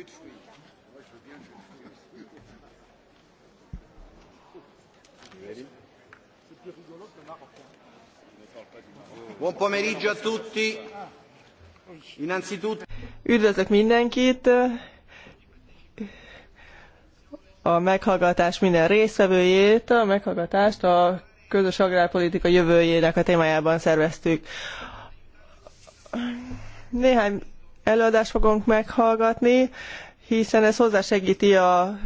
jus de fruits. Moi, je veux bien le jus de fruits. Buon pomeriggio a tutti. Innanzitutto. Üdvözlök mindenkit! A meghallgatás minden résztvevőjét, a meghallgatást a közös agrárpolitika jövőjének a témájában szerveztük. Néhány előadást fogunk meghallgatni, hiszen ez hozzásegíti a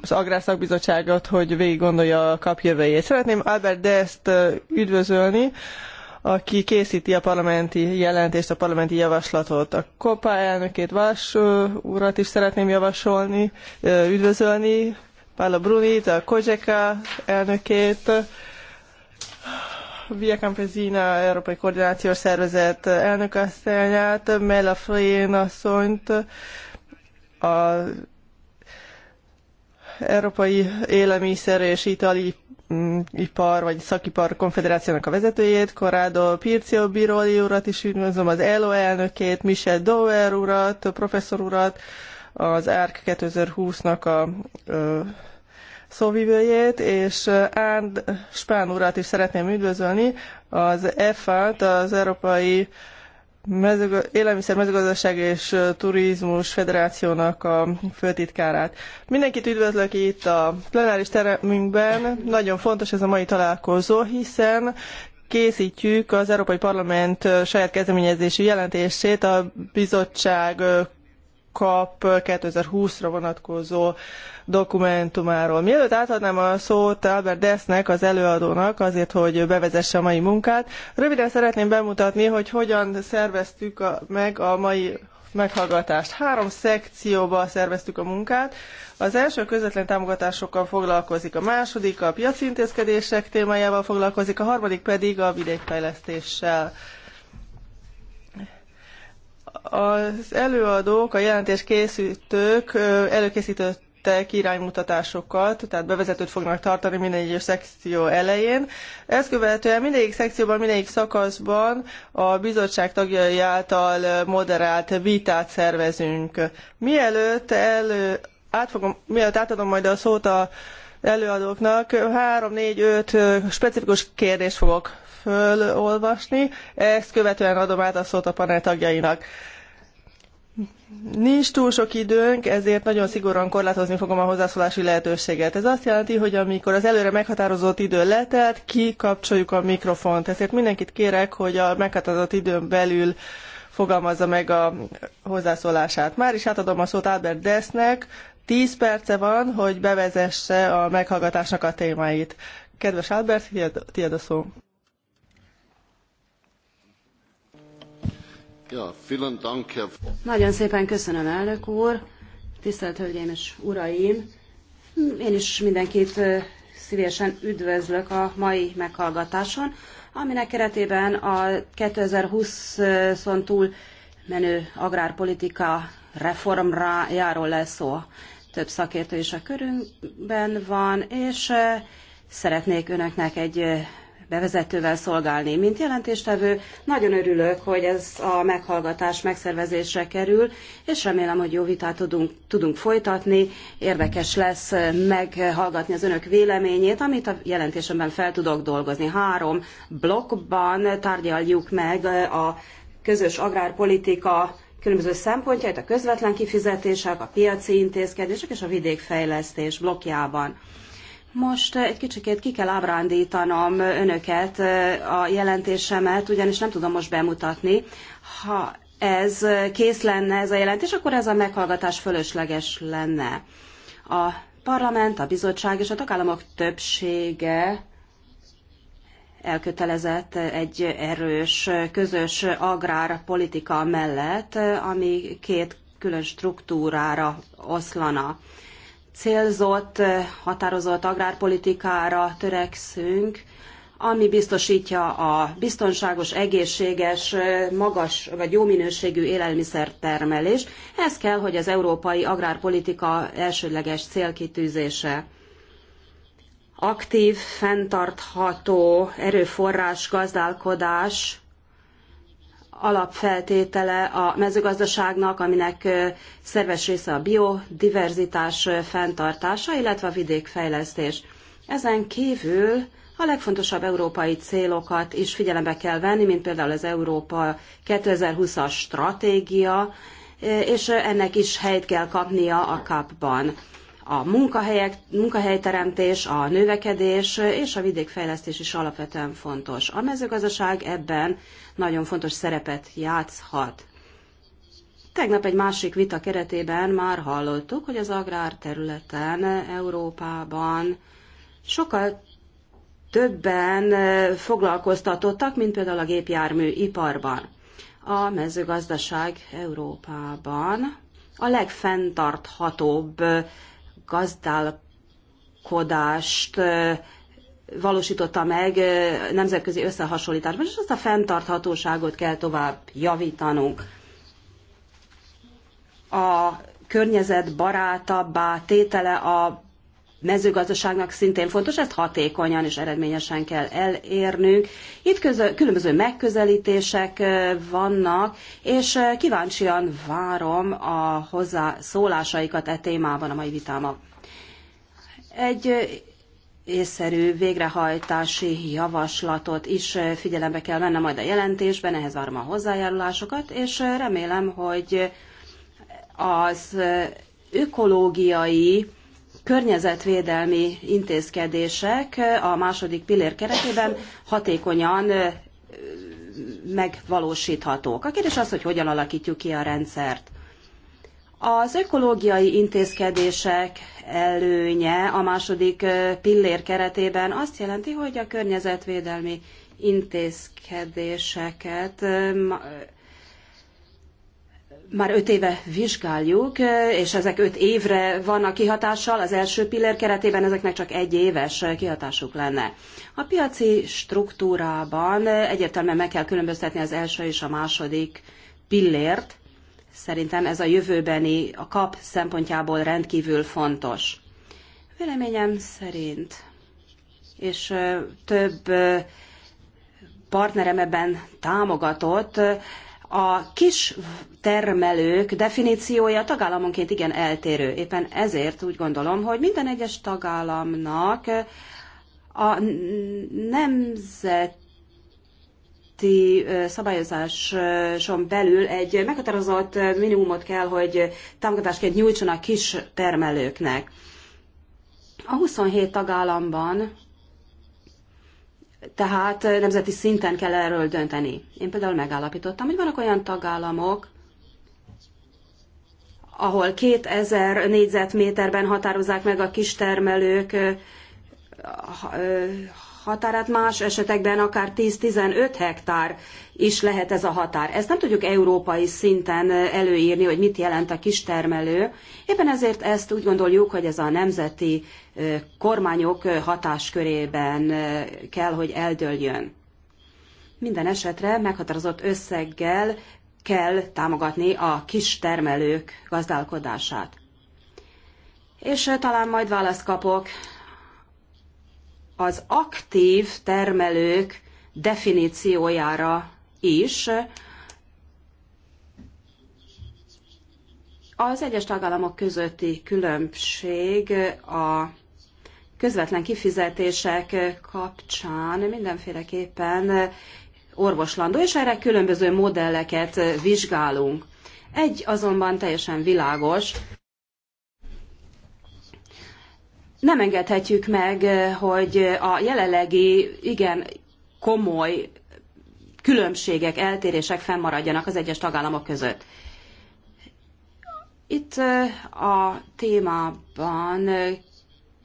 az Agrárszakbizottságot, hogy végig gondolja a kap jövőjét. Szeretném Albert Dest üdvözölni, aki készíti a parlamenti jelentést, a parlamenti javaslatot. A KOPA elnökét Vas urat is szeretném javasolni, üdvözölni, Pála Brunit, a Kozseka elnökét, Via Campesina Európai Koordinációs Szervezet elnökasszonyát, Mela Frén asszonyt, a Európai Élelmiszer és Itali mm, ipar vagy szakipar konfederációnak a vezetőjét, Corrado Pircio Biroli urat is üdvözlöm, az ELO elnökét, Michel Dower urat, professzor urat, az ARK 2020-nak a szóvivőjét, és Ánd Spán urat is szeretném üdvözölni, az EFA-t, az Európai mezőg- Élelmiszer, Mezőgazdaság és Turizmus Federációnak a főtitkárát. Mindenkit üdvözlök itt a plenáris teremünkben. Nagyon fontos ez a mai találkozó, hiszen készítjük az Európai Parlament saját kezdeményezésű jelentését a bizottság kap 2020-ra vonatkozó dokumentumáról. Mielőtt átadnám a szót Albert Desznek, az előadónak, azért, hogy bevezesse a mai munkát, röviden szeretném bemutatni, hogy hogyan szerveztük a, meg a mai meghallgatást. Három szekcióba szerveztük a munkát. Az első közvetlen támogatásokkal foglalkozik, a második a piaci intézkedések témájával foglalkozik, a harmadik pedig a vidékfejlesztéssel. Az előadók, a jelentés készítők előkészítettek iránymutatásokat, tehát bevezetőt fognak tartani minden egyes szekció elején. Ezt követően mindegyik szekcióban, mindegyik szakaszban a bizottság tagjai által moderált vitát szervezünk. Mielőtt elő, át fogom, mielőtt átadom majd a szót a előadóknak, három, négy, öt specifikus kérdést fogok fölolvasni, ezt követően adom át a szót a panel tagjainak. Nincs túl sok időnk, ezért nagyon szigorúan korlátozni fogom a hozzászólási lehetőséget. Ez azt jelenti, hogy amikor az előre meghatározott idő letelt, kikapcsoljuk a mikrofont. Ezért mindenkit kérek, hogy a meghatározott időn belül fogalmazza meg a hozzászólását. Már is átadom a szót Albert Desznek. Tíz perce van, hogy bevezesse a meghallgatásnak a témáit. Kedves Albert, tiéd a szó. Nagyon szépen köszönöm, elnök úr. Tisztelt Hölgyeim és Uraim! Én is mindenkit szívesen üdvözlök a mai meghallgatáson, aminek keretében a 2020-on túl menő agrárpolitika reformjáról lesz szó. Több szakértő is a körünkben van, és szeretnék önöknek egy bevezetővel szolgálni. Mint jelentéstevő, nagyon örülök, hogy ez a meghallgatás megszervezésre kerül, és remélem, hogy jó vitát tudunk, tudunk folytatni. Érdekes lesz meghallgatni az önök véleményét, amit a jelentésemben fel tudok dolgozni. Három blokkban tárgyaljuk meg a közös agrárpolitika különböző szempontjait, a közvetlen kifizetések, a piaci intézkedések és a vidékfejlesztés blokkjában. Most eh, egy kicsikét ki kell ábrándítanom eh, önöket eh, a jelentésemet, ugyanis nem tudom most bemutatni. Ha ez kész lenne, ez a jelentés, akkor ez a meghallgatás fölösleges lenne. A parlament, a bizottság és a tagállamok többsége elkötelezett egy erős közös agrárpolitika mellett, ami két külön struktúrára oszlana célzott, határozott agrárpolitikára törekszünk, ami biztosítja a biztonságos, egészséges, magas vagy jó minőségű élelmiszertermelést. Ez kell, hogy az európai agrárpolitika elsődleges célkitűzése. Aktív, fenntartható erőforrás gazdálkodás alapfeltétele a mezőgazdaságnak, aminek szerves része a biodiverzitás fenntartása, illetve a vidékfejlesztés. Ezen kívül a legfontosabb európai célokat is figyelembe kell venni, mint például az Európa 2020-as stratégia, és ennek is helyt kell kapnia a kapban. A munkahelyek, munkahelyteremtés, a növekedés és a vidékfejlesztés is alapvetően fontos. A mezőgazdaság ebben nagyon fontos szerepet játszhat. Tegnap egy másik vita keretében már hallottuk, hogy az agrárterületen Európában sokkal többen foglalkoztatottak, mint például a gépjármű iparban. A mezőgazdaság Európában a legfenntarthatóbb gazdálkodást valósította meg nemzetközi összehasonlításban, és azt a fenntarthatóságot kell tovább javítanunk. A környezet barátabbá tétele a mezőgazdaságnak szintén fontos, ezt hatékonyan és eredményesen kell elérnünk. Itt közö, különböző megközelítések vannak, és kíváncsian várom a hozzászólásaikat e témában a mai vitáma. Egy észszerű végrehajtási javaslatot is figyelembe kell vennem majd a jelentésben, ehhez várom a hozzájárulásokat, és remélem, hogy az ökológiai környezetvédelmi intézkedések a második pillér keretében hatékonyan megvalósíthatók. A kérdés az, hogy hogyan alakítjuk ki a rendszert. Az ökológiai intézkedések előnye a második pillér keretében azt jelenti, hogy a környezetvédelmi intézkedéseket már öt éve vizsgáljuk, és ezek öt évre vannak kihatással, az első pillér keretében ezeknek csak egy éves kihatásuk lenne. A piaci struktúrában egyértelműen meg kell különböztetni az első és a második pillért, Szerintem ez a jövőbeni, a kap szempontjából rendkívül fontos. Véleményem szerint, és több partnerem ebben támogatott, a kis termelők definíciója tagállamonként igen eltérő. Éppen ezért úgy gondolom, hogy minden egyes tagállamnak a nemzet közötti szabályozáson belül egy meghatározott minimumot kell, hogy támogatásként nyújtsanak kis termelőknek. A 27 tagállamban tehát nemzeti szinten kell erről dönteni. Én például megállapítottam, hogy vannak olyan tagállamok, ahol 2000 négyzetméterben határozzák meg a kistermelők határát, más esetekben akár 10-15 hektár is lehet ez a határ. Ezt nem tudjuk európai szinten előírni, hogy mit jelent a kistermelő. Éppen ezért ezt úgy gondoljuk, hogy ez a nemzeti kormányok hatáskörében kell, hogy eldőljön. Minden esetre meghatározott összeggel kell támogatni a kistermelők gazdálkodását. És talán majd választ kapok az aktív termelők definíciójára is az egyes tagállamok közötti különbség a közvetlen kifizetések kapcsán mindenféleképpen orvoslandó, és erre különböző modelleket vizsgálunk. Egy azonban teljesen világos, nem engedhetjük meg, eh, hogy a jelenlegi igen komoly különbségek, eltérések fennmaradjanak az egyes tagállamok között. Itt eh, a témában eh,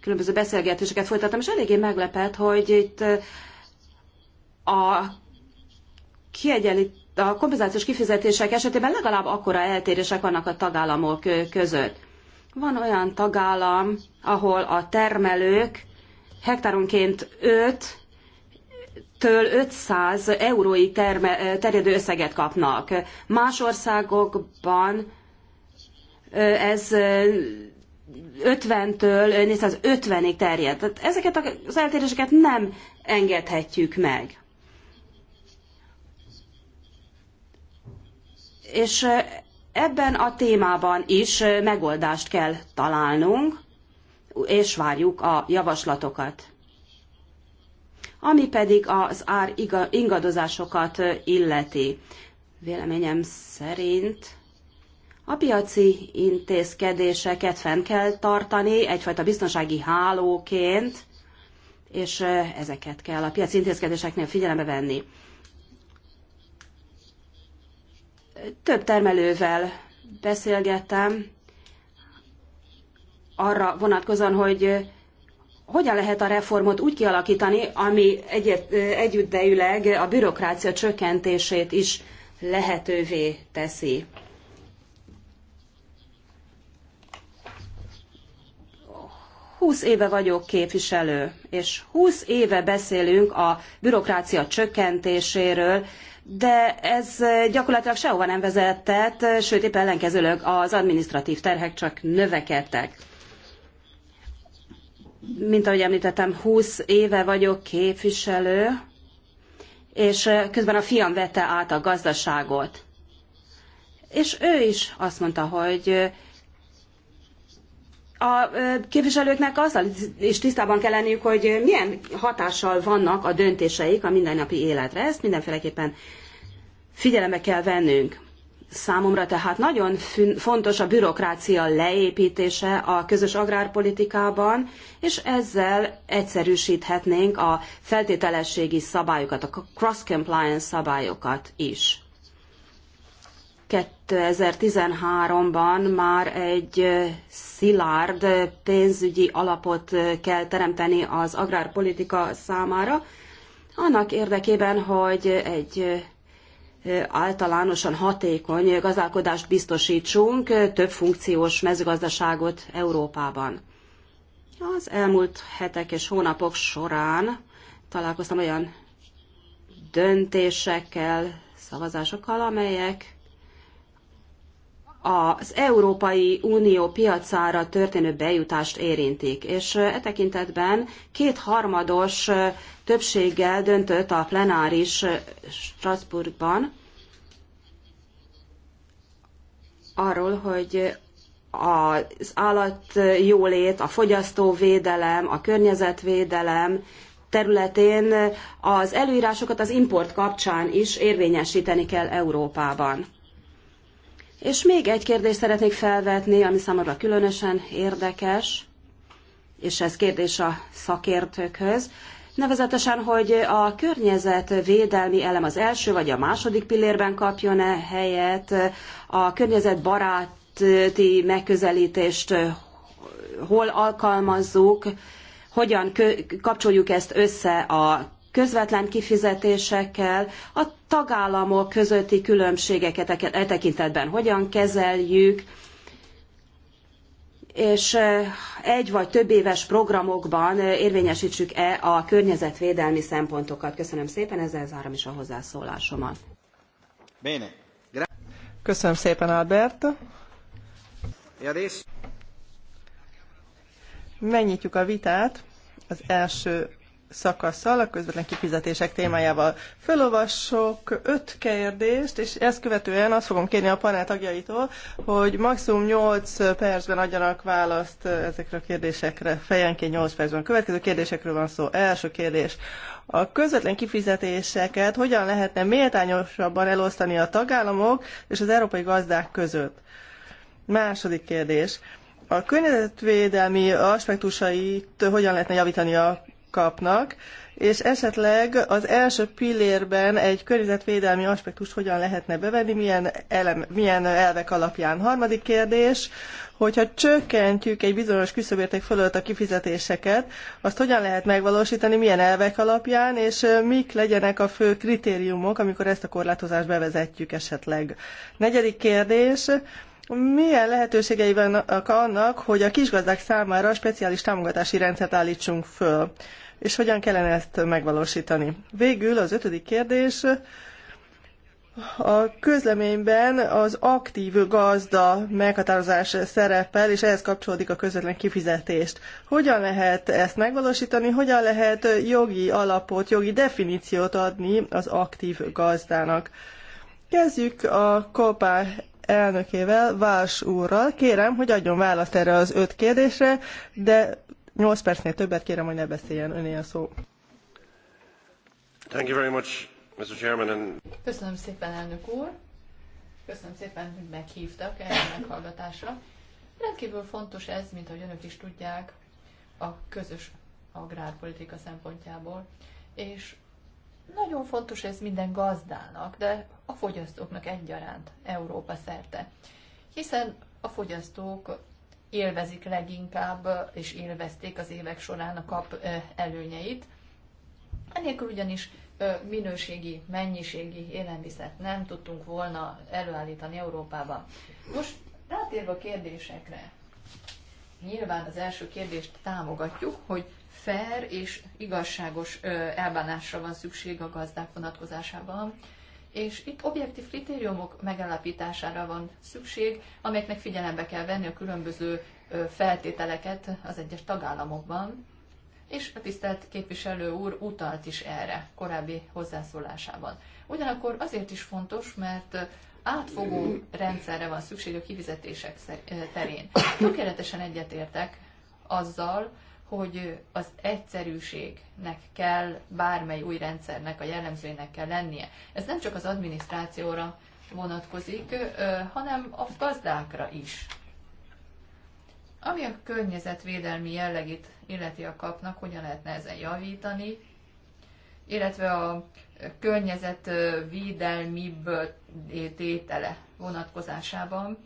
különböző beszélgetéseket folytattam, és eléggé meglepett, hogy itt a kiegyenlít, a kompenzációs kifizetések esetében legalább akkora eltérések vannak a tagállamok között. Van olyan tagállam, ahol a termelők hektáronként 5 től 500 eurói terme, terjedő összeget kapnak. Más országokban ez 50-től 450-ig terjed. Tehát ezeket az eltéréseket nem engedhetjük meg. És Ebben a témában is megoldást kell találnunk, és várjuk a javaslatokat. Ami pedig az ár ingadozásokat illeti. Véleményem szerint a piaci intézkedéseket fenn kell tartani egyfajta biztonsági hálóként, és ezeket kell a piaci intézkedéseknél figyelembe venni. Több termelővel beszélgettem arra vonatkozóan, hogy eh, hogyan lehet a reformot úgy kialakítani, ami egyet, eh, együttdejüleg a bürokrácia csökkentését is lehetővé teszi. Húsz éve vagyok képviselő, és húsz éve beszélünk a bürokrácia csökkentéséről, de ez gyakorlatilag sehova nem vezetett, sőt épp ellenkezőleg az administratív terhek csak növekedtek. Mint ahogy említettem, 20 éve vagyok képviselő, és közben a fiam vette át a gazdaságot. És ő is azt mondta, hogy a képviselőknek azzal is tisztában kell lenniük, hogy milyen hatással vannak a döntéseik a mindennapi életre. Ezt mindenféleképpen figyelembe kell vennünk. Számomra tehát nagyon fontos a bürokrácia leépítése a közös agrárpolitikában, és ezzel egyszerűsíthetnénk a feltételességi szabályokat, a cross-compliance szabályokat is. 2013-ban már egy szilárd pénzügyi alapot kell teremteni az agrárpolitika számára, annak érdekében, hogy egy általánosan hatékony gazdálkodást biztosítsunk, több funkciós mezőgazdaságot Európában. Az elmúlt hetek és hónapok során találkoztam olyan döntésekkel, szavazásokkal, amelyek az Európai Unió piacára történő bejutást érintik, és e tekintetben kétharmados többséggel döntött a plenáris Strasbourgban arról, hogy az állatjólét, a fogyasztóvédelem, a környezetvédelem területén az előírásokat az import kapcsán is érvényesíteni kell Európában. És még egy kérdést szeretnék felvetni, ami számomra különösen érdekes, és ez kérdés a szakértőkhöz, nevezetesen, hogy a környezetvédelmi elem az első vagy a második pillérben kapjon-e helyet, a környezetbaráti megközelítést hol alkalmazzuk, hogyan kapcsoljuk ezt össze a közvetlen kifizetésekkel, a tagállamok közötti különbségeket e, e tekintetben hogyan kezeljük, és e, egy vagy több éves programokban e, érvényesítsük-e a környezetvédelmi szempontokat. Köszönöm szépen, ezzel zárom is a hozzászólásomat. Bene. Köszönöm szépen, Albert. Megnyitjuk a vitát. Az első szakaszsal, a közvetlen kifizetések témájával. Fölolvassok öt kérdést, és ezt követően azt fogom kérni a panel tagjaitól, hogy maximum 8 percben adjanak választ ezekre a kérdésekre, fejenként 8 percben. A következő kérdésekről van szó. Első kérdés. A közvetlen kifizetéseket hogyan lehetne méltányosabban elosztani a tagállamok és az európai gazdák között? Második kérdés. A környezetvédelmi aspektusait hogyan lehetne javítani a kapnak, és esetleg az első pillérben egy környezetvédelmi aspektust hogyan lehetne bevenni, milyen, elem, milyen elvek alapján. Harmadik kérdés, hogyha csökkentjük egy bizonyos küszöbérték fölött a kifizetéseket, azt hogyan lehet megvalósítani, milyen elvek alapján, és mik legyenek a fő kritériumok, amikor ezt a korlátozást bevezetjük esetleg. Negyedik kérdés, milyen lehetőségei vannak annak, hogy a kisgazdák számára speciális támogatási rendszert állítsunk föl, és hogyan kellene ezt megvalósítani. Végül az ötödik kérdés, a közleményben az aktív gazda meghatározás szerepel, és ehhez kapcsolódik a közvetlen kifizetést. Hogyan lehet ezt megvalósítani, hogyan lehet jogi alapot, jogi definíciót adni az aktív gazdának? Kezdjük a COPA elnökével, Vás úrral. Kérem, hogy adjon választ erre az öt kérdésre, de 8 percnél többet kérem, hogy ne beszéljen öné a szó. Thank you very much, Mr. Chairman. And... Köszönöm szépen, elnök úr. Köszönöm szépen, hogy meghívtak erre a meghallgatásra. Rendkívül fontos ez, mint ahogy önök is tudják, a közös agrárpolitika szempontjából, és nagyon fontos ez minden gazdának, de a fogyasztóknak egyaránt Európa szerte. Hiszen a fogyasztók élvezik leginkább, és élvezték az évek során a kap előnyeit. Enélkül ugyanis minőségi, mennyiségi élelmiszert nem tudtunk volna előállítani Európában. Most rátérve a kérdésekre, nyilván az első kérdést támogatjuk, hogy fair és igazságos elbánásra van szükség a gazdák vonatkozásában, és itt objektív kritériumok megállapítására van szükség, amelyeknek figyelembe kell venni a különböző feltételeket az egyes tagállamokban, és a tisztelt képviselő úr utalt is erre korábbi hozzászólásában. Ugyanakkor azért is fontos, mert átfogó rendszerre van szükség a kivizetések terén. Tökéletesen egyetértek azzal, hogy az egyszerűségnek kell, bármely új rendszernek, a jellemzőjének kell lennie. Ez nem csak az adminisztrációra vonatkozik, hanem a gazdákra is. Ami a környezetvédelmi jellegét illeti a kapnak, hogyan lehetne ezen javítani, illetve a környezetvédelmi tétele vonatkozásában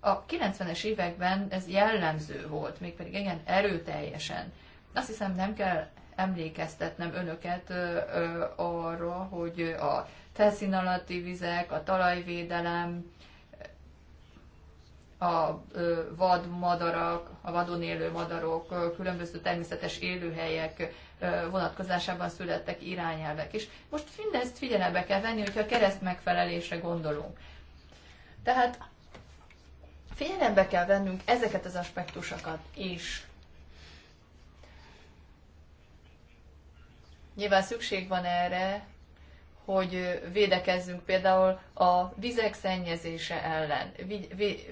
a 90-es években ez jellemző volt, mégpedig igen erőteljesen. Azt hiszem nem kell emlékeztetnem önöket ö, ö, arra, hogy a felszín alatti vizek, a talajvédelem, a ö, vadmadarak, a vadon élő madarok, ö, különböző természetes élőhelyek ö, vonatkozásában születtek irányelvek. És most mindezt figyelembe kell venni, hogyha a kereszt megfelelésre gondolunk. Tehát figyelembe kell vennünk ezeket az aspektusokat is. Nyilván szükség van erre, hogy védekezzünk például a vizek szennyezése ellen,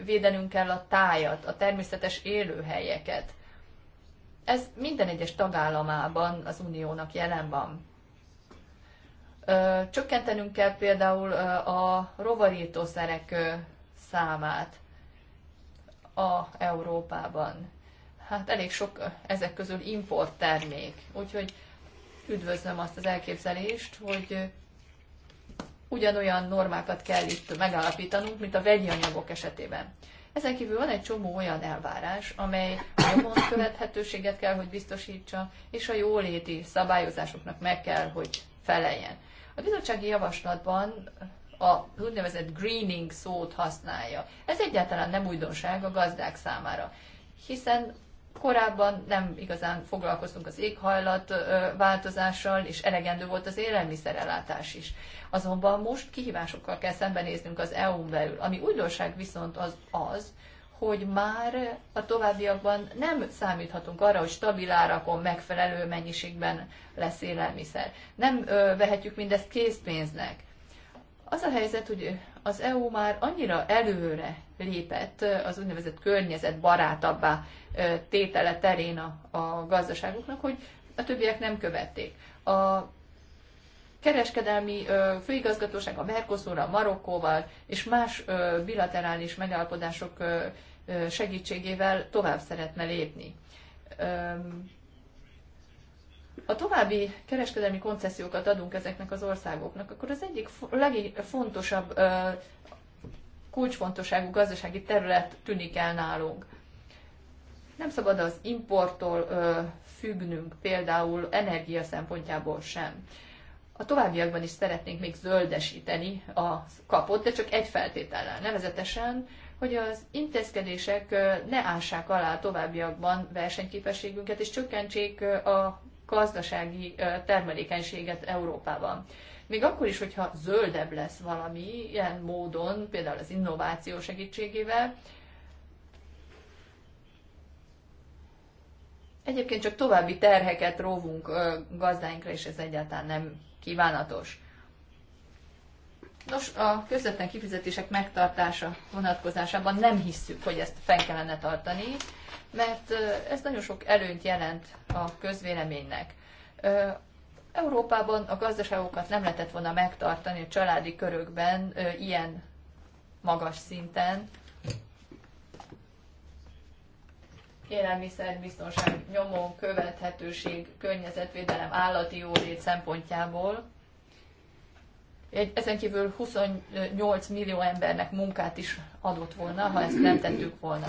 védenünk kell a tájat, a természetes élőhelyeket. Ez minden egyes tagállamában az uniónak jelen van. Csökkentenünk kell például a rovarítószerek számát a Európában. Hát elég sok ezek közül import termék. Úgyhogy üdvözlöm azt az elképzelést, hogy ugyanolyan normákat kell itt megállapítanunk, mint a vegyi anyagok esetében. Ezen kívül van egy csomó olyan elvárás, amely nyomon követhetőséget kell, hogy biztosítsa, és a jóléti szabályozásoknak meg kell, hogy feleljen. A bizottsági javaslatban a úgynevezett greening szót használja. Ez egyáltalán nem újdonság a gazdák számára, hiszen korábban nem igazán foglalkoztunk az éghajlat változással, és elegendő volt az élelmiszerellátás is. Azonban most kihívásokkal kell szembenéznünk az EU-n belül. Ami újdonság viszont az az, hogy már a továbbiakban nem számíthatunk arra, hogy stabil árakon megfelelő mennyiségben lesz élelmiszer. Nem ö, vehetjük mindezt készpénznek. Az a helyzet, hogy az EU már annyira előre lépett az úgynevezett környezet barátabbá tétele terén a, a gazdaságoknak, hogy a többiek nem követték. A kereskedelmi főigazgatóság a a Marokkóval és más bilaterális megállapodások segítségével tovább szeretne lépni a további kereskedelmi koncesziókat adunk ezeknek az országoknak, akkor az egyik legfontosabb kulcsfontosságú gazdasági terület tűnik el nálunk. Nem szabad az importtól függnünk például energia szempontjából sem. A továbbiakban is szeretnénk még zöldesíteni a kapot, de csak egy feltétellel, nevezetesen, hogy az intézkedések ne ássák alá a továbbiakban versenyképességünket, és csökkentsék a gazdasági termelékenységet Európában. Még akkor is, hogyha zöldebb lesz valami ilyen módon, például az innováció segítségével, Egyébként csak további terheket róvunk gazdáinkra, és ez egyáltalán nem kívánatos. Nos, a közvetlen kifizetések megtartása vonatkozásában nem hisszük, hogy ezt fenn kellene tartani, mert ez nagyon sok előnyt jelent a közvéleménynek. Európában a gazdaságokat nem lehetett volna megtartani a családi körökben ilyen magas szinten. Élelmiszerbiztonság, nyomon, követhetőség, környezetvédelem, állati jólét szempontjából. Ezen kívül 28 millió embernek munkát is adott volna, ha ezt nem tettük volna.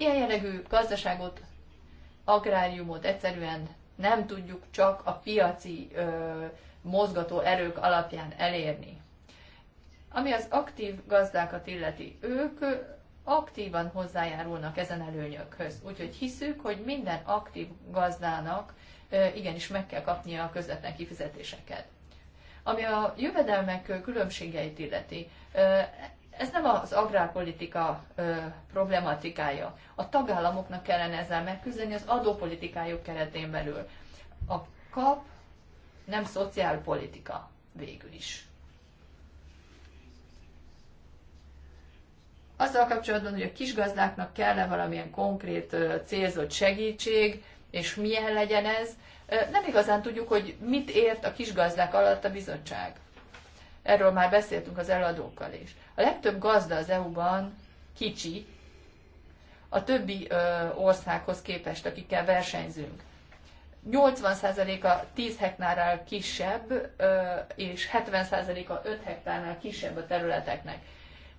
Ilyen jellegű gazdaságot, agráriumot egyszerűen nem tudjuk csak a piaci ö, mozgató erők alapján elérni. Ami az aktív gazdákat illeti, ők aktívan hozzájárulnak ezen előnyökhöz. Úgyhogy hiszük, hogy minden aktív gazdának igenis meg kell kapnia a közvetlen kifizetéseket. Ami a jövedelmek különbségeit illeti, ez nem az agrárpolitika ö, problematikája. A tagállamoknak kellene ezzel megküzdeni az adópolitikájuk keretén belül. A kap nem szociálpolitika végül is. Azzal kapcsolatban, hogy a kisgazdáknak kell-e valamilyen konkrét célzott segítség, és milyen legyen ez, nem igazán tudjuk, hogy mit ért a kisgazdák alatt a bizottság. Erről már beszéltünk az eladókkal is. A legtöbb gazda az EU-ban kicsi, a többi ö, országhoz képest, akikkel versenyzünk. 80%-a 10 hektárnál kisebb, ö, és 70%-a 5 hektárnál kisebb a területeknek.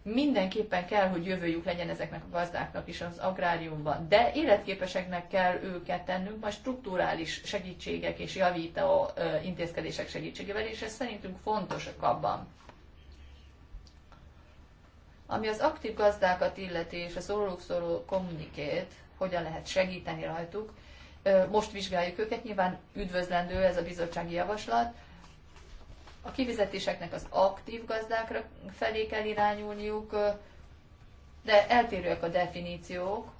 Mindenképpen kell, hogy jövőjük legyen ezeknek a gazdáknak is az agráriumban, de életképeseknek kell őket tennünk, majd struktúrális segítségek és javító ö, intézkedések segítségével, és ez szerintünk fontosak abban. Ami az aktív gazdákat illeti és a szorulók szóló kommunikét, hogyan lehet segíteni rajtuk, most vizsgáljuk őket, nyilván üdvözlendő ez a bizottsági javaslat. A kifizetéseknek az aktív gazdákra felé kell irányulniuk, de eltérőek a definíciók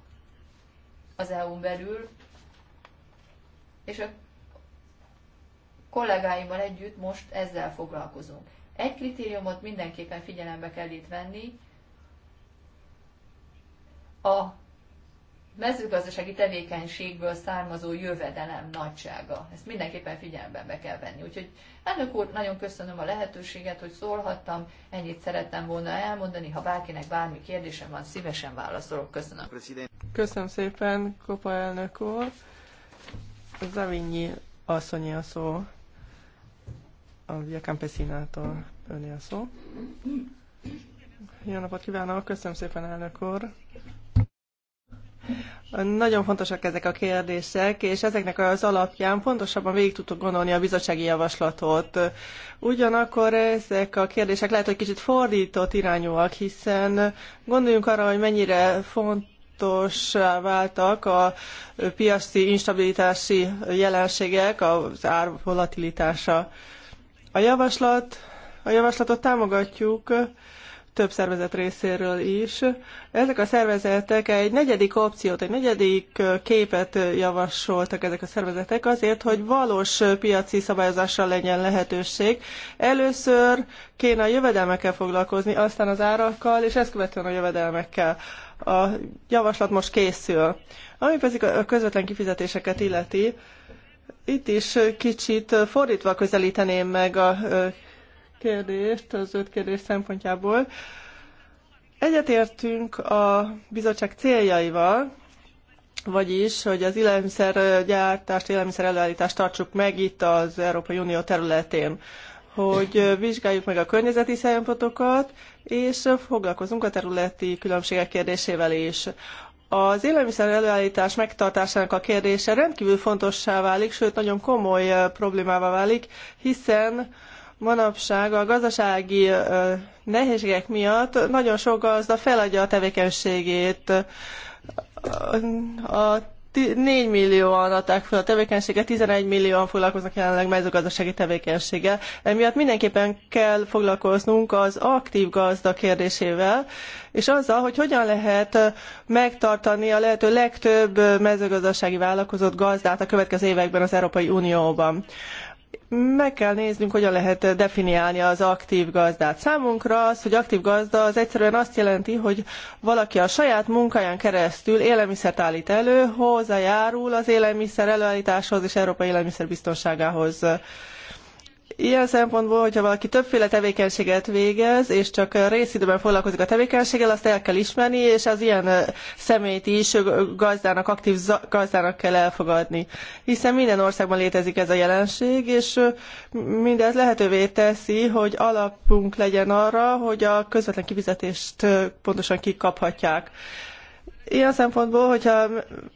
az EU-n belül, és a kollégáimmal együtt most ezzel foglalkozunk. Egy kritériumot mindenképpen figyelembe kell itt venni, a mezőgazdasági tevékenységből származó jövedelem nagysága. Ezt mindenképpen figyelembe be kell venni. Úgyhogy elnök úr, nagyon köszönöm a lehetőséget, hogy szólhattam, ennyit szerettem volna elmondani. Ha bárkinek bármi kérdésem van, szívesen válaszolok. Köszönöm. Köszönöm szépen, Kopa elnök úr. Zavinyi asszonyi a szó. A Via Campesinától öné a szó. Jó napot kívánok, köszönöm szépen elnök úr. Nagyon fontosak ezek a kérdések, és ezeknek az alapján pontosabban végig tudtuk gondolni a bizottsági javaslatot. Ugyanakkor ezek a kérdések lehet, hogy kicsit fordított irányúak, hiszen gondoljunk arra, hogy mennyire fontos váltak a piaci instabilitási jelenségek, az ár volatilitása. A, javaslat, a javaslatot támogatjuk, több szervezet részéről is. Ezek a szervezetek egy negyedik opciót, egy negyedik képet javasoltak ezek a szervezetek azért, hogy valós piaci szabályozásra legyen lehetőség. Először kéne a jövedelmekkel foglalkozni, aztán az árakkal, és ezt követően a jövedelmekkel. A javaslat most készül. Ami pedig a közvetlen kifizetéseket illeti, itt is kicsit fordítva közelíteném meg a kérdést az öt kérdés szempontjából. Egyetértünk a bizottság céljaival, vagyis, hogy az élelmiszergyártást, élelmiszer előállítást tartsuk meg itt az Európai Unió területén, hogy vizsgáljuk meg a környezeti szempontokat, és foglalkozunk a területi különbségek kérdésével is. Az élelmiszer előállítás megtartásának a kérdése rendkívül fontossá válik, sőt nagyon komoly eh, problémává válik, hiszen Manapság a gazdasági nehézségek miatt nagyon sok gazda feladja a tevékenységét. A 4 millióan adták fel a tevékenységet, 11 millióan foglalkoznak jelenleg mezőgazdasági tevékenységgel. Emiatt mindenképpen kell foglalkoznunk az aktív gazda kérdésével, és azzal, hogy hogyan lehet megtartani a lehető legtöbb mezőgazdasági vállalkozott gazdát a következő években az Európai Unióban meg kell néznünk, hogyan lehet definiálni az aktív gazdát. Számunkra az, hogy aktív gazda, az egyszerűen azt jelenti, hogy valaki a saját munkáján keresztül élelmiszert állít elő, hozzájárul az élelmiszer előállításhoz és Európai élelmiszerbiztonságához. biztonságához. Ilyen szempontból, hogyha valaki többféle tevékenységet végez, és csak részidőben foglalkozik a tevékenységgel, azt el kell ismerni, és az ilyen személyt is gazdának, aktív gazdának kell elfogadni. Hiszen minden országban létezik ez a jelenség, és mindez lehetővé teszi, hogy alapunk legyen arra, hogy a közvetlen kifizetést pontosan kikaphatják. kaphatják Ilyen szempontból, hogyha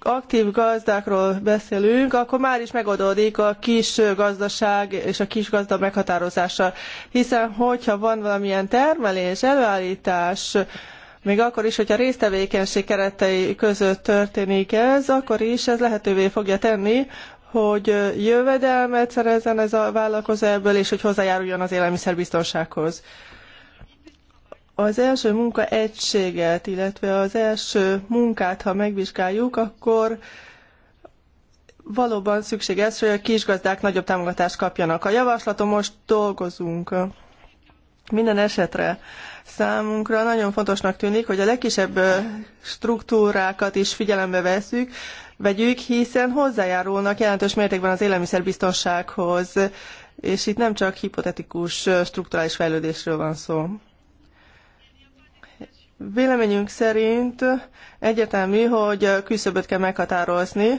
aktív gazdákról beszélünk, akkor már is megoldódik a kis gazdaság és a kis gazda meghatározása. Hiszen, hogyha van valamilyen termelés, előállítás, még akkor is, hogyha résztevékenység keretei között történik ez, akkor is ez lehetővé fogja tenni, hogy jövedelmet szerezzen ez a vállalkozó ebből, és hogy hozzájáruljon az élelmiszerbiztonsághoz. Az első munka egységet, illetve az első munkát, ha megvizsgáljuk, akkor valóban szükséges, hogy a kisgazdák nagyobb támogatást kapjanak. A javaslaton most dolgozunk. Minden esetre számunkra nagyon fontosnak tűnik, hogy a legkisebb struktúrákat is figyelembe veszük, vegyük, hiszen hozzájárulnak jelentős mértékben az élelmiszerbiztonsághoz, és itt nem csak hipotetikus strukturális fejlődésről van szó. Véleményünk szerint egyetemű, hogy küszöböt kell meghatározni.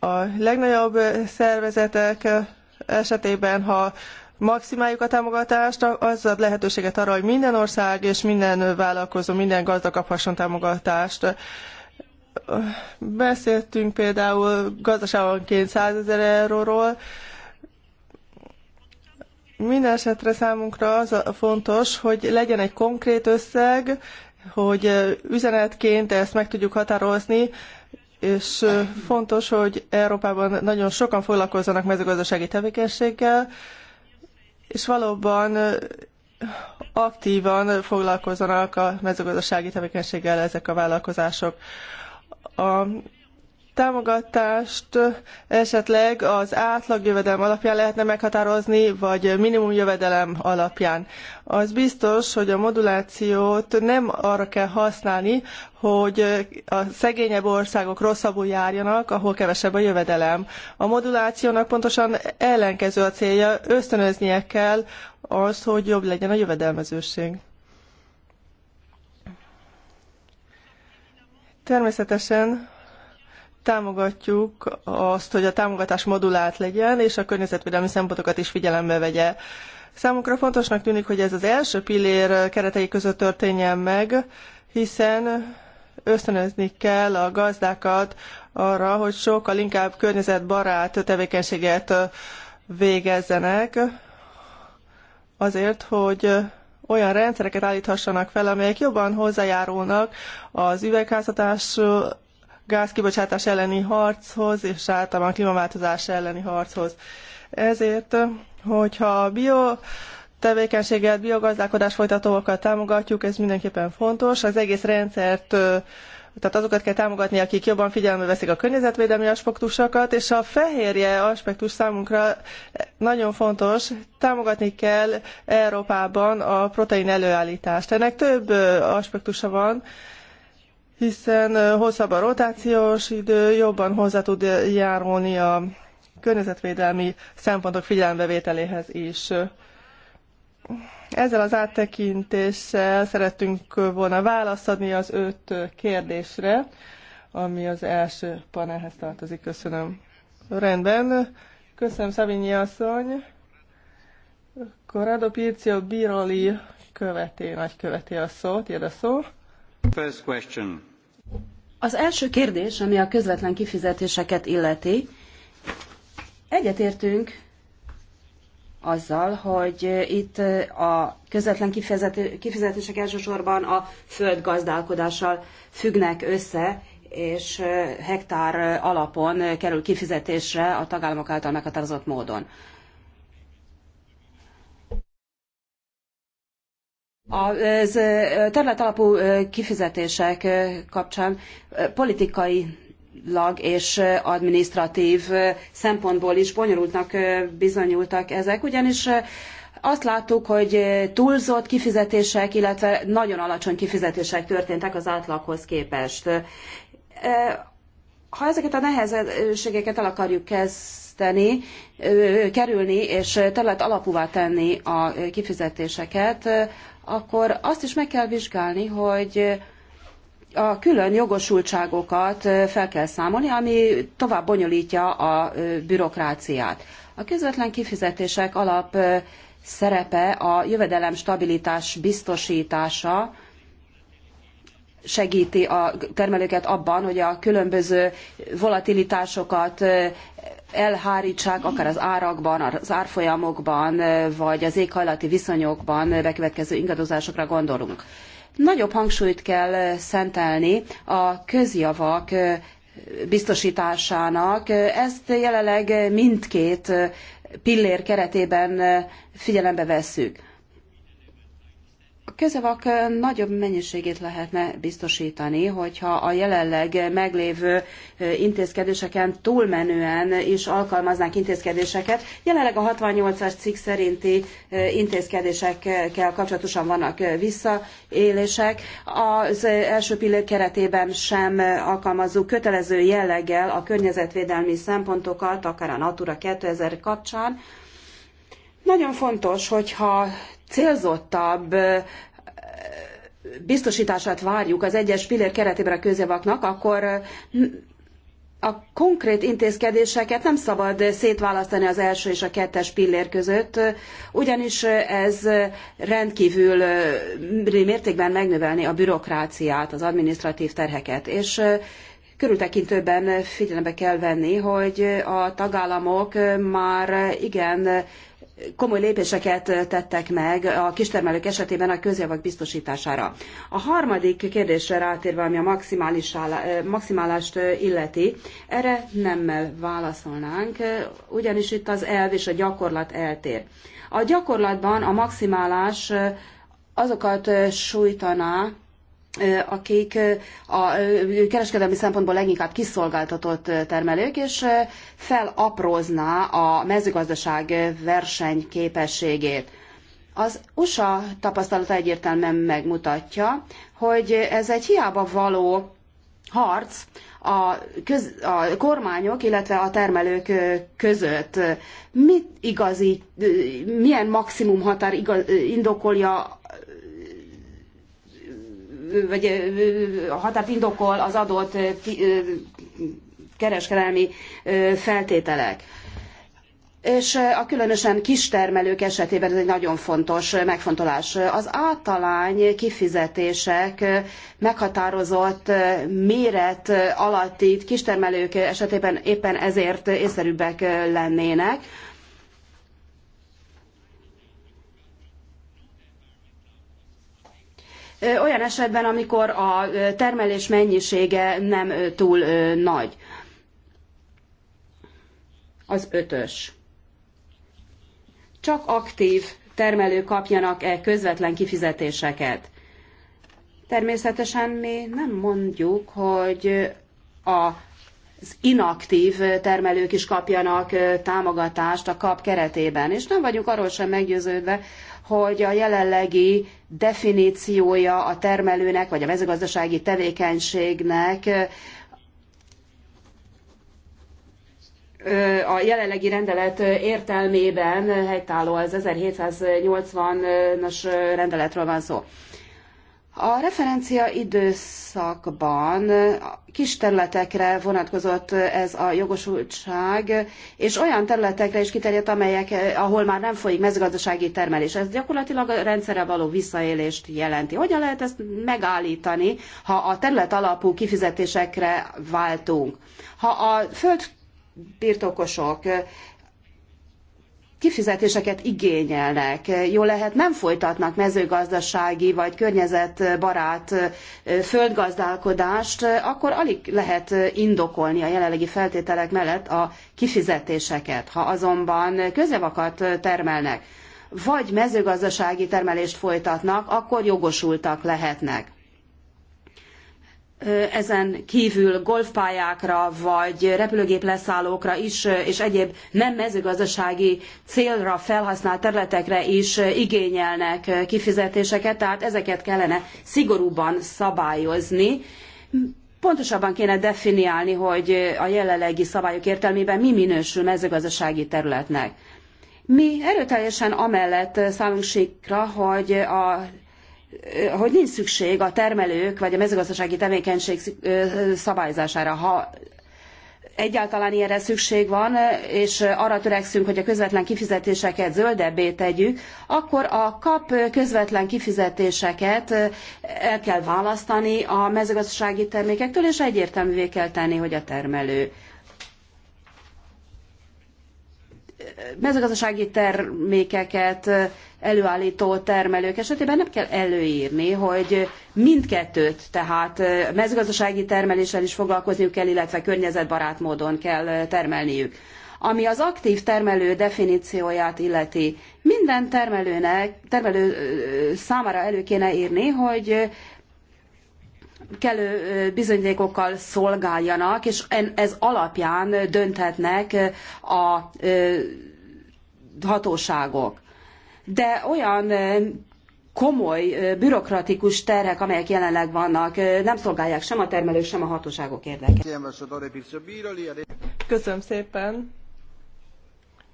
A legnagyobb szervezetek esetében, ha maximáljuk a támogatást, az ad lehetőséget arra, hogy minden ország és minden vállalkozó, minden gazda kaphasson támogatást. Beszéltünk például gazdaságonként 100 ezer euróról, minden esetre számunkra az a fontos, hogy legyen egy konkrét összeg, hogy üzenetként ezt meg tudjuk határozni, és fontos, hogy Európában nagyon sokan foglalkozzanak mezőgazdasági tevékenységgel, és valóban aktívan foglalkozzanak a mezőgazdasági tevékenységgel ezek a vállalkozások. A támogatást esetleg az átlagjövedelem alapján lehetne meghatározni, vagy minimumjövedelem alapján. Az biztos, hogy a modulációt nem arra kell használni, hogy a szegényebb országok rosszabbul járjanak, ahol kevesebb a jövedelem. A modulációnak pontosan ellenkező a célja, ösztönöznie kell azt, hogy jobb legyen a jövedelmezőség. Természetesen támogatjuk azt, hogy a támogatás modulált legyen, és a környezetvédelmi szempontokat is figyelembe vegye. Számunkra fontosnak tűnik, hogy ez az első pillér keretei között történjen meg, hiszen ösztönözni kell a gazdákat arra, hogy sokkal inkább környezetbarát tevékenységet végezzenek, azért, hogy olyan rendszereket állíthassanak fel, amelyek jobban hozzájárulnak az üvegházhatású gázkibocsátás elleni harchoz, és általában a klímaváltozás elleni harchoz. Ezért, hogyha bio tevékenységet, biogazdálkodás folytatókkal támogatjuk, ez mindenképpen fontos. Az egész rendszert tehát azokat kell támogatni, akik jobban figyelembe veszik a környezetvédelmi aspektusokat, és a fehérje aspektus számunkra nagyon fontos, támogatni kell Európában a protein előállítást. Ennek több aspektusa van, hiszen hosszabb a rotációs idő, jobban hozzá tud járulni a környezetvédelmi szempontok figyelembevételéhez is. Ezzel az áttekintéssel szerettünk volna választ adni az öt kérdésre, ami az első panelhez tartozik. Köszönöm. Rendben. Köszönöm, Szavinyi asszony. Corrado Pircio Biroli követé, nagyköveté a a szó. Az első kérdés, ami a közvetlen kifizetéseket illeti, egyetértünk azzal, hogy itt a közvetlen kifizetések elsősorban a földgazdálkodással függnek össze, és hektár alapon kerül kifizetésre a tagállamok által meghatározott módon. A területalapú kifizetések kapcsán politikai és administratív szempontból is bonyolultnak bizonyultak ezek, ugyanis azt láttuk, hogy túlzott kifizetések, illetve nagyon alacsony kifizetések történtek az átlaghoz képest. Ha ezeket a nehézségeket el akarjuk kezdeni, kerülni, és terület alapúvá tenni a kifizetéseket, akkor azt is meg kell vizsgálni, hogy a külön jogosultságokat fel kell számolni, ami tovább bonyolítja a bürokráciát. A közvetlen kifizetések alap szerepe a jövedelem stabilitás biztosítása, segíti a termelőket abban, hogy a különböző volatilitásokat elhárítsák, akár az árakban, az árfolyamokban, vagy az éghajlati viszonyokban bekövetkező ingadozásokra gondolunk. Nagyobb hangsúlyt kell szentelni a közjavak biztosításának. Ezt jelenleg mindkét pillér keretében figyelembe vesszük. A nagyobb mennyiségét lehetne biztosítani, hogyha a jelenleg meglévő intézkedéseken túlmenően is alkalmaznánk intézkedéseket. Jelenleg a 68-as cikk szerinti intézkedésekkel kapcsolatosan vannak visszaélések. Az első pillér keretében sem alkalmazó kötelező jelleggel a környezetvédelmi szempontokat, akár a Natura 2000 kapcsán, nagyon fontos, hogyha célzottabb biztosítását várjuk az egyes pillér keretében a közjavaknak, akkor a konkrét intézkedéseket nem szabad szétválasztani az első és a kettes pillér között, ugyanis ez rendkívül mértékben megnövelni a bürokráciát, az administratív terheket, és körültekintőben figyelembe kell venni, hogy a tagállamok már igen komoly lépéseket tettek meg a kistermelők esetében a közjavak biztosítására. A harmadik kérdésre rátérve, ami a maximálást illeti, erre nemmel válaszolnánk, ugyanis itt az elv és a gyakorlat eltér. A gyakorlatban a maximálás azokat sújtaná, akik a kereskedelmi szempontból leginkább kiszolgáltatott termelők, és felaprózná a mezőgazdaság versenyképességét. Az USA tapasztalata egyértelműen megmutatja, hogy ez egy hiába való harc a, köz, a kormányok, illetve a termelők között. Mit igazi, milyen maximum határ igaz, indokolja vagy határt indokol az adott kereskedelmi feltételek. És a különösen kistermelők esetében ez egy nagyon fontos megfontolás. Az általány kifizetések meghatározott méret alatti kistermelők esetében éppen ezért észszerűbbek lennének olyan esetben, amikor a termelés mennyisége nem túl nagy. Az ötös. Csak aktív termelők kapjanak-e közvetlen kifizetéseket? Természetesen mi nem mondjuk, hogy a az inaktív termelők is kapjanak támogatást a kap keretében. És nem vagyunk arról sem meggyőződve, hogy a jelenlegi definíciója a termelőnek vagy a mezőgazdasági tevékenységnek a jelenlegi rendelet értelmében helytálló az 1780-as rendeletről van szó. A referencia időszakban kis területekre vonatkozott ez a jogosultság, és olyan területekre is kiterjedt, amelyek, ahol már nem folyik mezőgazdasági termelés. Ez gyakorlatilag a rendszerre való visszaélést jelenti. Hogyan lehet ezt megállítani, ha a terület alapú kifizetésekre váltunk? Ha a föld birtokosok kifizetéseket igényelnek. Jó lehet, nem folytatnak mezőgazdasági vagy környezetbarát földgazdálkodást, akkor alig lehet indokolni a jelenlegi feltételek mellett a kifizetéseket. Ha azonban közlevakat termelnek, vagy mezőgazdasági termelést folytatnak, akkor jogosultak lehetnek ezen kívül golfpályákra vagy repülőgép leszállókra is, és egyéb nem mezőgazdasági célra felhasznált területekre is igényelnek kifizetéseket, tehát ezeket kellene szigorúban szabályozni. Pontosabban kéne definiálni, hogy a jelenlegi szabályok értelmében mi minősül mezőgazdasági területnek. Mi erőteljesen amellett szállunk sikra, hogy a hogy nincs szükség a termelők vagy a mezőgazdasági tevékenység szabályzására. Ha egyáltalán ilyenre szükség van, és arra törekszünk, hogy a közvetlen kifizetéseket zöldebbé tegyük, akkor a kap közvetlen kifizetéseket el kell választani a mezőgazdasági termékektől, és egyértelművé kell tenni, hogy a termelő mezőgazdasági termékeket előállító termelők esetében nem kell előírni, hogy mindkettőt, tehát mezőgazdasági termeléssel is foglalkozniuk kell, illetve környezetbarát módon kell termelniük. Ami az aktív termelő definícióját illeti, minden termelőnek, termelő számára elő kéne írni, hogy kellő bizonyítékokkal szolgáljanak, és ez alapján dönthetnek a hatóságok. De olyan komoly bürokratikus terhek, amelyek jelenleg vannak, nem szolgálják sem a termelők, sem a hatóságok érdekét. Köszönöm szépen.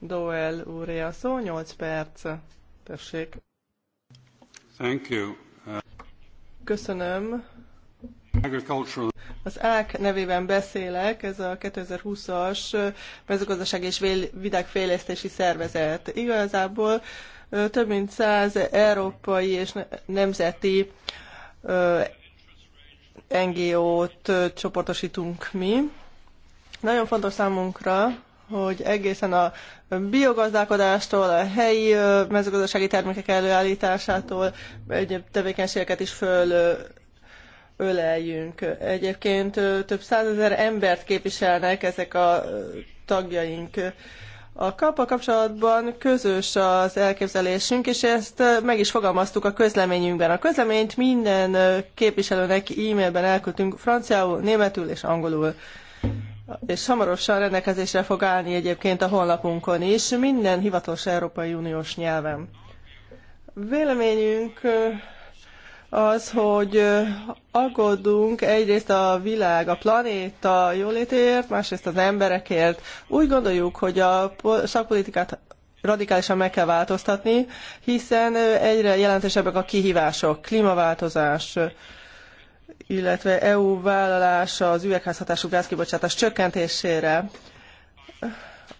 Doel úré a szó, 8 perc. Tessék. Thank you. Köszönöm. Az ÁK nevében beszélek, ez a 2020-as mezőgazdaság és vidékfejlesztési szervezet. Igazából több mint száz európai és nemzeti NGO-t csoportosítunk mi. Nagyon fontos számunkra, hogy egészen a biogazdálkodástól, a helyi mezőgazdasági termékek előállításától egyéb tevékenységeket is föl öleljünk. Egyébként több százezer embert képviselnek ezek a tagjaink. A kapa kapcsolatban közös az elképzelésünk, és ezt meg is fogalmaztuk a közleményünkben. A közleményt minden képviselőnek e-mailben elküldtünk franciául, németül és angolul és hamarosan rendelkezésre fog állni egyébként a honlapunkon is, minden hivatalos Európai Uniós nyelven. Véleményünk az, hogy aggódunk egyrészt a világ, a planéta jólétéért, másrészt az emberekért. Úgy gondoljuk, hogy a szakpolitikát radikálisan meg kell változtatni, hiszen egyre jelentősebbek a kihívások, klímaváltozás, illetve EU vállalása az üvegházhatású gázkibocsátás csökkentésére,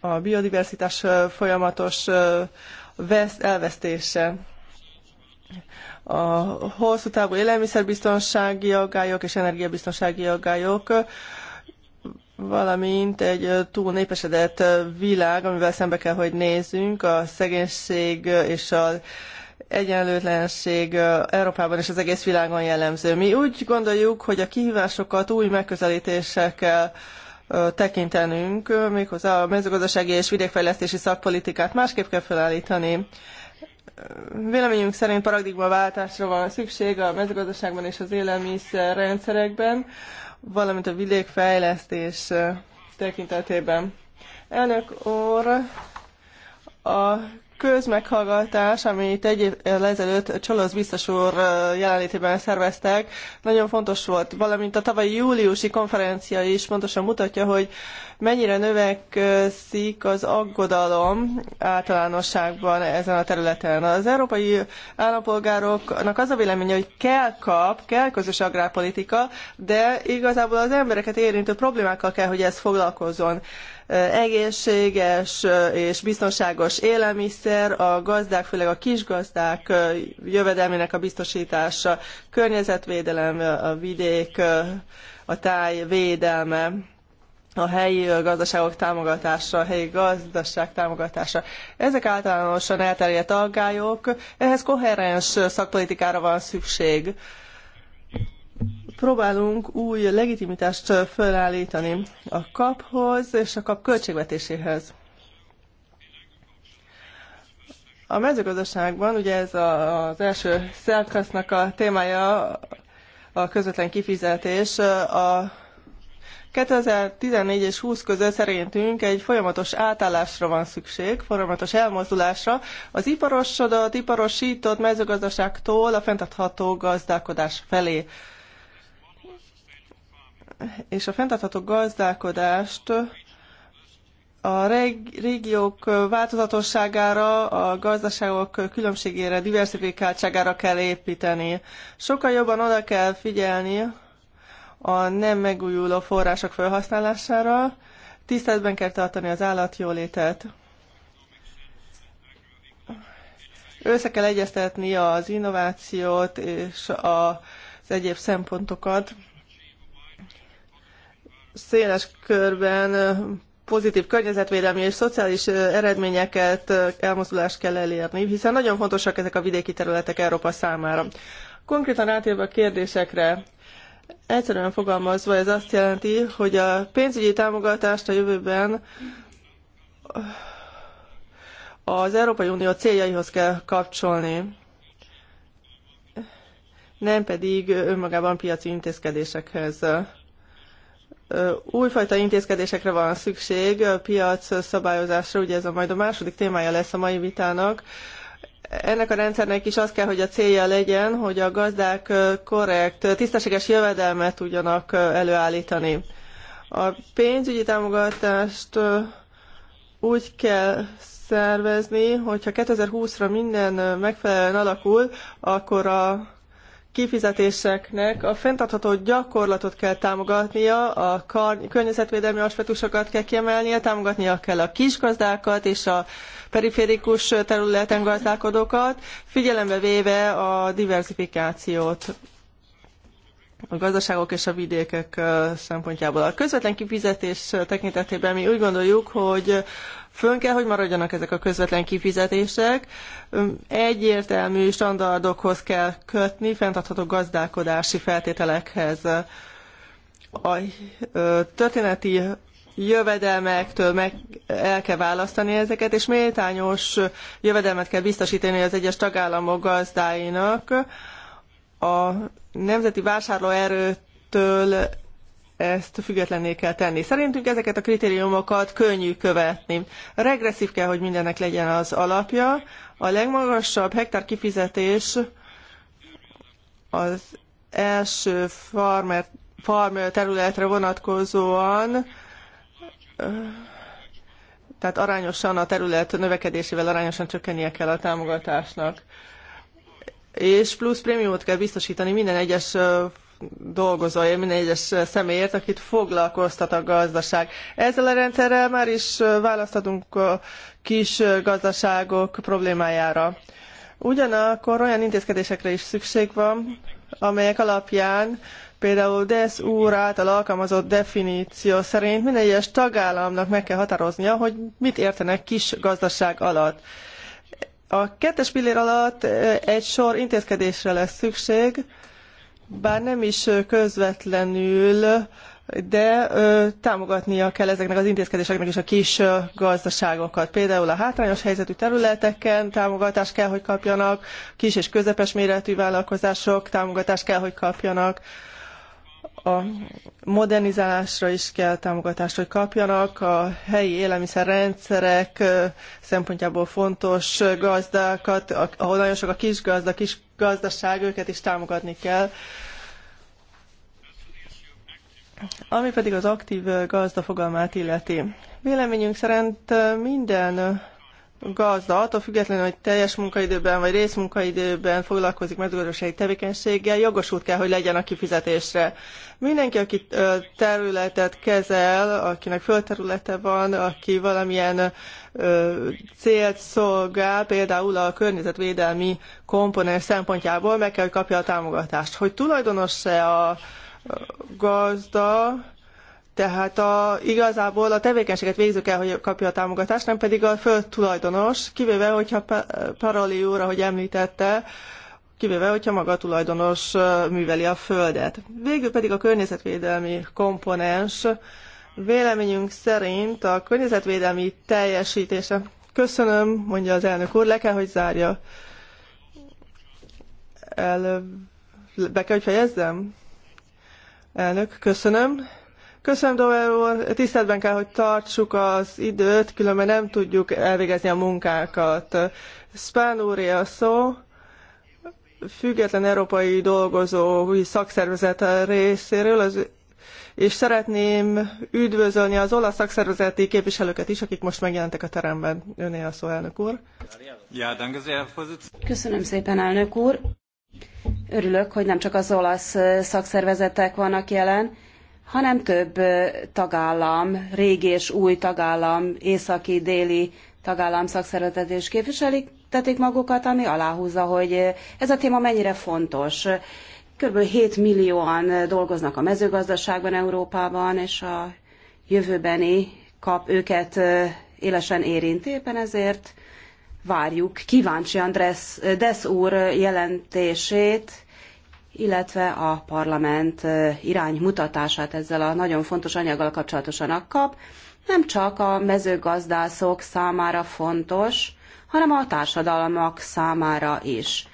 a biodiverzitás folyamatos elvesztése a hosszú távú élelmiszerbiztonsági aggályok és energiabiztonsági aggályok, valamint egy túl népesedett világ, amivel szembe kell, hogy nézzünk, a szegénység és az egyenlőtlenség Európában és az egész világon jellemző. Mi úgy gondoljuk, hogy a kihívásokat új megközelítésekkel tekintenünk, méghozzá a mezőgazdasági és vidékfejlesztési szakpolitikát másképp kell felállítani véleményünk szerint paradigmaváltásra van szükség a mezőgazdaságban és az élelmiszer rendszerekben, valamint a vidékfejlesztés eh, tekintetében. Elnök úr, a közmeghallgatás, amit egy évvel ezelőtt Csolosz biztos úr jelenlétében szerveztek, nagyon fontos volt, valamint a tavalyi júliusi konferencia is pontosan mutatja, hogy mennyire növekszik az aggodalom általánosságban ezen a területen. Az európai állampolgároknak az a véleménye, hogy kell kap, kell közös agrárpolitika, de igazából az embereket érintő problémákkal kell, hogy ez foglalkozzon egészséges és biztonságos élelmiszer, a gazdák, főleg a kisgazdák jövedelmének a biztosítása, környezetvédelem, a vidék, a táj védelme, a helyi gazdaságok támogatása, a helyi gazdaság támogatása. Ezek általánosan elterjedt aggályok, ehhez koherens szakpolitikára van szükség próbálunk új legitimitást felállítani a kaphoz és a kap költségvetéséhez. A mezőgazdaságban, ugye ez a, az első szerkasznak a témája, a közvetlen kifizetés, a 2014 és 20 között szerintünk egy folyamatos átállásra van szükség, folyamatos elmozdulásra az iparosodott, iparosított mezőgazdaságtól a fenntartható gazdálkodás felé és a fenntartható gazdálkodást a régiók változatosságára, a gazdaságok különbségére, diversifikáltságára kell építeni. Sokkal jobban oda kell figyelni a nem megújuló források felhasználására, tiszteletben kell tartani az állatjólétet. Össze kell egyeztetni az innovációt és az egyéb szempontokat széles körben pozitív környezetvédelmi és szociális eredményeket, elmozdulást kell elérni, hiszen nagyon fontosak ezek a vidéki területek Európa számára. Konkrétan átérve a kérdésekre, egyszerűen fogalmazva ez azt jelenti, hogy a pénzügyi támogatást a jövőben az Európai Unió céljaihoz kell kapcsolni, nem pedig önmagában piaci intézkedésekhez újfajta intézkedésekre van szükség, piac szabályozásra, ugye ez a majd a második témája lesz a mai vitának. Ennek a rendszernek is az kell, hogy a célja legyen, hogy a gazdák korrekt, tisztességes jövedelmet tudjanak előállítani. A pénzügyi támogatást úgy kell szervezni, hogyha 2020-ra minden megfelelően alakul, akkor a kifizetéseknek a fenntartható gyakorlatot kell támogatnia, a környezetvédelmi aspektusokat kell kiemelnie, támogatnia kell a kisgazdákat és a periférikus területen gazdálkodókat, figyelembe véve a diversifikációt a gazdaságok és a vidékek szempontjából. A közvetlen kifizetés tekintetében mi úgy gondoljuk, hogy fönn kell, hogy maradjanak ezek a közvetlen kifizetések. Egyértelmű standardokhoz kell kötni, fenntartható gazdálkodási feltételekhez. A történeti jövedelmektől meg el kell választani ezeket, és méltányos jövedelmet kell biztosítani az egyes tagállamok gazdáinak, a nemzeti vásárlóerőtől ezt függetlenné kell tenni. Szerintünk ezeket a kritériumokat könnyű követni. Regresszív kell, hogy mindennek legyen az alapja. A legmagasabb hektár kifizetés az első farmer, farm területre vonatkozóan tehát arányosan a terület növekedésével arányosan csökkennie kell a támogatásnak és plusz prémiumot kell biztosítani minden egyes dolgozóért, minden egyes személyért, akit foglalkoztat a gazdaság. Ezzel a rendszerrel már is választhatunk a kis gazdaságok problémájára. Ugyanakkor olyan intézkedésekre is szükség van, amelyek alapján például DES úr által alkalmazott definíció szerint minden egyes tagállamnak meg kell határoznia, hogy mit értenek kis gazdaság alatt a kettes pillér alatt egy sor intézkedésre lesz szükség, bár nem is közvetlenül, de támogatnia kell ezeknek az intézkedéseknek is a kis gazdaságokat. Például a hátrányos helyzetű területeken támogatást kell, hogy kapjanak, kis és közepes méretű vállalkozások támogatást kell, hogy kapjanak a modernizálásra is kell támogatást, hogy kapjanak. A helyi élelmiszerrendszerek szempontjából fontos gazdákat, ahol nagyon sok a kisgazda, kis gazdaság, őket is támogatni kell. Ami pedig az aktív gazda fogalmát illeti. Véleményünk szerint minden gazda, attól függetlenül, hogy teljes munkaidőben vagy részmunkaidőben foglalkozik mezőgazdasági tevékenységgel, jogosult kell, hogy legyen a kifizetésre. Mindenki, aki területet kezel, akinek földterülete van, aki valamilyen célt szolgál, például a környezetvédelmi komponens szempontjából meg kell, hogy kapja a támogatást. Hogy tulajdonos-e a gazda, tehát a, igazából a tevékenységet végző kell, hogy kapja a támogatást, nem pedig a föld tulajdonos, kivéve, hogyha Paroli úr, ahogy említette, kivéve, hogyha maga a tulajdonos műveli a földet. Végül pedig a környezetvédelmi komponens. Véleményünk szerint a környezetvédelmi teljesítése. Köszönöm, mondja az elnök úr, le kell, hogy zárja. El, be kell, hogy fejezzem? Elnök, köszönöm. Köszönöm, Dover úr. Tiszteletben kell, hogy tartsuk az időt, különben nem tudjuk elvégezni a munkákat. Spán úr a szó, független európai dolgozói szakszervezet részéről, az, és szeretném üdvözölni az olasz szakszervezeti képviselőket is, akik most megjelentek a teremben. Öné a szó, elnök úr. Köszönöm szépen, elnök úr. Örülök, hogy nem csak az olasz szakszervezetek vannak jelen, hanem több tagállam, régi és új tagállam, északi, déli tagállam szakszervezet is képviselik, magukat, ami aláhúzza, hogy ez a téma mennyire fontos. Kb. 7 millióan dolgoznak a mezőgazdaságban Európában, és a jövőbeni kap őket élesen érint. Éppen ezért várjuk kíváncsian Desz úr jelentését, illetve a parlament iránymutatását ezzel a nagyon fontos anyaggal kapcsolatosan kap, nem csak a mezőgazdászok számára fontos, hanem a társadalmak számára is.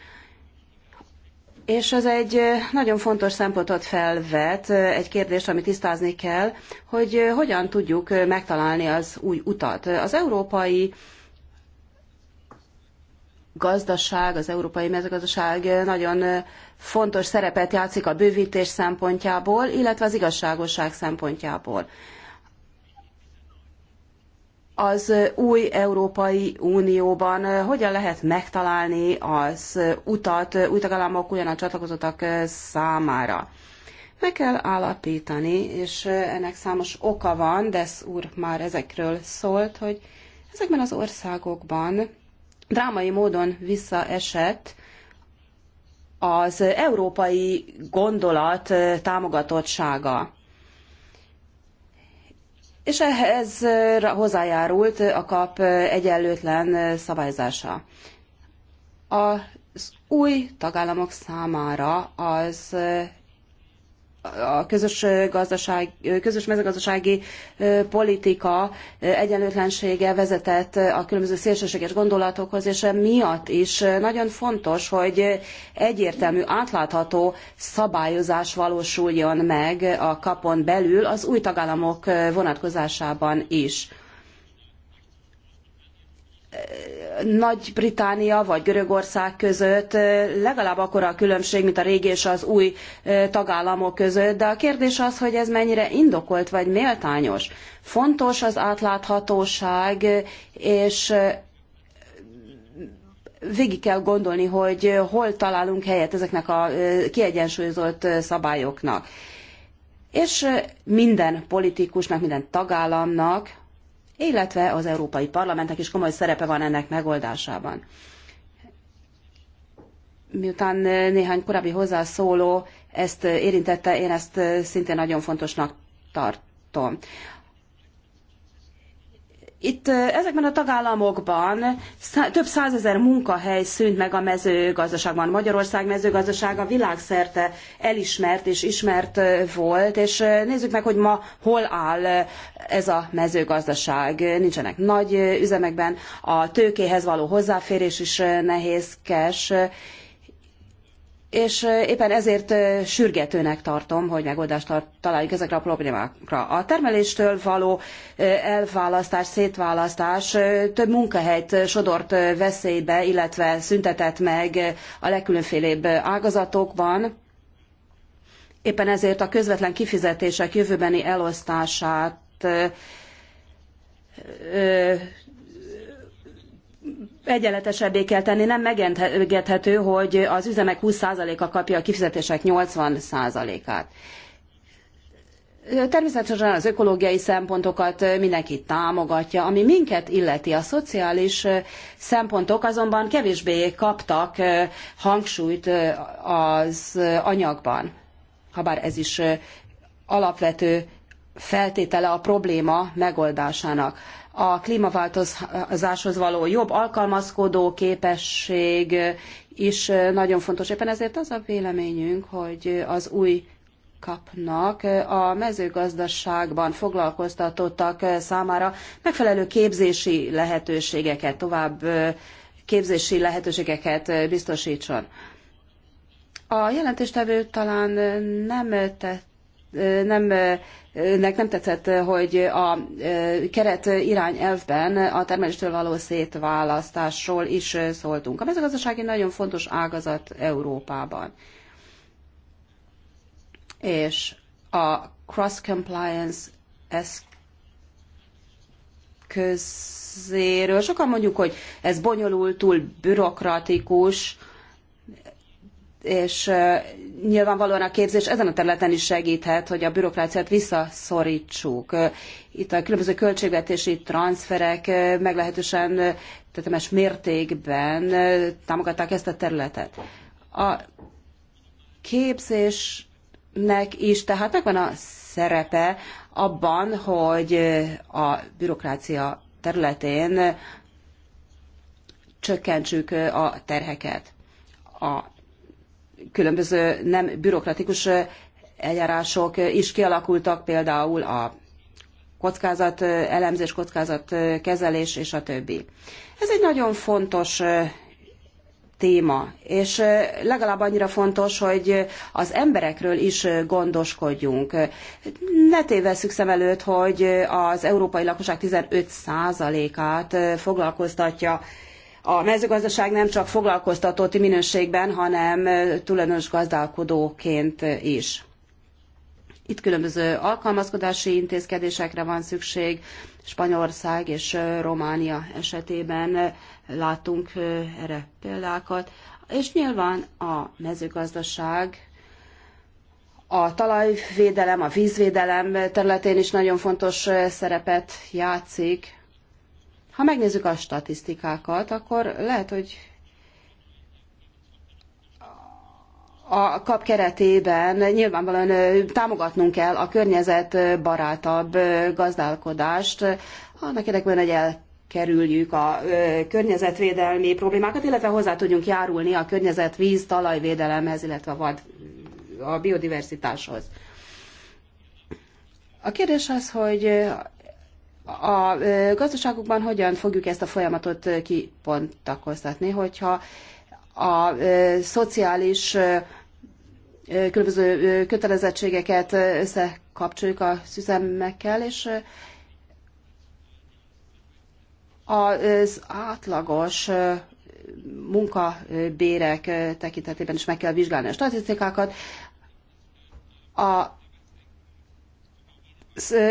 És ez egy nagyon fontos szempontot felvet, egy kérdés, amit tisztázni kell, hogy hogyan tudjuk megtalálni az új utat. Az európai gazdaság, az európai mezőgazdaság nagyon fontos szerepet játszik a bővítés szempontjából, illetve az igazságosság szempontjából. Az új Európai Unióban hogyan lehet megtalálni az utat új tagállamok ugyanan csatlakozottak számára? Meg kell állapítani, és ennek számos oka van, de úr már ezekről szólt, hogy ezekben az országokban drámai módon visszaesett az európai gondolat támogatottsága. És ehhez hozzájárult a kap egyenlőtlen szabályzása. Az új tagállamok számára az a közös, gazdaság, közös mezőgazdasági politika egyenlőtlensége vezetett a különböző szélsőséges gondolatokhoz, és miatt is nagyon fontos, hogy egyértelmű, átlátható szabályozás valósuljon meg a kapon belül az új tagállamok vonatkozásában is. Nagy-Británia vagy Görögország között legalább akkora a különbség, mint a régi és az új tagállamok között, de a kérdés az, hogy ez mennyire indokolt vagy méltányos. Fontos az átláthatóság, és végig kell gondolni, hogy hol találunk helyet ezeknek a kiegyensúlyozott szabályoknak. És minden politikusnak, minden tagállamnak illetve az Európai Parlamentnek is komoly szerepe van ennek megoldásában. Miután eh, néhány korábbi hozzászóló ezt érintette, én ezt eh, szintén nagyon fontosnak tartom. Itt ezekben a tagállamokban több százezer munkahely szűnt meg a mezőgazdaságban. Magyarország mezőgazdasága világszerte elismert és ismert volt, és nézzük meg, hogy ma hol áll ez a mezőgazdaság. Nincsenek nagy üzemekben, a tőkéhez való hozzáférés is nehézkes, és éppen ezért sürgetőnek tartom, hogy megoldást találjunk ezekre a problémákra. A termeléstől való elválasztás, szétválasztás több munkahelyt sodort veszélybe, illetve szüntetett meg a legkülönfélébb ágazatokban. Éppen ezért a közvetlen kifizetések jövőbeni elosztását egyenletesebbé kell tenni, nem megengedhető, hogy az üzemek 20%-a kapja a kifizetések 80%-át. Természetesen az ökológiai szempontokat mindenki támogatja, ami minket illeti. A szociális szempontok azonban kevésbé kaptak hangsúlyt az anyagban, habár ez is alapvető feltétele a probléma megoldásának a klímaváltozáshoz való jobb alkalmazkodó képesség is nagyon fontos. Éppen ezért az a véleményünk, hogy az új kapnak a mezőgazdaságban foglalkoztatottak számára megfelelő képzési lehetőségeket, tovább képzési lehetőségeket biztosítson. A jelentéstevő talán nem tett nem önnek nem tetszett, hogy a keret irányelvben a termeléstől való szétválasztásról is szóltunk. A mezőgazdaság egy nagyon fontos ágazat Európában. És a cross-compliance eszközéről sokan mondjuk, hogy ez bonyolult, túl bürokratikus, és nyilvánvalóan a képzés ezen a területen is segíthet, hogy a bürokráciát visszaszorítsuk. Itt a különböző költségvetési transzferek meglehetősen tetemes mértékben támogatták ezt a területet. A képzésnek is tehát megvan a szerepe abban, hogy a bürokrácia területén csökkentsük a terheket. A különböző nem bürokratikus eljárások is kialakultak, például a kockázat elemzés, kockázat kezelés és a többi. Ez egy nagyon fontos téma, és legalább annyira fontos, hogy az emberekről is gondoskodjunk. Ne tévesszük szem előtt, hogy az európai lakosság 15%-át foglalkoztatja a mezőgazdaság nem csak foglalkoztatóti minőségben, hanem tulajdonos gazdálkodóként is. Itt különböző alkalmazkodási intézkedésekre van szükség. Spanyolország és Románia esetében látunk erre példákat. És nyilván a mezőgazdaság a talajvédelem, a vízvédelem területén is nagyon fontos szerepet játszik. Ha megnézzük a statisztikákat, akkor lehet, hogy a kap keretében nyilvánvalóan támogatnunk kell a barátabb gazdálkodást, annak érdekében, hogy elkerüljük a környezetvédelmi problémákat, illetve hozzá tudjunk járulni a környezet víz talajvédelemhez, illetve a, vad, a biodiversitáshoz. A kérdés az, hogy a gazdaságokban hogyan fogjuk ezt a folyamatot kipontakoztatni, hogyha a szociális különböző kötelezettségeket összekapcsoljuk a szüzemekkel, és az átlagos munkabérek tekintetében is meg kell vizsgálni a statisztikákat. A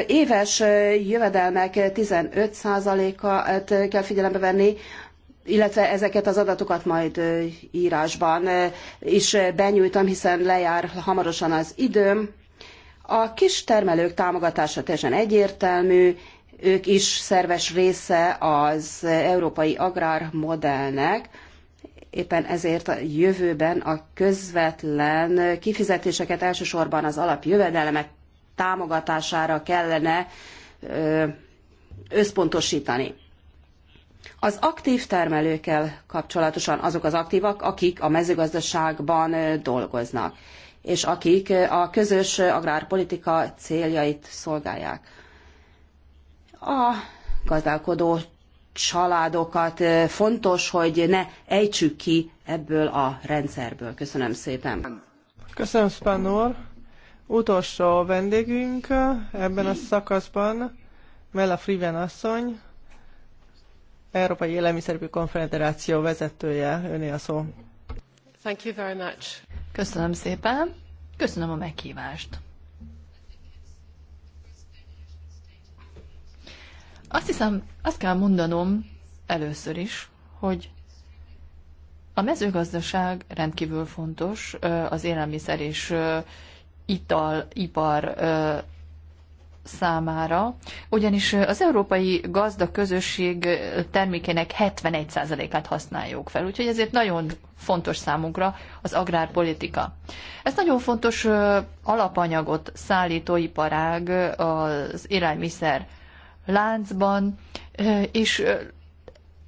éves jövedelmek 15%-át kell figyelembe venni, illetve ezeket az adatokat majd írásban is benyújtom, hiszen lejár hamarosan az időm. A kis termelők támogatása teljesen egyértelmű, ők is szerves része az európai agrármodellnek, éppen ezért a jövőben a közvetlen kifizetéseket elsősorban az alapjövedelemek támogatására kellene összpontosítani. Az aktív termelőkkel kapcsolatosan azok az aktívak, akik a mezőgazdaságban dolgoznak, és akik a közös agrárpolitika céljait szolgálják. A gazdálkodó családokat fontos, hogy ne ejtsük ki ebből a rendszerből. Köszönöm szépen. Köszönöm, Spánor. Utolsó vendégünk eh, ebben a szakaszban Mella Friven asszony, Európai Élelmiszerű Konfederáció vezetője, öné a szó. Thank you very much. Köszönöm szépen, köszönöm a meghívást. Azt hiszem, azt kell mondanom először is, hogy a mezőgazdaság rendkívül fontos eh, az élelmiszer és eh, italipar számára, ugyanis az európai gazda közösség termékének 71%-át használjuk fel, úgyhogy ezért nagyon fontos számunkra az agrárpolitika. Ez nagyon fontos alapanyagot szállító iparág az élelmiszer láncban, és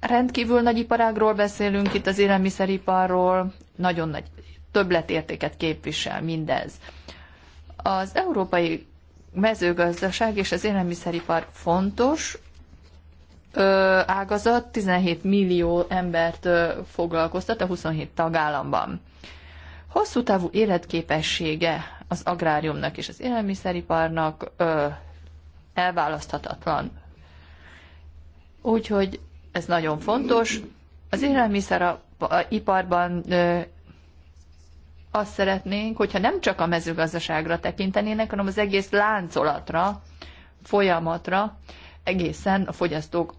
rendkívül nagy iparágról beszélünk itt az élelmiszeriparról, nagyon nagy többletértéket képvisel mindez. Az európai mezőgazdaság és az élelmiszeripar fontos ágazat, 17 millió embert foglalkoztat a 27 tagállamban. Hosszú távú életképessége az agráriumnak és az élelmiszeriparnak elválaszthatatlan. Úgyhogy ez nagyon fontos. Az élelmiszeriparban azt szeretnénk, hogyha nem csak a mezőgazdaságra tekintenének, hanem az egész láncolatra, folyamatra, egészen a fogyasztók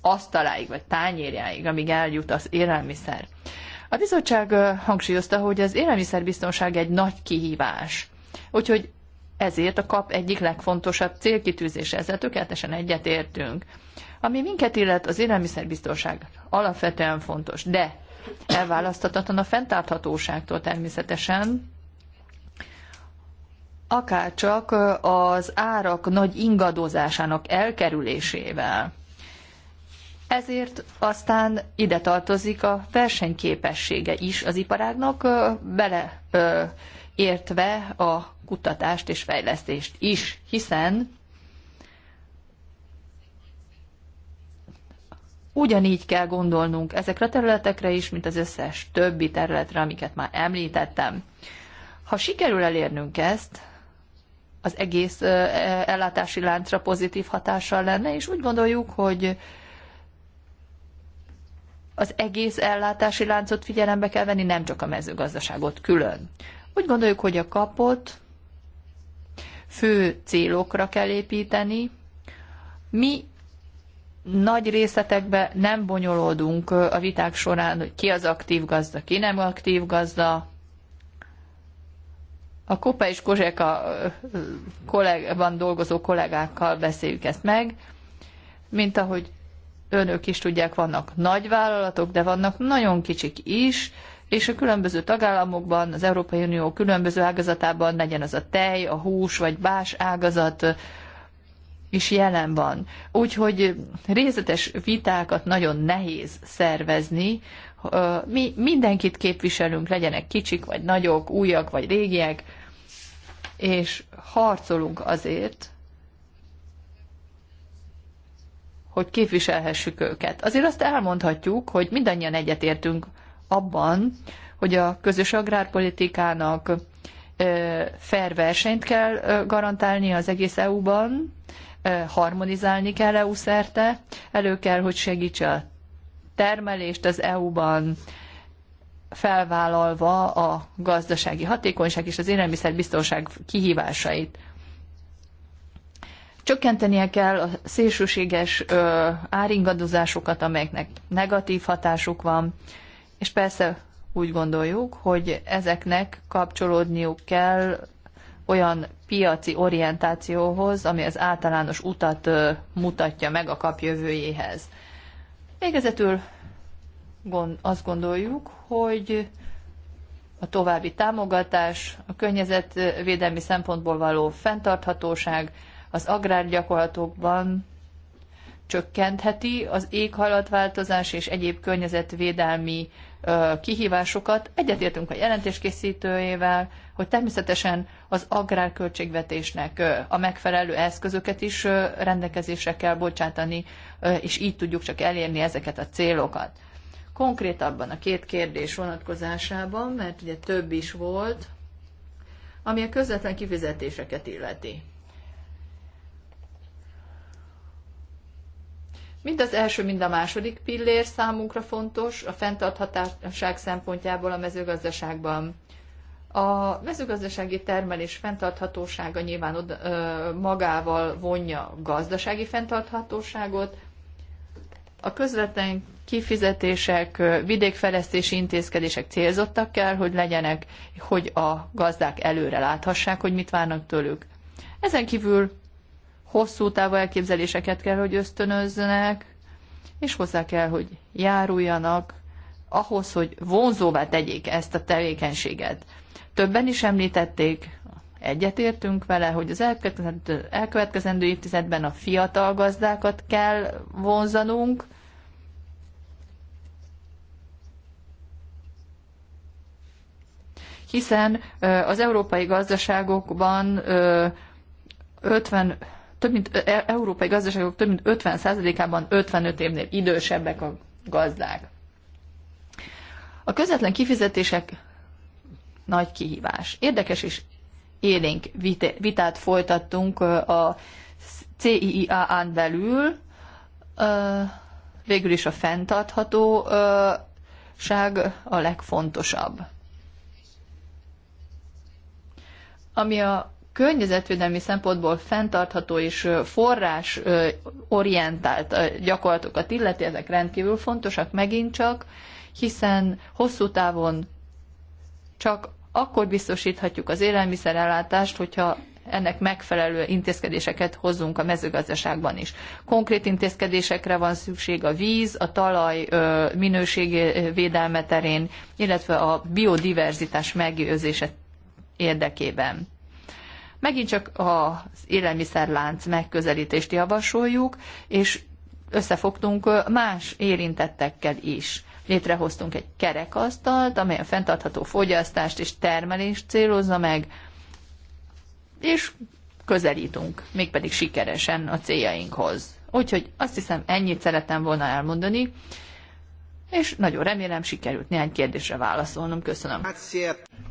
asztaláig vagy tányérjáig, amíg eljut az élelmiszer. A bizottság hangsúlyozta, hogy az élelmiszerbiztonság egy nagy kihívás. Úgyhogy ezért a kap egyik legfontosabb célkitűzése, ezzel tökéletesen egyetértünk. Ami minket illet, az élelmiszerbiztonság alapvetően fontos, de elválaszthatatlan a fenntarthatóságtól természetesen, akárcsak az árak nagy ingadozásának elkerülésével. Ezért aztán ide tartozik a versenyképessége is az iparágnak, beleértve a kutatást és fejlesztést is, hiszen ugyanígy kell gondolnunk ezekre a területekre is, mint az összes többi területre, amiket már említettem. Ha sikerül elérnünk ezt, az egész e, ellátási láncra pozitív hatással lenne, és úgy gondoljuk, hogy az egész ellátási láncot figyelembe kell venni, nem csak a mezőgazdaságot külön. Úgy gondoljuk, hogy a kapot fő célokra kell építeni. Mi nagy részletekbe nem bonyolódunk a viták során, hogy ki az aktív gazda, ki nem aktív gazda. A Kopa és a kollégában dolgozó kollégákkal beszéljük ezt meg, mint ahogy önök is tudják, vannak nagy vállalatok, de vannak nagyon kicsik is, és a különböző tagállamokban, az Európai Unió különböző ágazatában, legyen az a tej, a hús vagy más ágazat, is jelen van. Úgyhogy részletes vitákat nagyon nehéz szervezni. Mi mindenkit képviselünk, legyenek kicsik, vagy nagyok, újak, vagy régiek, és harcolunk azért, hogy képviselhessük őket. Azért azt elmondhatjuk, hogy mindannyian egyetértünk abban, hogy a közös agrárpolitikának fair versenyt kell garantálni az egész EU-ban, harmonizálni kell EU szerte, elő kell, hogy segítse a termelést az EU-ban, felvállalva a gazdasági hatékonyság és az élelmiszerbiztonság kihívásait. Csökkentenie kell a szélsőséges ö, áringadozásokat, amelyeknek negatív hatásuk van, és persze úgy gondoljuk, hogy ezeknek kapcsolódniuk kell olyan piaci orientációhoz, ami az általános utat mutatja meg a kap jövőjéhez. Végezetül azt gondoljuk, hogy a további támogatás, a környezetvédelmi szempontból való fenntarthatóság az agrárgyakorlatokban csökkentheti az éghajlatváltozás és egyéb környezetvédelmi kihívásokat. Egyetértünk a jelentéskészítőjével, hogy természetesen az agrárköltségvetésnek a megfelelő eszközöket is rendelkezésre kell bocsátani, és így tudjuk csak elérni ezeket a célokat. Konkrétabban a két kérdés vonatkozásában, mert ugye több is volt, ami a közvetlen kifizetéseket illeti. Mind az első, mind a második pillér számunkra fontos a fenntarthatóság szempontjából a mezőgazdaságban. A mezőgazdasági termelés fenntarthatósága nyilván oda, ö, magával vonja gazdasági fenntarthatóságot, a közvetlen kifizetések, vidékfejlesztési intézkedések célzottak kell, hogy legyenek, hogy a gazdák előre láthassák, hogy mit várnak tőlük. Ezen kívül hosszú távú elképzeléseket kell, hogy ösztönözzenek, és hozzá kell, hogy járuljanak ahhoz, hogy vonzóvá tegyék ezt a tevékenységet. Többen is említették, egyetértünk vele, hogy az elkövetkezendő, elkövetkezendő évtizedben a fiatal gazdákat kell vonzanunk, hiszen az európai gazdaságokban 50 több mint e, európai gazdaságok több mint 50%-ában 55 évnél idősebbek a gazdák. A közvetlen kifizetések nagy kihívás. Érdekes és élénk vitát folytattunk a CIIA-án belül, végül is a fenntarthatóság a legfontosabb. Ami a környezetvédelmi szempontból fenntartható és forrás orientált gyakorlatokat illeti, ezek rendkívül fontosak megint csak, hiszen hosszú távon csak akkor biztosíthatjuk az élelmiszerellátást, hogyha ennek megfelelő intézkedéseket hozzunk a mezőgazdaságban is. Konkrét intézkedésekre van szükség a víz, a talaj minőség védelme terén, illetve a biodiverzitás megőrzése érdekében. Megint csak az élelmiszerlánc megközelítést javasoljuk, és összefogtunk más érintettekkel is. Létrehoztunk egy kerekasztalt, amely a fenntartható fogyasztást és termelést célozza meg, és közelítünk, mégpedig sikeresen a céljainkhoz. Úgyhogy azt hiszem ennyit szeretem volna elmondani, és nagyon remélem sikerült néhány kérdésre válaszolnom. Köszönöm.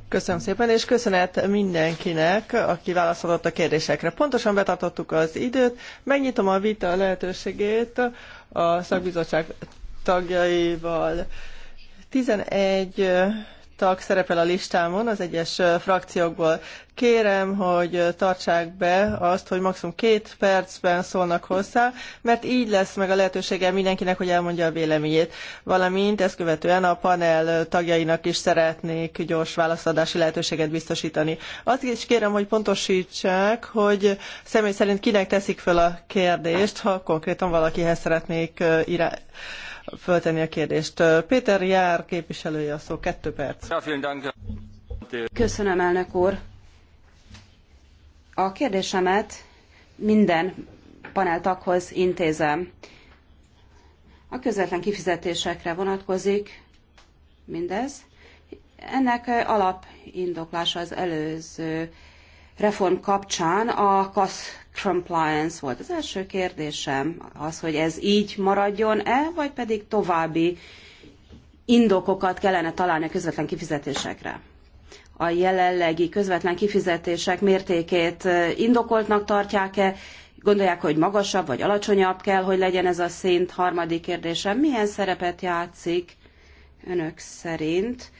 Köszönöm szépen, és köszönet mindenkinek, aki válaszolott a kérdésekre. Pontosan betartottuk az időt, megnyitom a vita lehetőségét a szakbizottság tagjaival. 11 tag szerepel a listámon az egyes frakciókból. Kérem, hogy tartsák be azt, hogy maximum két percben szólnak hozzá, mert így lesz meg a lehetősége mindenkinek, hogy elmondja a véleményét. Valamint ezt követően a panel tagjainak is szeretnék gyors válaszadási lehetőséget biztosítani. Azt is kérem, hogy pontosítsák, hogy személy szerint kinek teszik föl a kérdést, ha konkrétan valakihez szeretnék irányítani föltenni a kérdést. Péter Jár képviselője a szó, kettő perc. Köszönöm, elnök úr. A kérdésemet minden paneltakhoz intézem. A közvetlen kifizetésekre vonatkozik mindez. Ennek alapindoklása az előző reform kapcsán a KASZ compliance volt. Az első kérdésem az, hogy ez így maradjon-e, vagy pedig további indokokat kellene találni a közvetlen kifizetésekre. A jelenlegi közvetlen kifizetések mértékét indokoltnak tartják-e, gondolják, hogy magasabb vagy alacsonyabb kell, hogy legyen ez a szint. Harmadik kérdésem, milyen szerepet játszik önök szerint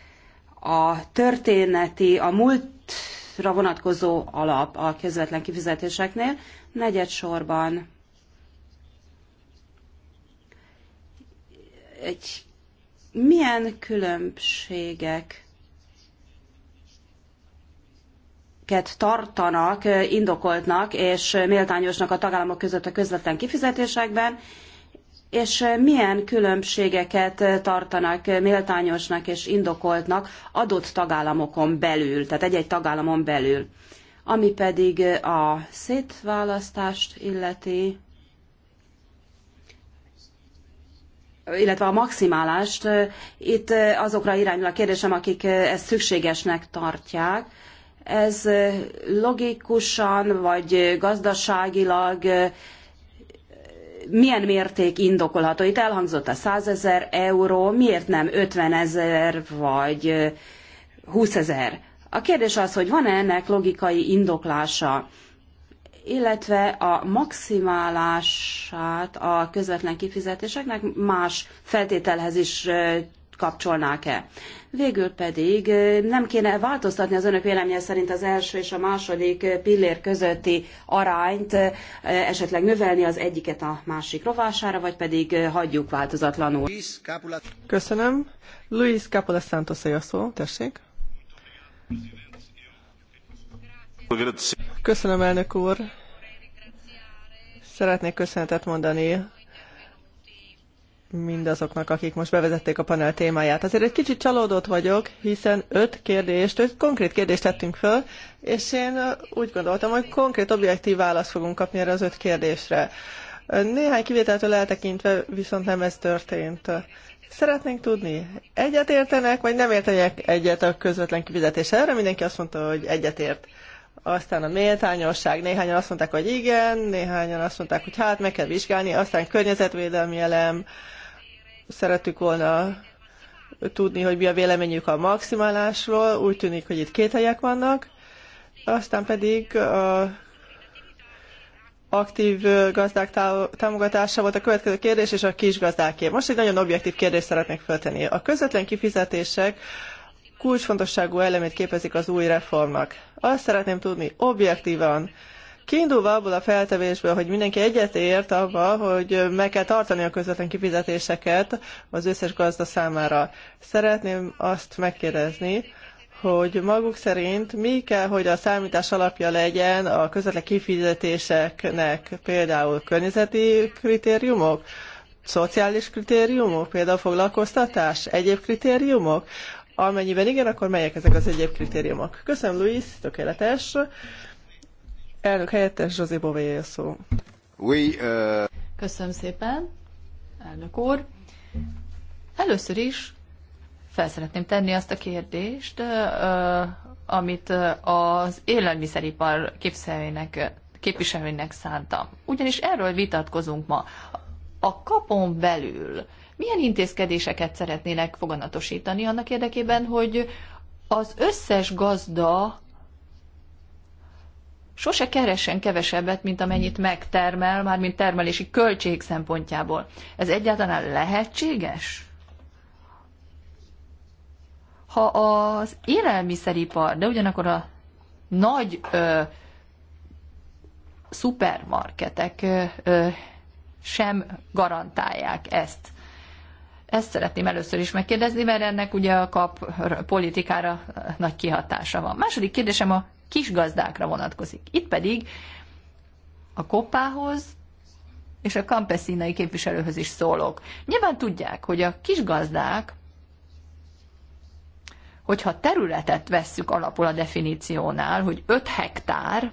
a történeti, a múlt a vonatkozó alap a közvetlen kifizetéseknél, negyed sorban egy milyen különbségek tartanak, indokoltnak és méltányosnak a tagállamok között a közvetlen kifizetésekben, és eh, milyen különbségeket eh, tartanak eh, méltányosnak és indokoltnak adott tagállamokon belül, tehát egy-egy tagállamon belül. Ami pedig a szétválasztást illeti, illetve a maximálást, itt azokra irányul a kérdésem, akik ezt szükségesnek tartják. Ez logikusan vagy gazdaságilag milyen mérték indokolható? Itt elhangzott a 100 ezer euró, miért nem 50 ezer vagy 20 ezer? A kérdés az, hogy van-e ennek logikai indoklása, illetve a maximálását a közvetlen kifizetéseknek más feltételhez is kapcsolnák-e. Végül pedig nem kéne változtatni az önök véleménye szerint az első és a második pillér közötti arányt, esetleg növelni az egyiket a másik rovására, vagy pedig hagyjuk változatlanul. Köszönöm. Luis Capola Santos a szó, tessék. Köszönöm, elnök úr. Szeretnék köszönetet mondani mindazoknak, akik most bevezették a panel témáját. Azért egy kicsit csalódott vagyok, hiszen öt kérdést, öt konkrét kérdést tettünk föl, és én úgy gondoltam, hogy konkrét, objektív választ fogunk kapni erre az öt kérdésre. Néhány kivételtől eltekintve viszont nem ez történt. Szeretnénk tudni, egyet értenek, vagy nem értenek egyet a közvetlen kifizetés. Erre mindenki azt mondta, hogy egyet ért. Aztán a méltányosság, néhányan azt mondták, hogy igen, néhányan azt mondták, hogy hát meg kell vizsgálni, aztán környezetvédelmi elem, szerettük volna tudni, hogy mi a véleményük a maximálásról. Úgy tűnik, hogy itt két helyek vannak. Aztán pedig a aktív gazdák támogatása volt a következő kérdés, és a kis gazdáké. Most egy nagyon objektív kérdést szeretnék feltenni. A közvetlen kifizetések kulcsfontosságú elemét képezik az új reformnak. Azt szeretném tudni objektívan, Kiindulva abból a feltevésből, hogy mindenki egyetért abba, hogy meg kell tartani a közvetlen kifizetéseket az összes gazda számára. Szeretném azt megkérdezni, hogy maguk szerint mi kell, hogy a számítás alapja legyen a közvetlen kifizetéseknek, például környezeti kritériumok, szociális kritériumok, például foglalkoztatás, egyéb kritériumok. Amennyiben igen, akkor melyek ezek az egyéb kritériumok? Köszönöm, Luis, tökéletes. Elnök helyettes Zsozé Bové szó. Oui, uh... Köszönöm szépen, elnök úr. Először is fel szeretném tenni azt a kérdést, amit az élelmiszeripar képviselőinek, képviselőinek szántam. Ugyanis erről vitatkozunk ma. A kapon belül milyen intézkedéseket szeretnének foganatosítani annak érdekében, hogy az összes gazda sose keresen kevesebbet, mint amennyit megtermel, mármint termelési költség szempontjából. Ez egyáltalán lehetséges? Ha az élelmiszeripar, de ugyanakkor a nagy ö, szupermarketek ö, ö, sem garantálják ezt. Ezt szeretném először is megkérdezni, mert ennek ugye a kap politikára nagy kihatása van. Második kérdésem a kis gazdákra vonatkozik. Itt pedig a kopához és a kampeszínai képviselőhöz is szólok. Nyilván tudják, hogy a kis gazdák, hogyha területet vesszük alapul a definíciónál, hogy 5 hektár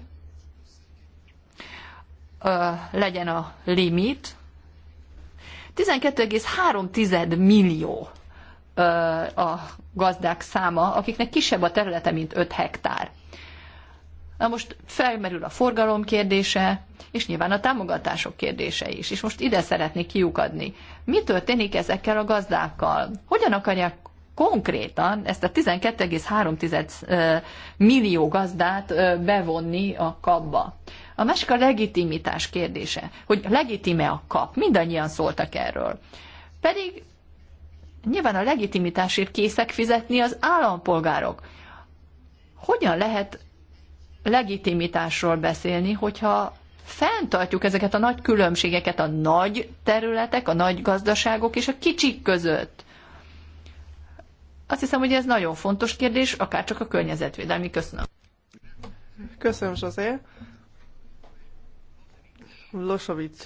ö, legyen a limit, 12,3 millió ö, a gazdák száma, akiknek kisebb a területe, mint 5 hektár. Na most felmerül a forgalom kérdése, és nyilván a támogatások kérdése is. És most ide szeretnék kiukadni. Mi történik ezekkel a gazdákkal? Hogyan akarják konkrétan ezt a 12,3 millió gazdát bevonni a kapba? A másik a legitimitás kérdése, hogy legitime a kap. Mindannyian szóltak erről. Pedig nyilván a legitimitásért készek fizetni az állampolgárok. Hogyan lehet legitimitásról beszélni, hogyha fenntartjuk ezeket a nagy különbségeket a nagy területek, a nagy gazdaságok és a kicsik között. Azt hiszem, hogy ez nagyon fontos kérdés, akár csak a környezetvédelmi. Köszönöm. Köszönöm, José. Losovic,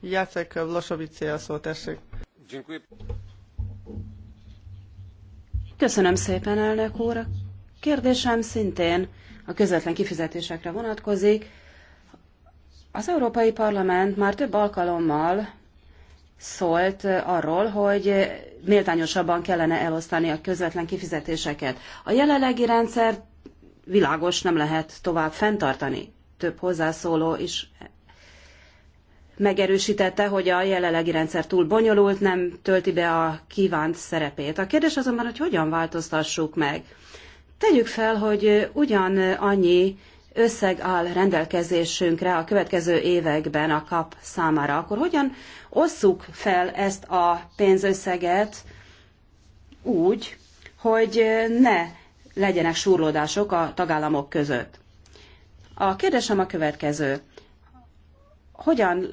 Jacek Losovic a szó, tessék. Köszönöm szépen, elnök úr. Kérdésem szintén a közvetlen kifizetésekre vonatkozik. Az Európai Parlament már több alkalommal szólt arról, hogy méltányosabban kellene elosztani a közvetlen kifizetéseket. A jelenlegi rendszer világos nem lehet tovább fenntartani. Több hozzászóló is megerősítette, hogy a jelenlegi rendszer túl bonyolult, nem tölti be a kívánt szerepét. A kérdés azonban, hogy hogyan változtassuk meg. Tegyük fel, hogy ugyan annyi összeg áll rendelkezésünkre a következő években a kap számára, akkor hogyan osszuk fel ezt a pénzösszeget úgy, hogy ne legyenek súrlódások a tagállamok között. A kérdésem a következő. Hogyan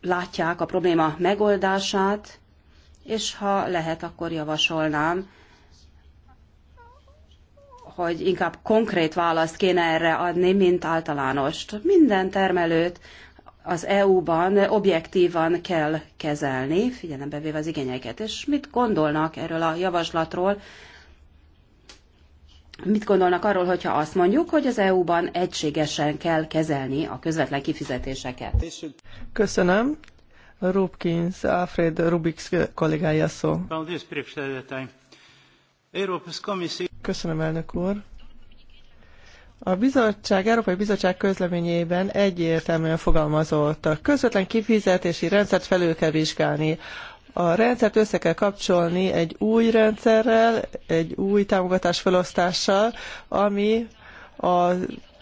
látják a probléma megoldását, és ha lehet, akkor javasolnám, hogy inkább konkrét választ kéne erre adni, mint általánost. Minden termelőt az EU-ban objektívan kell kezelni, figyelembe véve az igényeket. És mit gondolnak erről a javaslatról? Mit gondolnak arról, hogyha azt mondjuk, hogy az EU-ban egységesen kell kezelni a közvetlen kifizetéseket? Köszönöm. Rubkins, Alfred Rubix kollégája szó. Európai Komiszió Köszönöm, elnök úr. A bizottság, Európai Bizottság közleményében egyértelműen fogalmazott, a közvetlen kifizetési rendszert felül kell vizsgálni. A rendszert össze kell kapcsolni egy új rendszerrel, egy új támogatás felosztással, ami a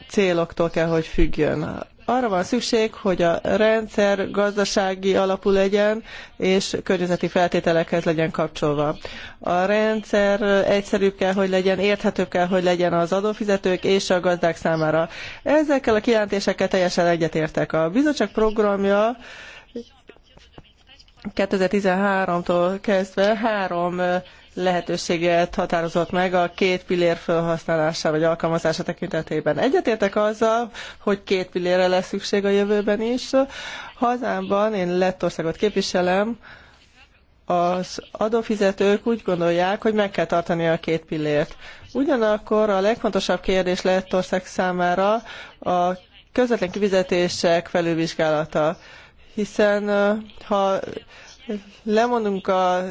céloktól kell, hogy függjön arra van szükség, hogy a rendszer gazdasági alapú legyen, és környezeti feltételekhez legyen kapcsolva. A rendszer egyszerűbb kell, hogy legyen, érthetőbb kell, hogy legyen az adófizetők és a gazdák számára. Ezekkel a kijelentésekkel teljesen egyetértek. A bizottság programja 2013-tól kezdve három lehetőséget határozott meg a két pillér felhasználása vagy alkalmazása tekintetében. Egyetértek azzal, hogy két pillérre lesz szükség a jövőben is. Hazámban, én Lettországot képviselem, az adófizetők úgy gondolják, hogy meg kell tartani a két pillért. Ugyanakkor a legfontosabb kérdés Lettország számára a közvetlen kifizetések felülvizsgálata. Hiszen ha lemondunk a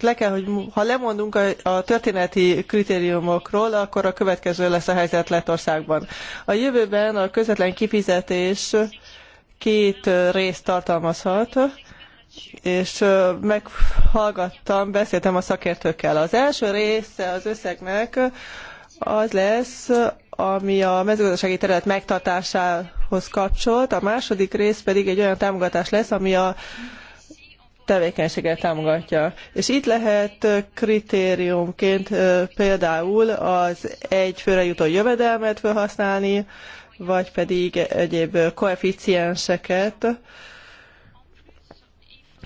le kell, hogy ha lemondunk a, a történeti kritériumokról, akkor a következő lesz a helyzet Lettországban. A jövőben a közvetlen kifizetés két részt tartalmazhat, és meghallgattam, beszéltem a szakértőkkel. Az első része az összegnek az lesz, ami a mezőgazdasági terület megtartásához kapcsolt, a második rész pedig egy olyan támogatás lesz, ami a tevékenységet támogatja. És itt lehet kritériumként például az egy főre jutó jövedelmet felhasználni, vagy pedig egyéb koeficienseket.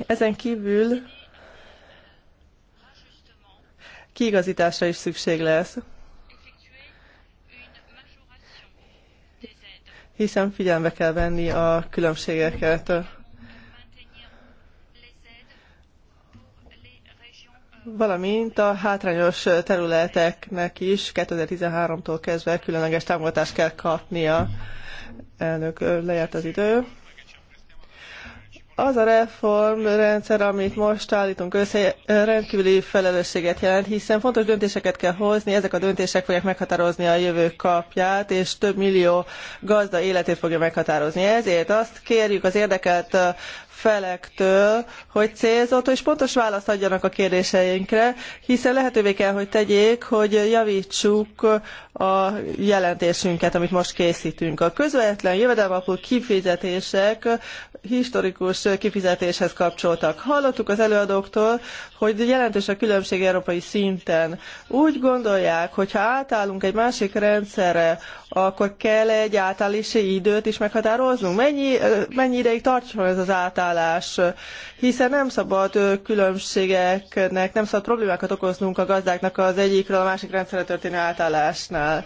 Ezen kívül kiigazításra is szükség lesz. Hiszen figyelembe kell venni a különbségeket. valamint a hátrányos területeknek is 2013-tól kezdve különleges támogatást kell kapnia. Elnök, lejárt az idő. Az a reformrendszer, amit most állítunk össze, rendkívüli felelősséget jelent, hiszen fontos döntéseket kell hozni, ezek a döntések fogják meghatározni a jövő kapját, és több millió gazda életét fogja meghatározni. Ezért azt kérjük az érdekelt felektől, hogy célzott és pontos választ adjanak a kérdéseinkre, hiszen lehetővé kell, hogy tegyék, hogy javítsuk a jelentésünket, amit most készítünk. A közvetlen jövedelmapú kifizetések historikus kifizetéshez kapcsoltak. Hallottuk az előadóktól, hogy jelentős a különbség európai szinten. Úgy gondolják, hogy ha átállunk egy másik rendszerre, akkor kell egy átállási időt is meghatároznunk. Mennyi, mennyi ideig tartson ez az átállás? hozzáállás, hiszen nem szabad különbségeknek, nem szabad problémákat okoznunk a gazdáknak az egyikről a másik rendszerre történő átállásnál.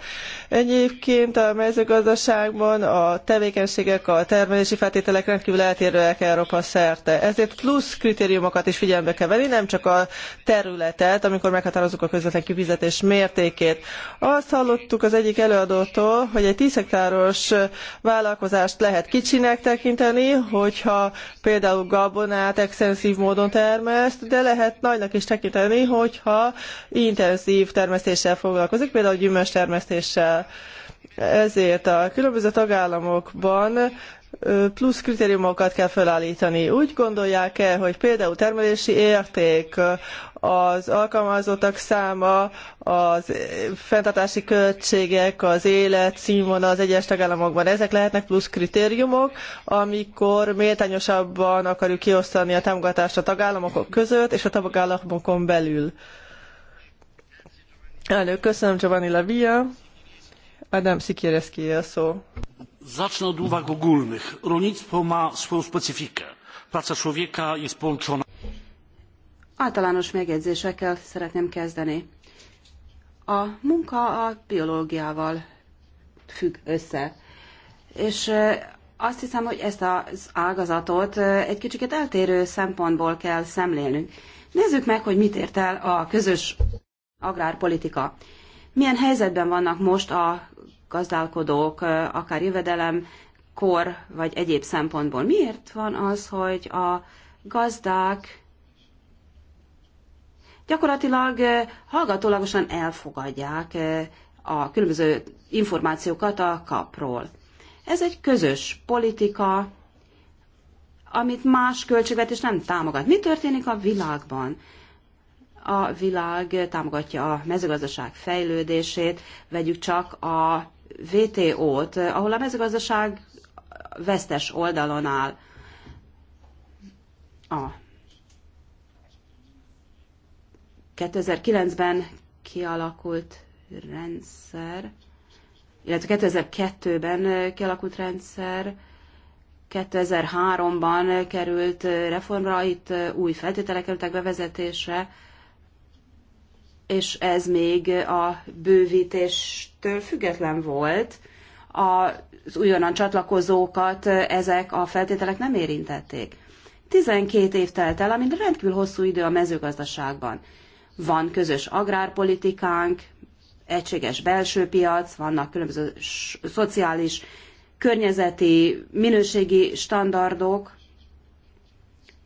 Egyébként a mezőgazdaságban a tevékenységek, a termelési feltételek rendkívül eltérőek Európa szerte. Ezért plusz kritériumokat is figyelembe kell venni, nem csak a területet, amikor meghatározzuk a közvetlen kifizetés mértékét. Azt hallottuk az egyik előadótól, hogy egy 10 hektáros vállalkozást lehet kicsinek tekinteni, hogyha például például gabonát extenszív módon termeszt, de lehet nagynak is tekinteni, hogyha intenzív termesztéssel foglalkozik, például gyümölcs termesztéssel. Ezért a különböző tagállamokban plusz kritériumokat kell felállítani. Úgy gondolják-e, hogy például termelési érték, az alkalmazottak száma, az fenntartási költségek, az életszínvonal az egyes tagállamokban, ezek lehetnek plusz kritériumok, amikor méltányosabban akarjuk kiosztani a támogatást a tagállamok között és a tagállamokon belül. Elő, köszönöm Giovanni Lavia. Adam Szikéreszki a szó zacznę od uwag ogólnych. rolnictwo ma swoją specyfikę praca człowieka jest połączona. általános megjegyzésekkel szeretném kezdeni. a munka a biológiával függ össze és azt hiszem, hogy ezt az ágazatot egy kicsit eltérő szempontból kell szemlélnünk. Nézzük meg, hogy mit ért el a közös agrárpolitika. Milyen helyzetben vannak most a gazdálkodók, akár jövedelem, kor vagy egyéb szempontból. Miért van az, hogy a gazdák gyakorlatilag hallgatólagosan elfogadják a különböző információkat a kapról. Ez egy közös politika, amit más költségvetés nem támogat. Mi történik a világban? A világ támogatja a mezőgazdaság fejlődését, vegyük csak a VTO-t, ahol a mezőgazdaság vesztes oldalon áll. A 2009-ben kialakult rendszer, illetve 2002-ben kialakult rendszer, 2003-ban került reformra, itt új feltételek kerültek bevezetésre, és ez még a bővítéstől független volt. Az újonnan csatlakozókat ezek a feltételek nem érintették. 12 év telt el, amint rendkívül hosszú idő a mezőgazdaságban. Van közös agrárpolitikánk, egységes belső piac, vannak különböző szociális, környezeti, minőségi standardok,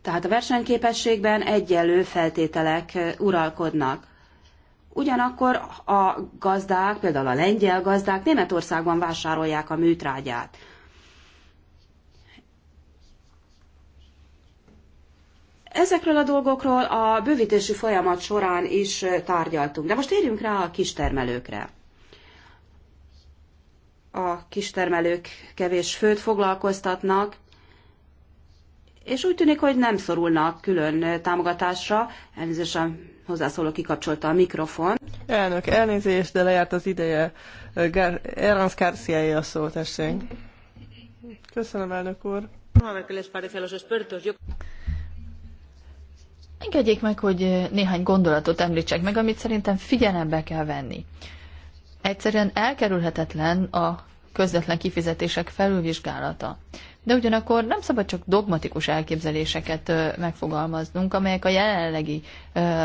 tehát a versenyképességben egyelő feltételek uralkodnak. Ugyanakkor a gazdák, például a lengyel gazdák Németországban vásárolják a műtrágyát. Ezekről a dolgokról a bővítési folyamat során is tárgyaltunk, de most térjünk rá a kistermelőkre. A kistermelők kevés főt foglalkoztatnak, és úgy tűnik, hogy nem szorulnak külön támogatásra, elnézést a hozzászóló kikapcsolta a mikrofon. Elnök, elnézést, de lejárt az ideje. Gar- Erans Garcia a szó, tessék. Köszönöm, elnök úr. Engedjék meg, hogy néhány gondolatot említsek meg, amit szerintem figyelembe kell venni. Egyszerűen elkerülhetetlen a közvetlen kifizetések felülvizsgálata de ugyanakkor nem szabad csak dogmatikus elképzeléseket megfogalmaznunk, amelyek a jelenlegi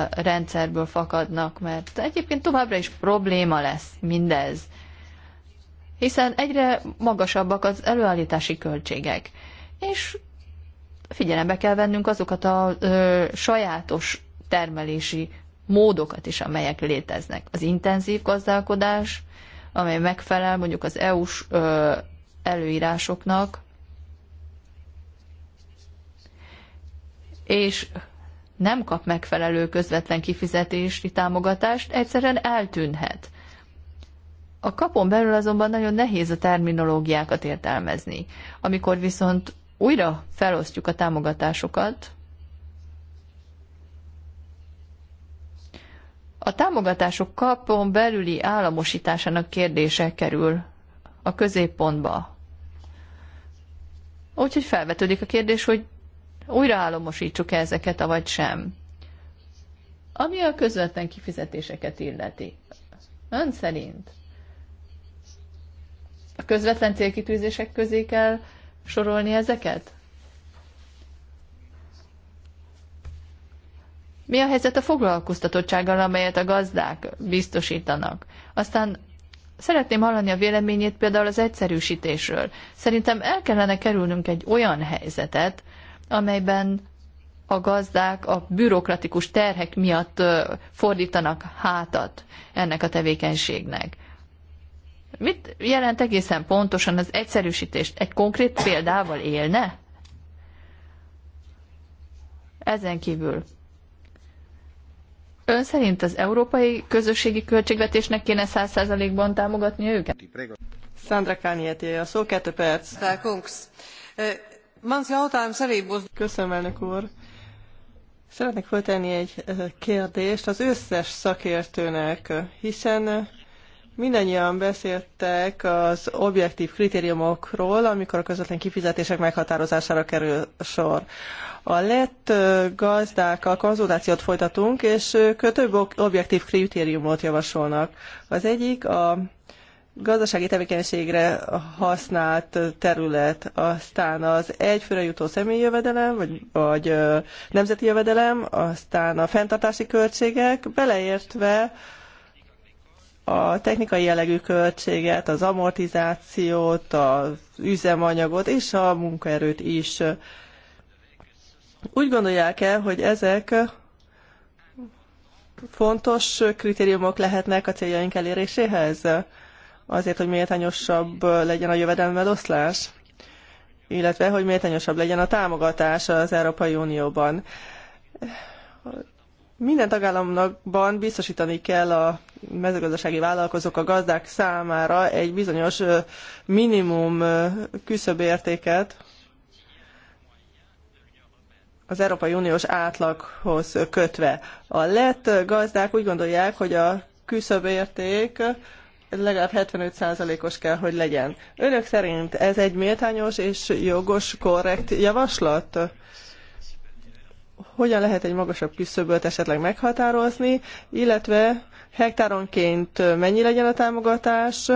rendszerből fakadnak, mert egyébként továbbra is probléma lesz mindez, hiszen egyre magasabbak az előállítási költségek, és figyelembe kell vennünk azokat a sajátos termelési módokat is, amelyek léteznek. Az intenzív gazdálkodás, amely megfelel mondjuk az EU-s előírásoknak, és nem kap megfelelő közvetlen kifizetési támogatást, egyszerűen eltűnhet. A kapon belül azonban nagyon nehéz a terminológiákat értelmezni. Amikor viszont újra felosztjuk a támogatásokat, a támogatások kapon belüli államosításának kérdése kerül a középpontba. Úgyhogy felvetődik a kérdés, hogy újraállomosítsuk -e ezeket, vagy sem. Ami a közvetlen kifizetéseket illeti. Ön szerint a közvetlen célkitűzések közé kell sorolni ezeket? Mi a helyzet a foglalkoztatottsággal, amelyet a gazdák biztosítanak? Aztán szeretném hallani a véleményét például az egyszerűsítésről. Szerintem el kellene kerülnünk egy olyan helyzetet, amelyben a gazdák a bürokratikus terhek miatt fordítanak hátat ennek a tevékenységnek. Mit jelent egészen pontosan az egyszerűsítést? Egy konkrét példával élne? Ezen kívül Ön szerint az európai közösségi költségvetésnek kéne 100%-ban támogatni őket? Sandra Kányéti, a szó, kettő perc. Köszönöm, elnök úr. Szeretnék föltenni egy eh, kérdést az összes szakértőnek, hiszen eh, mindannyian beszéltek az objektív kritériumokról, amikor a közvetlen kifizetések meghatározására kerül sor. A lett eh, gazdákkal konzultációt folytatunk, és ők több objektív kritériumot javasolnak. Az egyik a gazdasági tevékenységre használt terület, aztán az egyfőre jutó személyi jövedelem, vagy, vagy nemzeti jövedelem, aztán a fenntartási költségek, beleértve a technikai jellegű költséget, az amortizációt, az üzemanyagot és a munkaerőt is. Úgy gondolják e hogy ezek fontos kritériumok lehetnek a céljaink eléréséhez? azért, hogy méltányosabb legyen a jövedelmeloszlás, illetve hogy méltányosabb legyen a támogatás az Európai Unióban. Minden tagállamnakban biztosítani kell a mezőgazdasági vállalkozók a gazdák számára egy bizonyos minimum küszöbértéket az Európai Uniós átlaghoz kötve. A lett gazdák úgy gondolják, hogy a küszöbérték legalább 75%-os kell, hogy legyen. Önök szerint ez egy méltányos és jogos, korrekt javaslat? Hogyan lehet egy magasabb küszöböt esetleg meghatározni, illetve hektáronként mennyi legyen a támogatás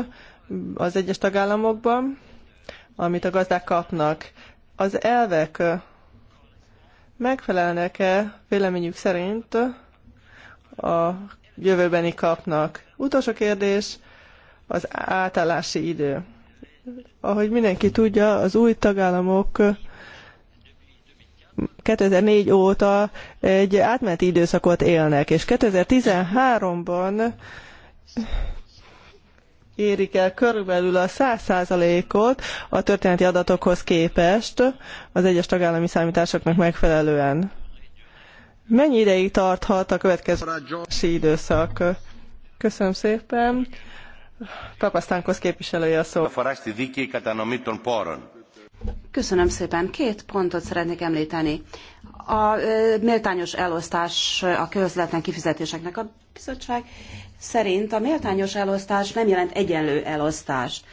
az egyes tagállamokban, amit a gazdák kapnak? Az elvek megfelelnek-e véleményük szerint a jövőbeni kapnak? Utolsó kérdés, az átállási idő. Ahogy mindenki tudja, az új tagállamok 2004 óta egy átmeneti időszakot élnek, és 2013-ban érik el körülbelül a 100%-ot a történeti adatokhoz képest az egyes tagállami számításoknak megfelelően. Mennyi ideig tarthat a következő időszak? Köszönöm szépen. Papasztánkos képviselője a szó. Köszönöm szépen. Két pontot szeretnék említeni. A méltányos elosztás a közvetlen kifizetéseknek a bizottság szerint a méltányos elosztás nem jelent egyenlő elosztást.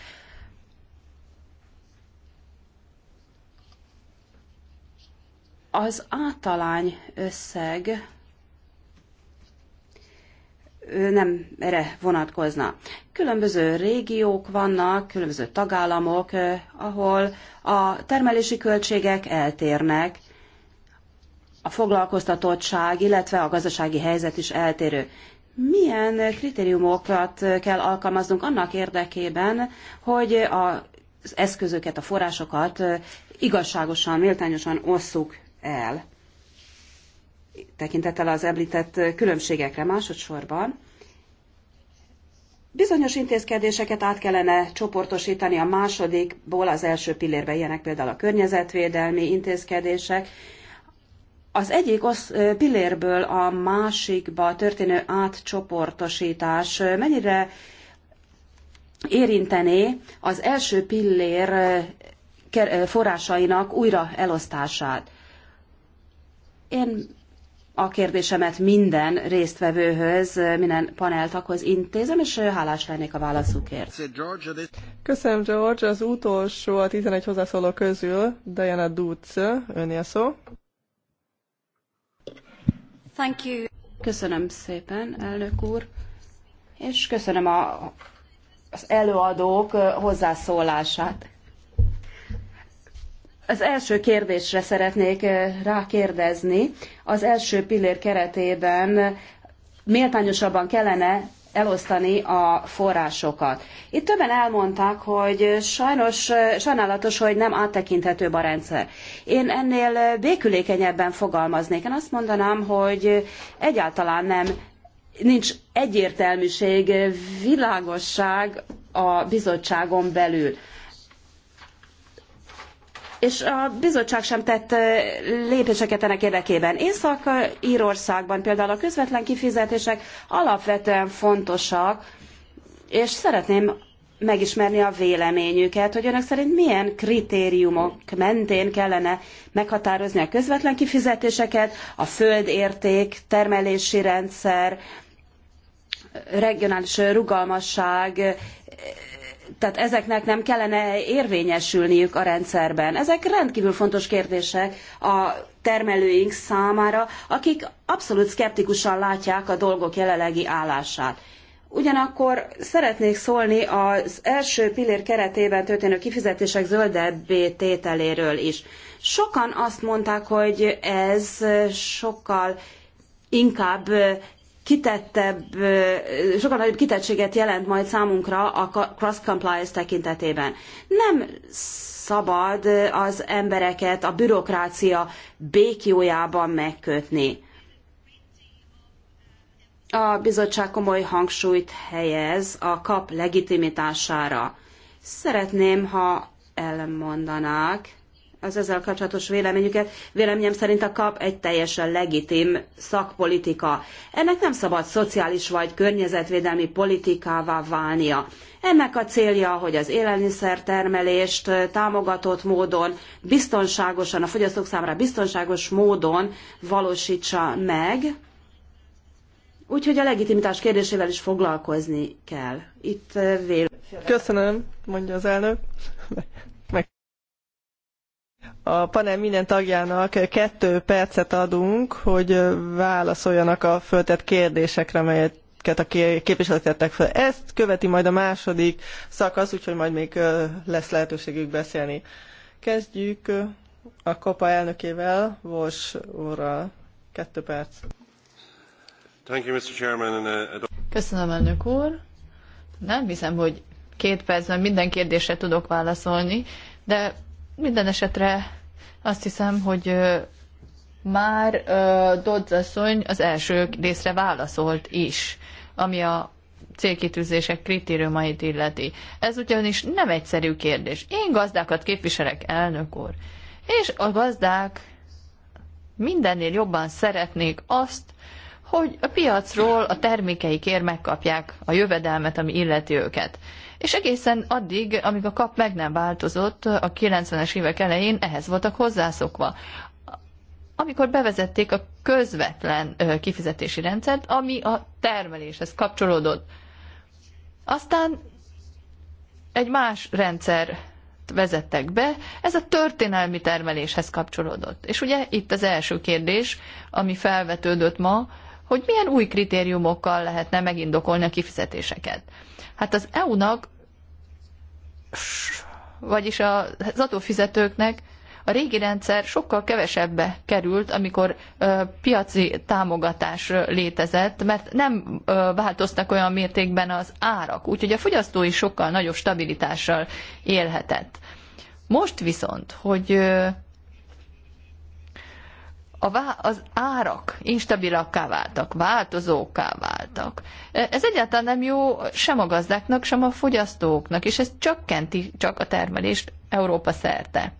Az általány összeg nem erre vonatkozna. Különböző régiók vannak, különböző tagállamok, ahol a termelési költségek eltérnek, a foglalkoztatottság, illetve a gazdasági helyzet is eltérő. Milyen kritériumokat kell alkalmaznunk annak érdekében, hogy az eszközöket, a forrásokat igazságosan, méltányosan osszuk el? tekintettel az említett különbségekre másodszorban. Bizonyos intézkedéseket át kellene csoportosítani a másodikból az első pillérbe, ilyenek például a környezetvédelmi intézkedések. Az egyik osz, pillérből a másikba történő átcsoportosítás mennyire érintené az első pillér forrásainak újra elosztását. Én a kérdésemet minden résztvevőhöz, minden paneltakhoz intézem, és hálás lennék a válaszukért. Köszönöm, George. Az utolsó a 11 hozzászóló közül, Diana Dutz, a szó. Thank you. Köszönöm szépen, elnök úr, és köszönöm a, az előadók hozzászólását. Az első kérdésre szeretnék rákérdezni. Az első pillér keretében méltányosabban kellene elosztani a forrásokat. Itt többen elmondták, hogy sajnos, sajnálatos, hogy nem áttekinthetőbb a rendszer. Én ennél békülékenyebben fogalmaznék. Én azt mondanám, hogy egyáltalán nem nincs egyértelműség, világosság a bizottságon belül és a bizottság sem tett lépéseket ennek érdekében. Észak-Írországban például a közvetlen kifizetések alapvetően fontosak, és szeretném megismerni a véleményüket, hogy önök szerint milyen kritériumok mentén kellene meghatározni a közvetlen kifizetéseket, a földérték, termelési rendszer, regionális rugalmasság, tehát ezeknek nem kellene érvényesülniük a rendszerben. Ezek rendkívül fontos kérdések a termelőink számára, akik abszolút szkeptikusan látják a dolgok jelenlegi állását. Ugyanakkor szeretnék szólni az első pillér keretében történő kifizetések zöldebbé tételéről is. Sokan azt mondták, hogy ez sokkal inkább kitettebb, sokkal nagyobb kitettséget jelent majd számunkra a cross-compliance tekintetében. Nem szabad az embereket a bürokrácia békjójában megkötni. A bizottság komoly hangsúlyt helyez a kap legitimitására. Szeretném, ha elmondanák, az ezzel kapcsolatos véleményüket. Véleményem szerint a kap egy teljesen legitim szakpolitika. Ennek nem szabad szociális vagy környezetvédelmi politikává válnia. Ennek a célja, hogy az élelmiszertermelést támogatott módon, biztonságosan, a fogyasztók számára biztonságos módon valósítsa meg. Úgyhogy a legitimitás kérdésével is foglalkozni kell. Itt vél. Köszönöm, mondja az elnök a panel minden tagjának kettő percet adunk, hogy válaszoljanak a föltett kérdésekre, amelyeket a képviselők tettek fel. Ezt követi majd a második szakasz, úgyhogy majd még lesz lehetőségük beszélni. Kezdjük a KOPA elnökével, Vos úrral. Kettő perc. Uh, Köszönöm, elnök úr. Nem hiszem, hogy két percben minden kérdésre tudok válaszolni, de minden esetre azt hiszem, hogy már Dodds asszony az első részre válaszolt is, ami a célkitűzések kritériumait illeti. Ez ugyanis nem egyszerű kérdés. Én gazdákat képviselek, elnök úr, és a gazdák mindennél jobban szeretnék azt, hogy a piacról a termékeikért megkapják a jövedelmet, ami illeti őket és egészen addig, amíg a kap meg nem változott, a 90-es évek elején ehhez voltak hozzászokva. Amikor bevezették a közvetlen kifizetési rendszert, ami a termeléshez kapcsolódott. Aztán egy más rendszer vezettek be, ez a történelmi termeléshez kapcsolódott. És ugye itt az első kérdés, ami felvetődött ma, hogy milyen új kritériumokkal lehetne megindokolni a kifizetéseket. Hát az EU-nak, vagyis az adófizetőknek a régi rendszer sokkal kevesebbe került, amikor ö, piaci támogatás létezett, mert nem ö, változtak olyan mértékben az árak, úgyhogy a fogyasztó is sokkal nagyobb stabilitással élhetett. Most viszont, hogy az árak instabilakká váltak, változókká váltak. E, ez egyáltalán nem jó sem a gazdáknak, sem a fogyasztóknak, és ez csökkenti csak a termelést Európa szerte.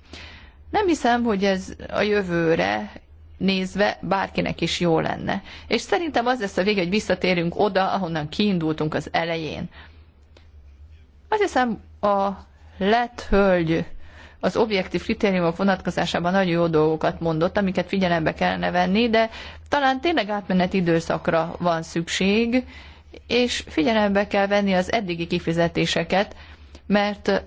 Nem hiszem, hogy ez a jövőre nézve bárkinek is jó lenne. És szerintem az lesz a vége, hogy visszatérünk oda, ahonnan kiindultunk az elején. Azt hiszem, a lett hölgy az objektív kritériumok vonatkozásában nagyon jó dolgokat mondott, amiket figyelembe kellene venni, de talán tényleg átmenet időszakra van szükség, és figyelembe kell venni az eddigi kifizetéseket, mert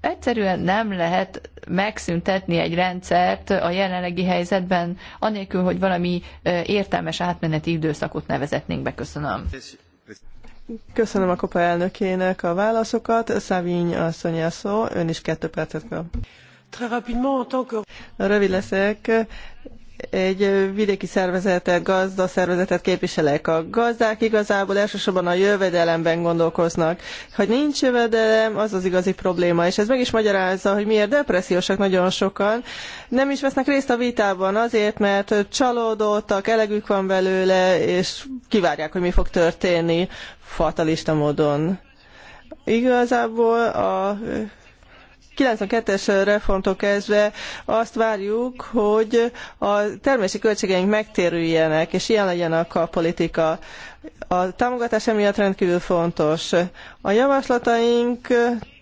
egyszerűen nem lehet megszüntetni egy rendszert a jelenlegi helyzetben, anélkül, hogy valami értelmes átmeneti időszakot nevezetnénk be. Köszönöm. Köszönöm a kopa elnökének a válaszokat. Szavíny asszony a szó, ön is kettő percet kap. Rövid leszek egy vidéki szervezetet, gazda szervezetet képviselek. A gazdák igazából elsősorban a jövedelemben gondolkoznak. Ha nincs jövedelem, az az igazi probléma. És ez meg is magyarázza, hogy miért depressziósak nagyon sokan. Nem is vesznek részt a vitában azért, mert csalódottak, elegük van belőle, és kivárják, hogy mi fog történni fatalista módon. Igazából a 92-es reformtól kezdve azt várjuk, hogy a termési költségeink megtérüljenek, és ilyen legyen a politika. A támogatás emiatt rendkívül fontos. A javaslataink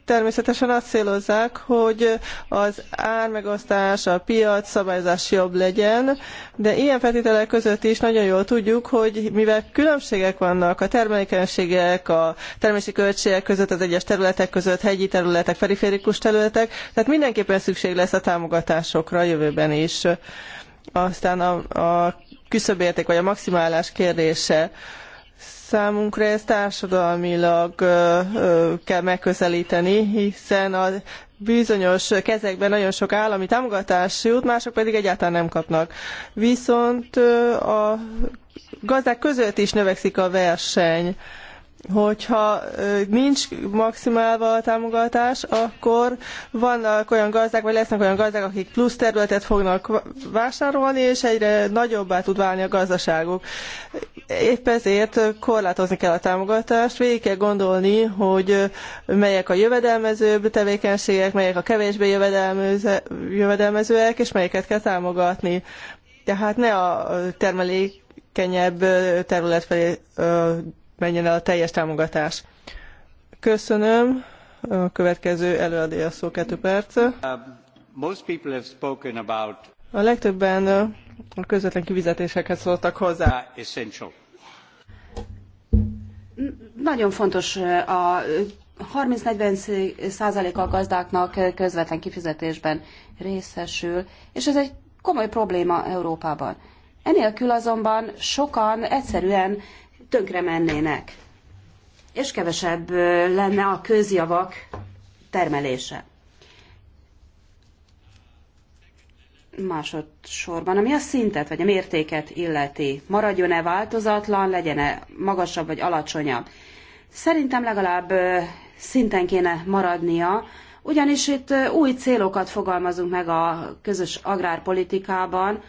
természetesen azt célozzák, hogy az ármegosztás, a piac szabályozás jobb legyen, de ilyen feltételek között is nagyon jól tudjuk, hogy mivel különbségek vannak a termelékenységek, a termési költségek között, az egyes területek között, hegyi területek, periférikus területek, tehát mindenképpen szükség lesz a támogatásokra a jövőben is. Aztán a, a küszöbérték vagy a maximálás kérdése Számunkra ezt társadalmilag kell megközelíteni, hiszen a bizonyos kezekben nagyon sok állami támogatás jut, mások pedig egyáltalán nem kapnak. Viszont a gazdák között is növekszik a verseny hogyha nincs maximálva a támogatás, akkor vannak olyan gazdák, vagy lesznek olyan gazdák, akik plusz területet fognak vásárolni, és egyre nagyobbá tud válni a gazdaságuk. Épp ezért korlátozni kell a támogatást, végig kell gondolni, hogy melyek a jövedelmezőbb tevékenységek, melyek a kevésbé jövedelmezőek, és melyeket kell támogatni. Tehát ne a termelékenyebb terület felé menjen el a teljes támogatás. Köszönöm. A következő a szó, kettő perc. A legtöbben a közvetlen kivizetésekhez szóltak hozzá. Nagyon fontos a 30-40 százalék a gazdáknak közvetlen kifizetésben részesül, és ez egy komoly probléma Európában. Enélkül azonban sokan egyszerűen tönkre mennének, és kevesebb lenne a közjavak termelése. Másodszorban, ami a szintet vagy a mértéket illeti, maradjon-e változatlan, legyen-e magasabb vagy alacsonyabb. Szerintem legalább szinten kéne maradnia, ugyanis itt új célokat fogalmazunk meg a közös agrárpolitikában,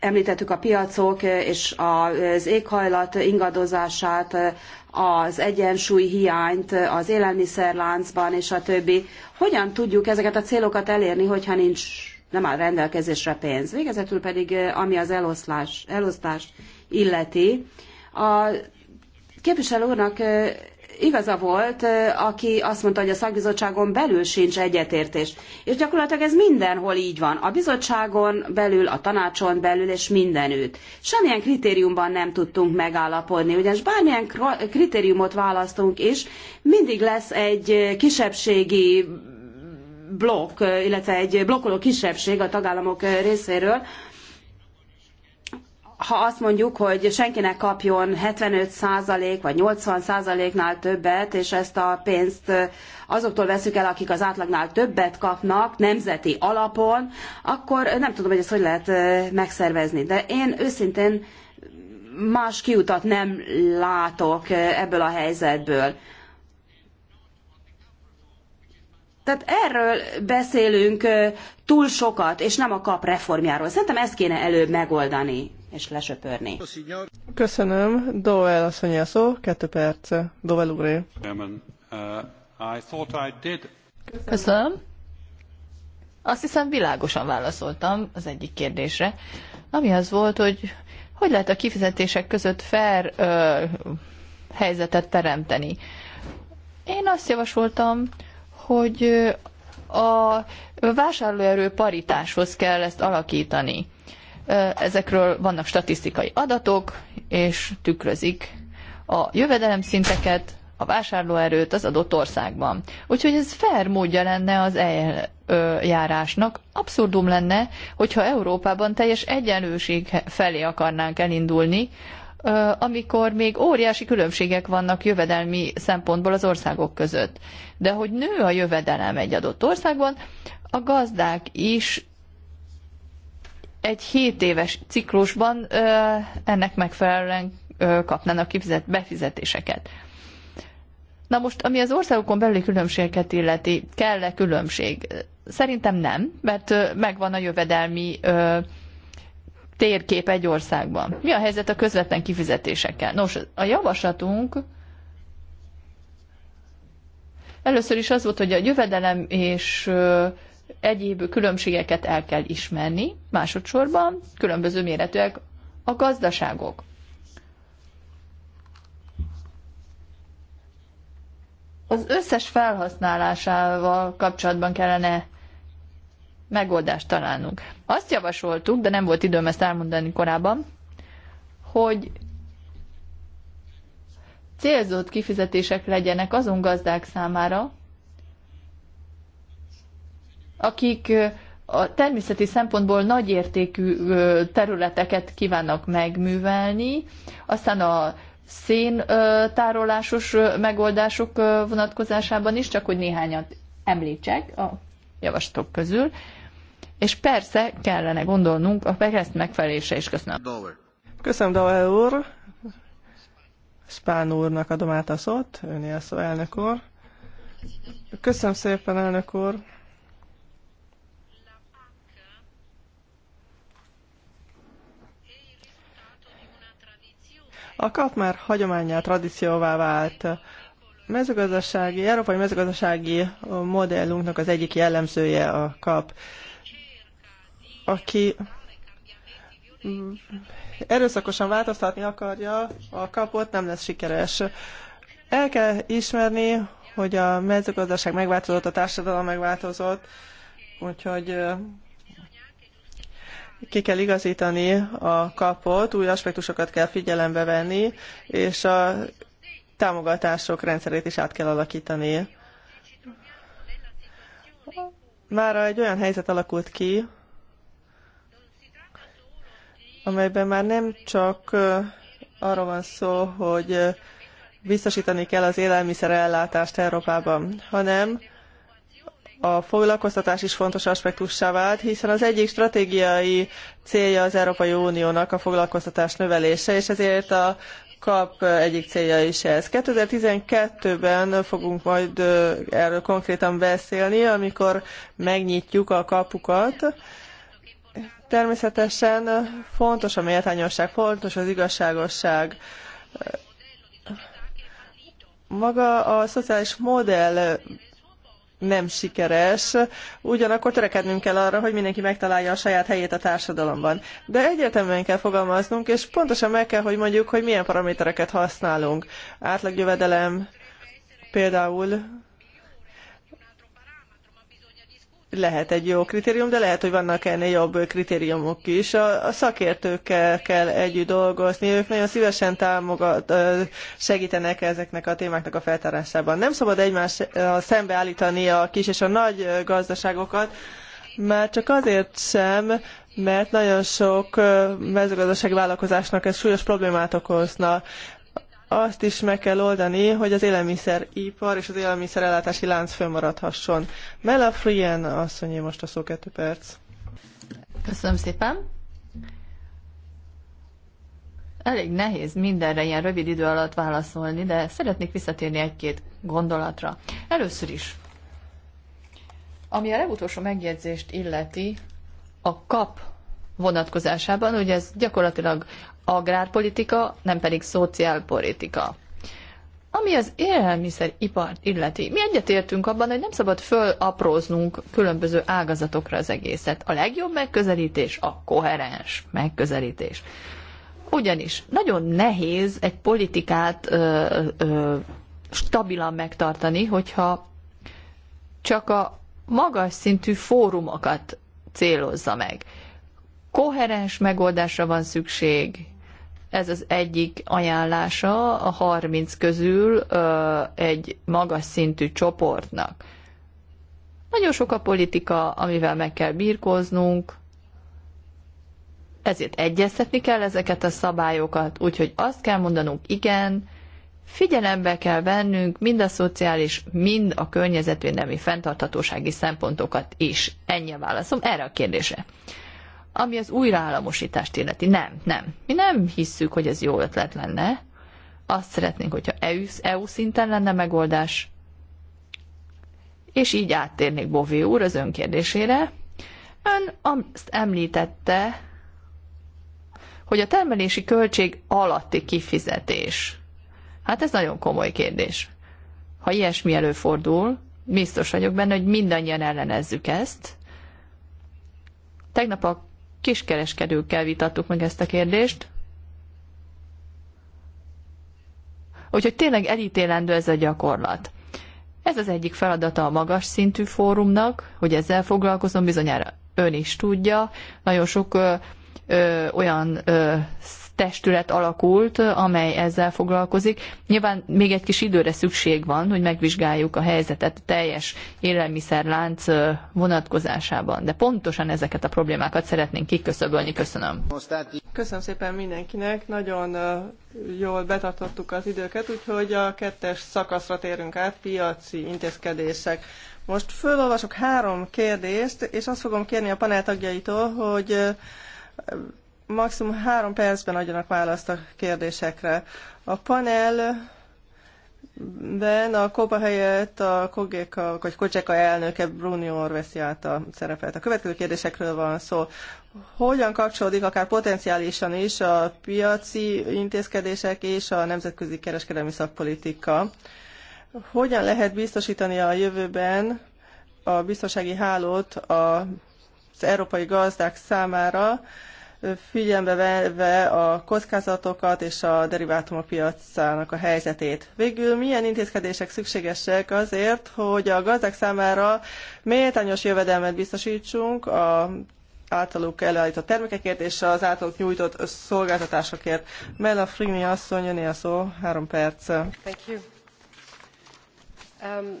Említettük a piacok és az éghajlat ingadozását, az egyensúly hiányt az élelmiszerláncban és a többi. Hogyan tudjuk ezeket a célokat elérni, hogyha nincs, nem áll rendelkezésre pénz? Végezetül pedig, ami az eloszlás, elosztást illeti, a képviselő úrnak igaza volt, aki azt mondta, hogy a szakbizottságon belül sincs egyetértés. És gyakorlatilag ez mindenhol így van. A bizottságon belül, a tanácson belül, és mindenütt. Semmilyen kritériumban nem tudtunk megállapodni, ugyanis bármilyen kritériumot választunk is, mindig lesz egy kisebbségi blokk, illetve egy blokkoló kisebbség a tagállamok részéről, ha azt mondjuk, hogy senkinek kapjon 75% vagy 80%-nál többet, és ezt a pénzt azoktól veszük el, akik az átlagnál többet kapnak nemzeti alapon, akkor nem tudom, hogy ezt hogy lehet megszervezni. De én őszintén más kiutat nem látok ebből a helyzetből. Tehát erről beszélünk túl sokat, és nem a kap reformjáról. Szerintem ezt kéne előbb megoldani és lesöpörni. Köszönöm. Doel asszony a szó, kettő perc. Doel úré. Uh, Köszönöm. Azt hiszem világosan válaszoltam az egyik kérdésre, ami az volt, hogy hogy lehet a kifizetések között fair ö, helyzetet teremteni. Én azt javasoltam, hogy a vásárlóerő paritáshoz kell ezt alakítani ezekről vannak statisztikai adatok, és tükrözik a jövedelemszinteket, a vásárlóerőt az adott országban. Úgyhogy ez fair módja lenne az eljárásnak. Abszurdum lenne, hogyha Európában teljes egyenlőség felé akarnánk elindulni, amikor még óriási különbségek vannak jövedelmi szempontból az országok között. De hogy nő a jövedelem egy adott országban, a gazdák is egy 7 éves ciklusban ennek megfelelően kapnának kifizet, befizetéseket. Na most, ami az országokon belüli különbségeket illeti, kell-e különbség? Szerintem nem, mert megvan a jövedelmi ö, térkép egy országban. Mi a helyzet a közvetlen kifizetésekkel? Nos, a javaslatunk először is az volt, hogy a jövedelem és egyéb különbségeket el kell ismerni, másodszorban különböző méretűek a gazdaságok. Az összes felhasználásával kapcsolatban kellene megoldást találnunk. Azt javasoltuk, de nem volt időm ezt elmondani korábban, hogy célzott kifizetések legyenek azon gazdák számára, akik a természeti szempontból nagyértékű területeket kívánnak megművelni, aztán a széntárolásos megoldások vonatkozásában is, csak hogy néhányat említsek a javaslatok közül. És persze kellene gondolnunk a kereszt megfelelése is. Köszönöm. Köszönöm, Dauer úr. Spán úrnak adom át a szót, önél szó, elnök úr. Köszönöm szépen, elnök úr. A kap már hagyományá, tradícióvá vált. Mezőgazdasági, európai mezőgazdasági modellünknek az egyik jellemzője a kap. Aki erőszakosan változtatni akarja a kapot, nem lesz sikeres. El kell ismerni, hogy a mezőgazdaság megváltozott, a társadalom megváltozott, úgyhogy ki kell igazítani a kapot, új aspektusokat kell figyelembe venni, és a támogatások rendszerét is át kell alakítani. Már egy olyan helyzet alakult ki, amelyben már nem csak arról van szó, hogy biztosítani kell az élelmiszerellátást Európában, hanem a foglalkoztatás is fontos aspektussá vált, hiszen az egyik stratégiai célja az Európai Uniónak a foglalkoztatás növelése, és ezért a kap egyik célja is ez. 2012-ben fogunk majd erről konkrétan beszélni, amikor megnyitjuk a kapukat. Természetesen fontos a méltányosság, fontos az igazságosság. Maga a szociális modell nem sikeres, ugyanakkor törekednünk kell arra, hogy mindenki megtalálja a saját helyét a társadalomban. De egyértelműen kell fogalmaznunk, és pontosan meg kell, hogy mondjuk, hogy milyen paramétereket használunk. Átlagjövedelem például lehet egy jó kritérium, de lehet, hogy vannak ennél jobb kritériumok is. A, a szakértőkkel kell együtt dolgozni, ők nagyon szívesen támogat, segítenek ezeknek a témáknak a feltárásában. Nem szabad egymással szembeállítani a kis és a nagy gazdaságokat, már csak azért sem, mert nagyon sok mezőgazdasági vállalkozásnak ez súlyos problémát okozna azt is meg kell oldani, hogy az élelmiszeripar és az élelmiszerellátási lánc fönnmaradhasson. Mela Frien asszonyé most a szó kettő perc. Köszönöm szépen. Elég nehéz mindenre ilyen rövid idő alatt válaszolni, de szeretnék visszatérni egy-két gondolatra. Először is, ami a legutolsó megjegyzést illeti, a kap vonatkozásában, ugye ez gyakorlatilag agrárpolitika, nem pedig szociálpolitika. Ami az élelmiszeripart illeti, mi egyetértünk abban, hogy nem szabad fölapróznunk különböző ágazatokra az egészet. A legjobb megközelítés a koherens megközelítés. Ugyanis nagyon nehéz egy politikát ö, ö, stabilan megtartani, hogyha csak a magas szintű fórumokat célozza meg. Koherens megoldásra van szükség, ez az egyik ajánlása a 30 közül egy magas szintű csoportnak. Nagyon sok a politika, amivel meg kell birkóznunk, ezért egyeztetni kell ezeket a szabályokat, úgyhogy azt kell mondanunk, igen, figyelembe kell vennünk mind a szociális, mind a környezetvédelmi fenntarthatósági szempontokat is. Ennyi a válaszom erre a kérdésre ami az újraállamosítást illeti. Nem, nem. Mi nem hisszük, hogy ez jó ötlet lenne. Azt szeretnénk, hogyha EU, EU szinten lenne megoldás. És így áttérnék Bové úr az önkérdésére. Ön azt említette, hogy a termelési költség alatti kifizetés. Hát ez nagyon komoly kérdés. Ha ilyesmi előfordul, biztos vagyok benne, hogy mindannyian ellenezzük ezt. Tegnap a kiskereskedőkkel vitattuk meg ezt a kérdést. Úgyhogy tényleg elítélendő ez a gyakorlat. Ez az egyik feladata a magas szintű fórumnak, hogy ezzel foglalkozom, bizonyára ön is tudja. Nagyon sok ö, ö, olyan ö, testület alakult, amely ezzel foglalkozik. Nyilván még egy kis időre szükség van, hogy megvizsgáljuk a helyzetet a teljes élelmiszerlánc vonatkozásában, de pontosan ezeket a problémákat szeretnénk kiköszöbölni. Köszönöm. Köszönöm szépen mindenkinek, nagyon jól betartottuk az időket, úgyhogy a kettes szakaszra térünk át, piaci intézkedések. Most fölolvasok három kérdést, és azt fogom kérni a panel tagjaitól, hogy maximum három percben adjanak választ a kérdésekre. A panel Ben a Kopa helyett a Kogéka, vagy Kocseka elnöke Brunior veszi át a szerepet. A következő kérdésekről van szó. Hogyan kapcsolódik akár potenciálisan is a piaci intézkedések és a nemzetközi kereskedelmi szakpolitika? Hogyan lehet biztosítani a jövőben a biztonsági hálót az európai gazdák számára, figyelembe venve a kockázatokat és a derivátumok piacának a helyzetét. Végül milyen intézkedések szükségesek azért, hogy a gazdák számára méltányos jövedelmet biztosítsunk a általuk előállított termékekért és az általuk nyújtott szolgáltatásokért. Mella Frigni asszony, jönné a szó, három perc. Thank you. Um,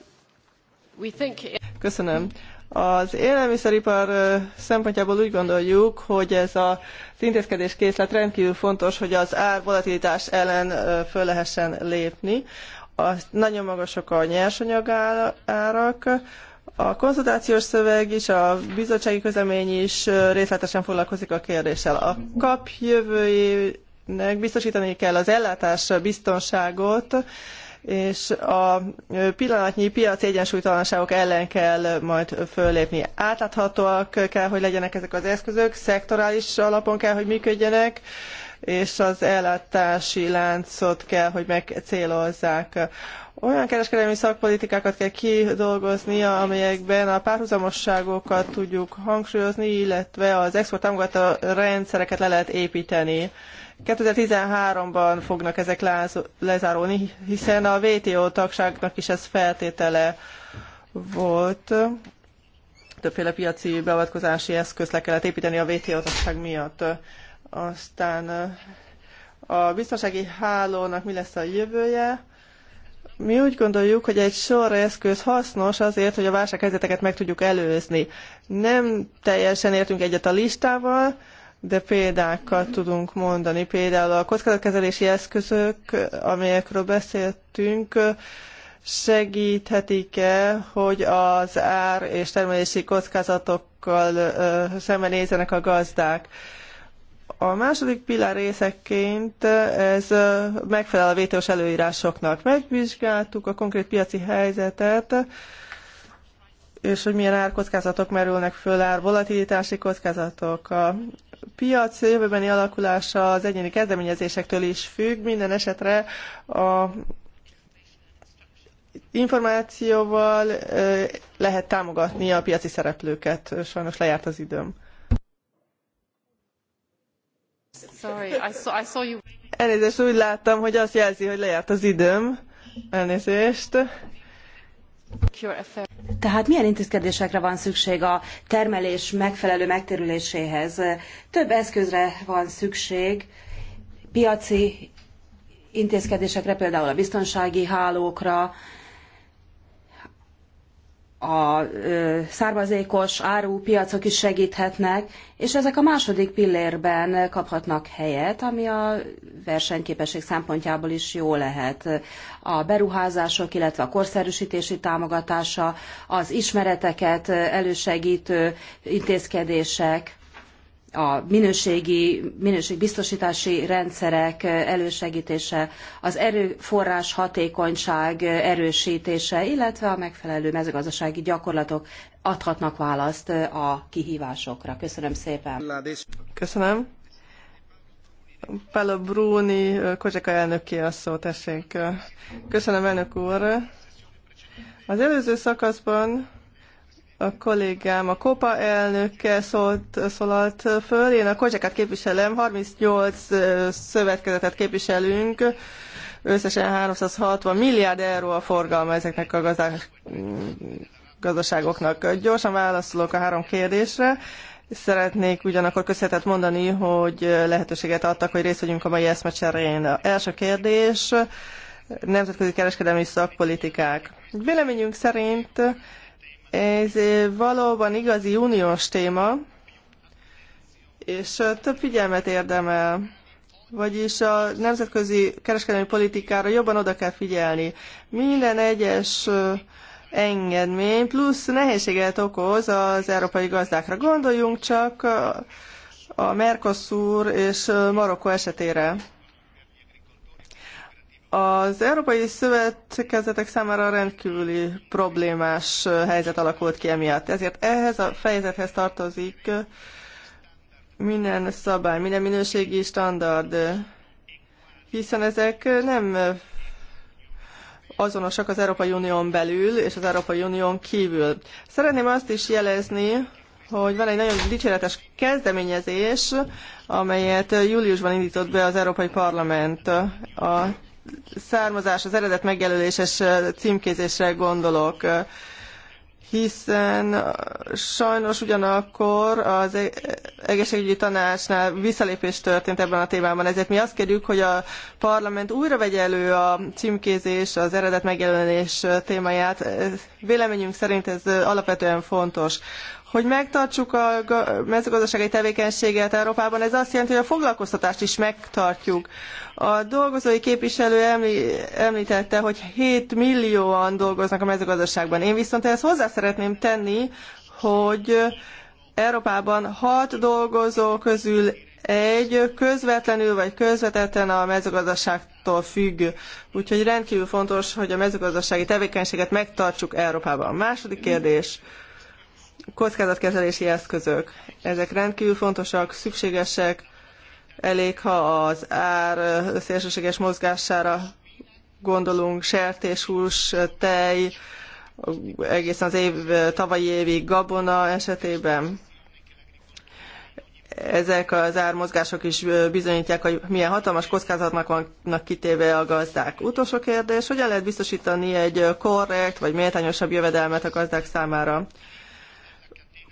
we think... Köszönöm. Az élelmiszeripar szempontjából úgy gondoljuk, hogy ez az intézkedés készlet rendkívül fontos, hogy az árvolatilitás ellen föl lehessen lépni. A, nagyon magasak a árak, a konzultációs szöveg is, a bizottsági közlemény is részletesen foglalkozik a kérdéssel. A kap jövőjének biztosítani kell az ellátás biztonságot, és a pillanatnyi piac egyensúlytalanságok ellen kell majd föllépni. Átláthatóak kell, hogy legyenek ezek az eszközök, szektorális alapon kell, hogy működjenek, és az ellátási láncot kell, hogy megcélozzák. Olyan kereskedelmi szakpolitikákat kell kidolgozni, amelyekben a párhuzamosságokat tudjuk hangsúlyozni, illetve az export támogató rendszereket le lehet építeni 2013-ban fognak ezek lezárulni, hiszen a WTO tagságnak is ez feltétele volt. Többféle piaci beavatkozási eszközt le kellett építeni a WTO tagság miatt. Aztán eh, a biztonsági hálónak mi lesz a jövője? Mi úgy gondoljuk, hogy egy sor eszköz hasznos azért, hogy a válsághelyzeteket meg tudjuk előzni. Nem teljesen értünk egyet a listával, de példákat tudunk mondani. Például a kockázatkezelési eszközök, amelyekről beszéltünk, segíthetik-e, hogy az ár és termelési kockázatokkal szembenézzenek a gazdák. A második pillár részeként ez megfelel a vétős előírásoknak. Megvizsgáltuk a konkrét piaci helyzetet, és hogy milyen árkockázatok merülnek föl, ár volatilitási kockázatok. A piac jövőbeni alakulása az egyéni kezdeményezésektől is függ, minden esetre a információval lehet támogatni a piaci szereplőket. Sajnos lejárt az időm. Sorry, I saw, I saw you. Elnézést, úgy láttam, hogy azt jelzi, hogy lejárt az időm. Elnézést. Tehát milyen intézkedésekre van szükség a termelés megfelelő megterüléséhez? Több eszközre van szükség, piaci intézkedésekre, például a biztonsági hálókra, a származékos árupiacok is segíthetnek, és ezek a második pillérben kaphatnak helyet, ami a versenyképesség szempontjából is jó lehet. A beruházások, illetve a korszerűsítési támogatása, az ismereteket elősegítő intézkedések, a minőségi, minőségbiztosítási rendszerek elősegítése, az erőforrás hatékonyság erősítése, illetve a megfelelő mezőgazdasági gyakorlatok adhatnak választ a kihívásokra. Köszönöm szépen. Köszönöm. Paolo Bruni, Kozseka elnöki a szó, tessék. Köszönöm, elnök úr. Az előző szakaszban a kollégám a Kopa elnökkel szólt, szólalt föl, én a kozsákat képviselem, 38 szövetkezetet képviselünk, összesen 360 milliárd euró a forgalma ezeknek a gazdák, gazdaságoknak. Gyorsan válaszolok a három kérdésre. Szeretnék ugyanakkor köszönetet mondani, hogy lehetőséget adtak, hogy részt vegyünk a mai eszmecserén. A első kérdés, nemzetközi kereskedelmi szakpolitikák. Véleményünk szerint ez valóban igazi uniós téma, és több figyelmet érdemel. Vagyis a nemzetközi kereskedelmi politikára jobban oda kell figyelni. Minden egyes engedmény plusz nehézséget okoz az európai gazdákra. Gondoljunk csak a Mercosur és Marokko esetére. Az Európai Szövetkezetek számára rendkívüli problémás helyzet alakult ki emiatt. Ezért ehhez a fejezethez tartozik minden szabály, minden minőségi standard, hiszen ezek nem azonosak az Európai Unión belül és az Európai Unión kívül. Szeretném azt is jelezni, hogy van egy nagyon dicséretes kezdeményezés, amelyet júliusban indított be az Európai Parlament. A származás, az eredet megjelöléses címkézésre gondolok hiszen sajnos ugyanakkor az e-, egészségügyi tanácsnál visszalépés történt ebben a témában, ezért mi azt kérjük, hogy a parlament újra vegye elő a címkézés, az eredet megjelölés témáját. Véleményünk szerint ez alapvetően fontos hogy megtartsuk a mezőgazdasági tevékenységet Európában, ez azt jelenti, hogy a foglalkoztatást is megtartjuk. A dolgozói képviselő említette, hogy 7 millióan dolgoznak a mezőgazdaságban. Én viszont ehhez hozzá szeretném tenni, hogy Európában 6 dolgozó közül egy közvetlenül vagy közvetetten a mezőgazdaságtól függ. Úgyhogy rendkívül fontos, hogy a mezőgazdasági tevékenységet megtartsuk Európában. második kérdés. Mm kockázatkezelési eszközök. Ezek rendkívül fontosak, szükségesek, elég, ha az ár szélsőséges mozgására gondolunk, sertéshús, tej, egészen az év, tavalyi évi gabona esetében. Ezek az ármozgások is bizonyítják, hogy milyen hatalmas kockázatnak vannak kitéve a gazdák. Utolsó kérdés, hogyan lehet biztosítani egy korrekt vagy méltányosabb jövedelmet a gazdák számára?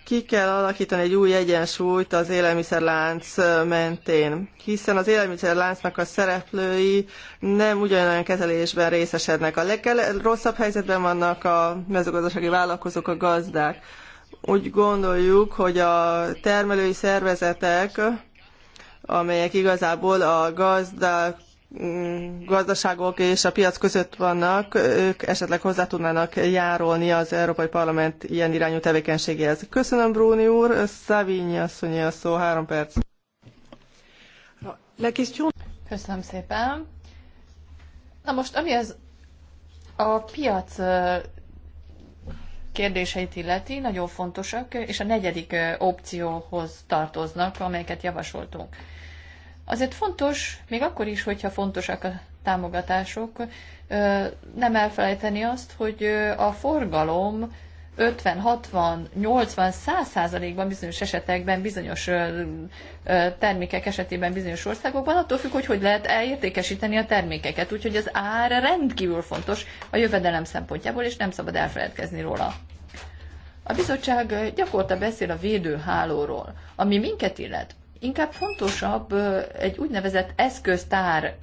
ki kell alakítani egy új egyensúlyt az élelmiszerlánc mentén, hiszen az élelmiszerláncnak a szereplői nem ugyanolyan kezelésben részesednek. A legrosszabb helyzetben vannak a mezőgazdasági vállalkozók, a gazdák. Úgy gondoljuk, hogy a termelői szervezetek, amelyek igazából a gazdák gazdaságok és a piac között vannak, ők esetleg hozzá tudnának járulni az Európai Parlament ilyen irányú tevékenységéhez. Köszönöm, Bruni úr. Szavényi asszony, a szó, három perc. Köszönöm szépen. Na most, ami az a piac kérdéseit illeti, nagyon fontosak, és a negyedik opcióhoz tartoznak, amelyeket javasoltunk. Azért fontos, még akkor is, hogyha fontosak a támogatások, nem elfelejteni azt, hogy a forgalom 50, 60, 80, 100 százalékban bizonyos esetekben, bizonyos termékek esetében bizonyos országokban, attól függ, hogy hogy lehet elértékesíteni a termékeket. Úgyhogy az ár rendkívül fontos a jövedelem szempontjából, és nem szabad elfeledkezni róla. A bizottság gyakorta beszél a védőhálóról, ami minket illet inkább fontosabb egy úgynevezett eszköztár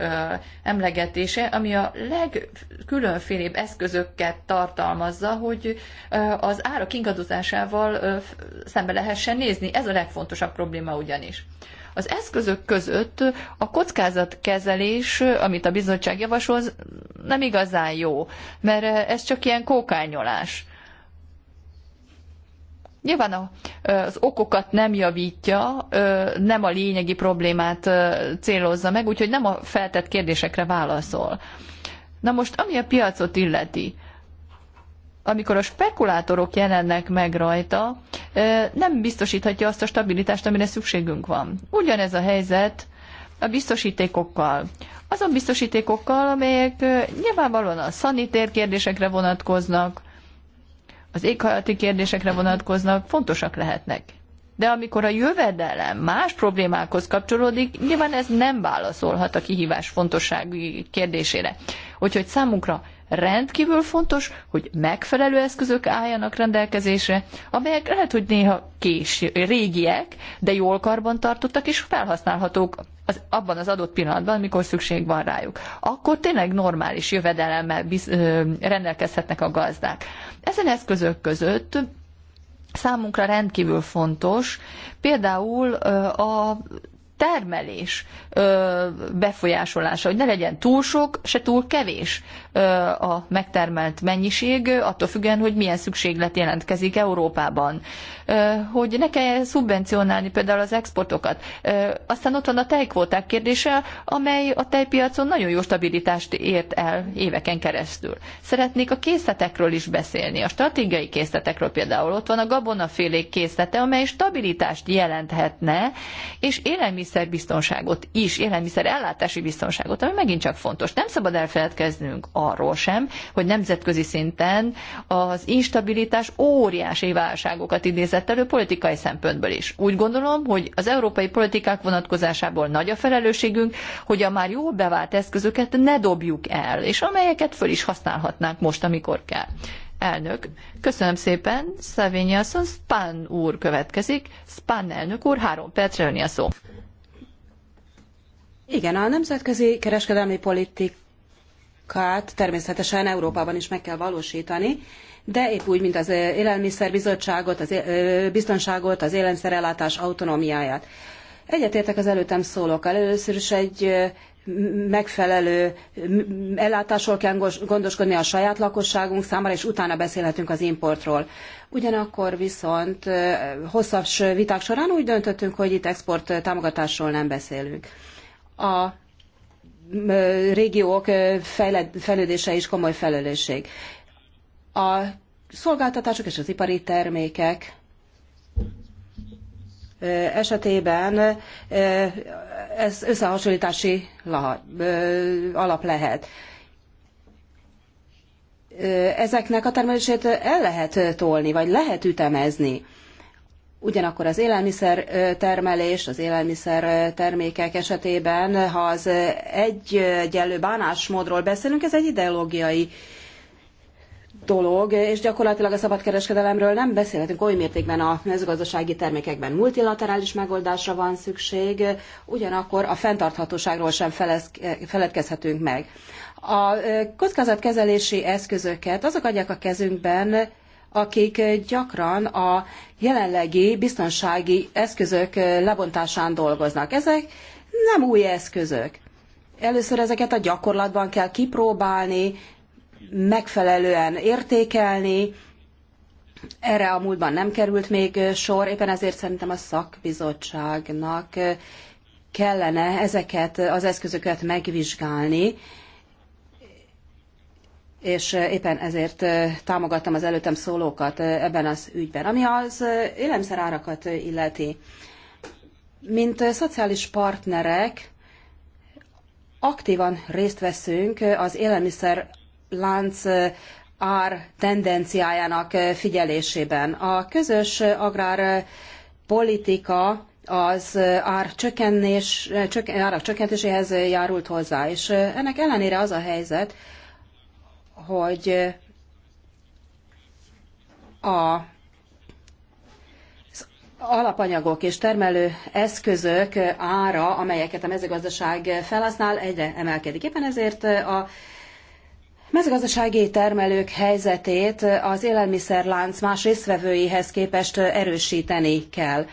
emlegetése, ami a legkülönfélébb eszközöket tartalmazza, hogy az árak ingadozásával szembe lehessen nézni. Ez a legfontosabb probléma ugyanis. Az eszközök között a kockázatkezelés, amit a bizottság javasol, nem igazán jó, mert ez csak ilyen kókányolás Nyilván az okokat nem javítja, nem a lényegi problémát célozza meg, úgyhogy nem a feltett kérdésekre válaszol. Na most, ami a piacot illeti, amikor a spekulátorok jelennek meg rajta, nem biztosíthatja azt a stabilitást, amire szükségünk van. Ugyanez a helyzet a biztosítékokkal. Azon biztosítékokkal, amelyek nyilvánvalóan a szanitér kérdésekre vonatkoznak, az éghajlati kérdésekre vonatkoznak, fontosak lehetnek. De amikor a jövedelem más problémákhoz kapcsolódik, nyilván ez nem válaszolhat a kihívás fontosságú kérdésére. Úgyhogy számunkra rendkívül fontos, hogy megfelelő eszközök álljanak rendelkezésre, amelyek lehet, hogy néha kés, régiek, de jól karbantartottak és felhasználhatók az, abban az adott pillanatban, amikor szükség van rájuk. Akkor tényleg normális jövedelemmel biz, ö, rendelkezhetnek a gazdák. Ezen eszközök között számunkra rendkívül fontos, például a termelés befolyásolása, hogy ne legyen túl sok, se túl kevés a megtermelt mennyiség, attól függően, hogy milyen szükséglet jelentkezik Európában. Hogy ne kell szubvencionálni például az exportokat. Aztán ott van a tejkvóták kérdése, amely a tejpiacon nagyon jó stabilitást ért el éveken keresztül. Szeretnék a készletekről is beszélni, a stratégiai készletekről például. Ott van a gabonafélék készlete, amely stabilitást jelenthetne, és élelmiszerbiztonságot is, élelmiszer ellátási biztonságot, ami megint csak fontos. Nem szabad elfeledkeznünk a arról sem, hogy nemzetközi szinten az instabilitás óriási válságokat idézett elő politikai szempontból is. Úgy gondolom, hogy az európai politikák vonatkozásából nagy a felelősségünk, hogy a már jól bevált eszközöket ne dobjuk el, és amelyeket föl is használhatnánk most, amikor kell elnök. Köszönöm szépen, Szevényi asszony, Spán úr következik. Spán elnök úr, három percre a szó. Igen, a nemzetközi kereskedelmi politika politikát természetesen Európában is meg kell valósítani, de épp úgy, mint az élelmiszerbizottságot, az biztonságot, az élelmiszerellátás autonómiáját. Egyetértek az előttem szólókkal. Először is egy megfelelő ellátásról kell gondoskodni a saját lakosságunk számára, és utána beszélhetünk az importról. Ugyanakkor viszont hosszabb viták során úgy döntöttünk, hogy itt export támogatásról nem beszélünk. A régiók fejlődése is komoly felelősség. A szolgáltatások és az ipari termékek esetében ez összehasonlítási alap lehet. Ezeknek a termelését el lehet tolni, vagy lehet ütemezni. Ugyanakkor az élelmiszer termelés, az élelmiszer termékek esetében, ha az egyenlő bánásmódról beszélünk, ez egy ideológiai dolog, és gyakorlatilag a szabadkereskedelemről nem beszélhetünk oly mértékben a mezőgazdasági termékekben. Multilaterális megoldásra van szükség, ugyanakkor a fenntarthatóságról sem feledkezhetünk meg. A kockázatkezelési eszközöket azok adják a kezünkben, akik gyakran a jelenlegi biztonsági eszközök lebontásán dolgoznak. Ezek nem új eszközök. Először ezeket a gyakorlatban kell kipróbálni, megfelelően értékelni. Erre a múltban nem került még sor, éppen ezért szerintem a szakbizottságnak kellene ezeket az eszközöket megvizsgálni, és eh, éppen ezért eh, támogattam az előttem szólókat eh, ebben az ügyben. Ami az élelmiszerárakat illeti, mint szociális partnerek aktívan részt veszünk az élelmiszer lánc ár tendenciájának figyelésében. A közös agrárpolitika az ár csökkenés, árak csökkentéséhez járult hozzá, és ennek ellenére az a helyzet, hogy a alapanyagok és termelő eszközök ára, amelyeket a mezőgazdaság felhasznál, egyre emelkedik. Éppen ezért a mezőgazdasági termelők helyzetét az élelmiszerlánc más részvevőihez képest erősíteni kell.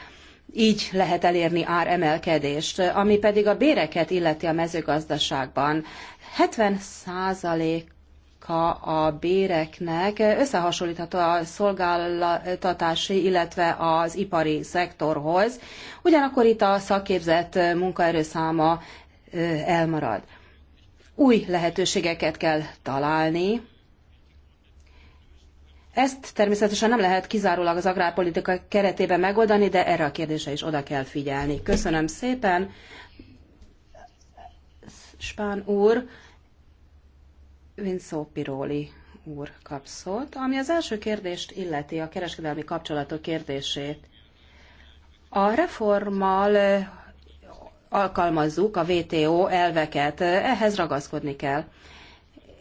Így lehet elérni áremelkedést, ami pedig a béreket illeti a mezőgazdaságban. 70 a béreknek összehasonlítható a szolgáltatási, illetve az ipari szektorhoz, ugyanakkor itt a szakképzett munkaerőszáma elmarad. Új lehetőségeket kell találni, ezt természetesen nem lehet kizárólag az agrárpolitika keretében megoldani, de erre a kérdése is oda kell figyelni. Köszönöm szépen. Spán úr, Vinszó Piróli úr kap szót, ami az első kérdést illeti, a kereskedelmi kapcsolatok kérdését. A reformmal eh, alkalmazzuk a WTO elveket, ehhez ragaszkodni kell.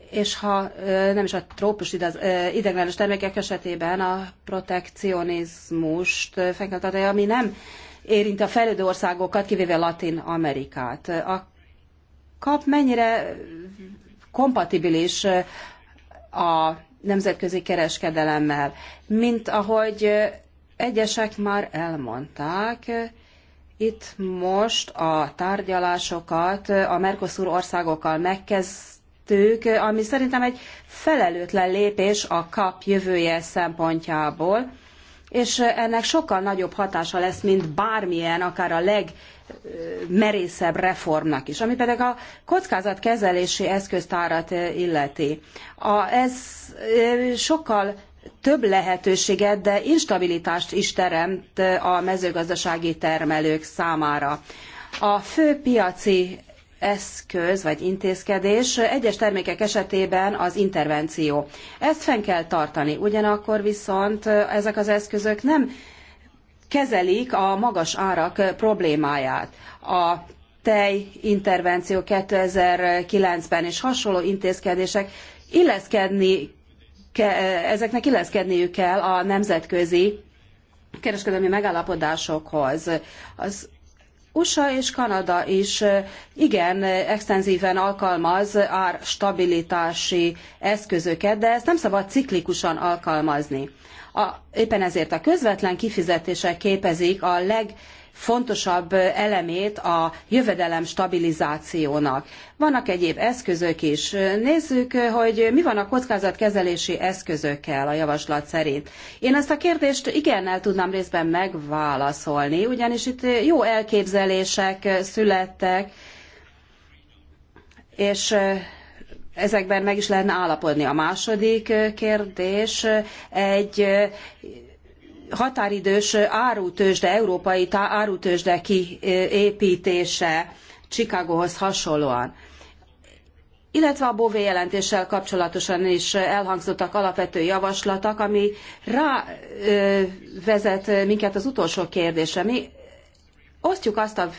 És ha eh, nem is a trópus eh, ideglenes termékek esetében a protekcionizmust fenn ami nem érinti a fejlődő országokat, kivéve Latin Amerikát. A kap mennyire kompatibilis a nemzetközi kereskedelemmel. Mint ahogy egyesek már elmondták, itt most a tárgyalásokat a Mercosur országokkal megkezdtük, ami szerintem egy felelőtlen lépés a kap jövője szempontjából, és ennek sokkal nagyobb hatása lesz, mint bármilyen, akár a leg merészebb reformnak is, ami pedig a kockázatkezelési eszköztárat eh, illeti. A, ez eh, sokkal több lehetőséget, de instabilitást is teremt eh, a mezőgazdasági termelők számára. A fő piaci eszköz vagy intézkedés egyes termékek esetében az intervenció. Ezt fenn kell tartani, ugyanakkor viszont ezek az eszközök nem kezelik a magas árak problémáját. A tejintervenció 2009-ben és hasonló intézkedések illeszkedni ezeknek illeszkedniük kell a nemzetközi kereskedelmi megállapodásokhoz. Az USA és Kanada is igen extenzíven alkalmaz árstabilitási eszközöket, de ezt nem szabad ciklikusan alkalmazni. A, éppen ezért a közvetlen kifizetések képezik a legfontosabb elemét a jövedelem stabilizációnak. Vannak egyéb eszközök is. Nézzük, hogy mi van a kockázatkezelési eszközökkel a javaslat szerint. Én ezt a kérdést igennel tudnám részben megválaszolni, ugyanis itt jó elképzelések születtek, és ezekben meg is lehetne állapodni. A második kérdés egy határidős árutősde, európai árutősde kiépítése Csikágóhoz hasonlóan. Illetve a Bové jelentéssel kapcsolatosan is elhangzottak alapvető javaslatok, ami vezet minket az utolsó kérdésre. Mi osztjuk azt a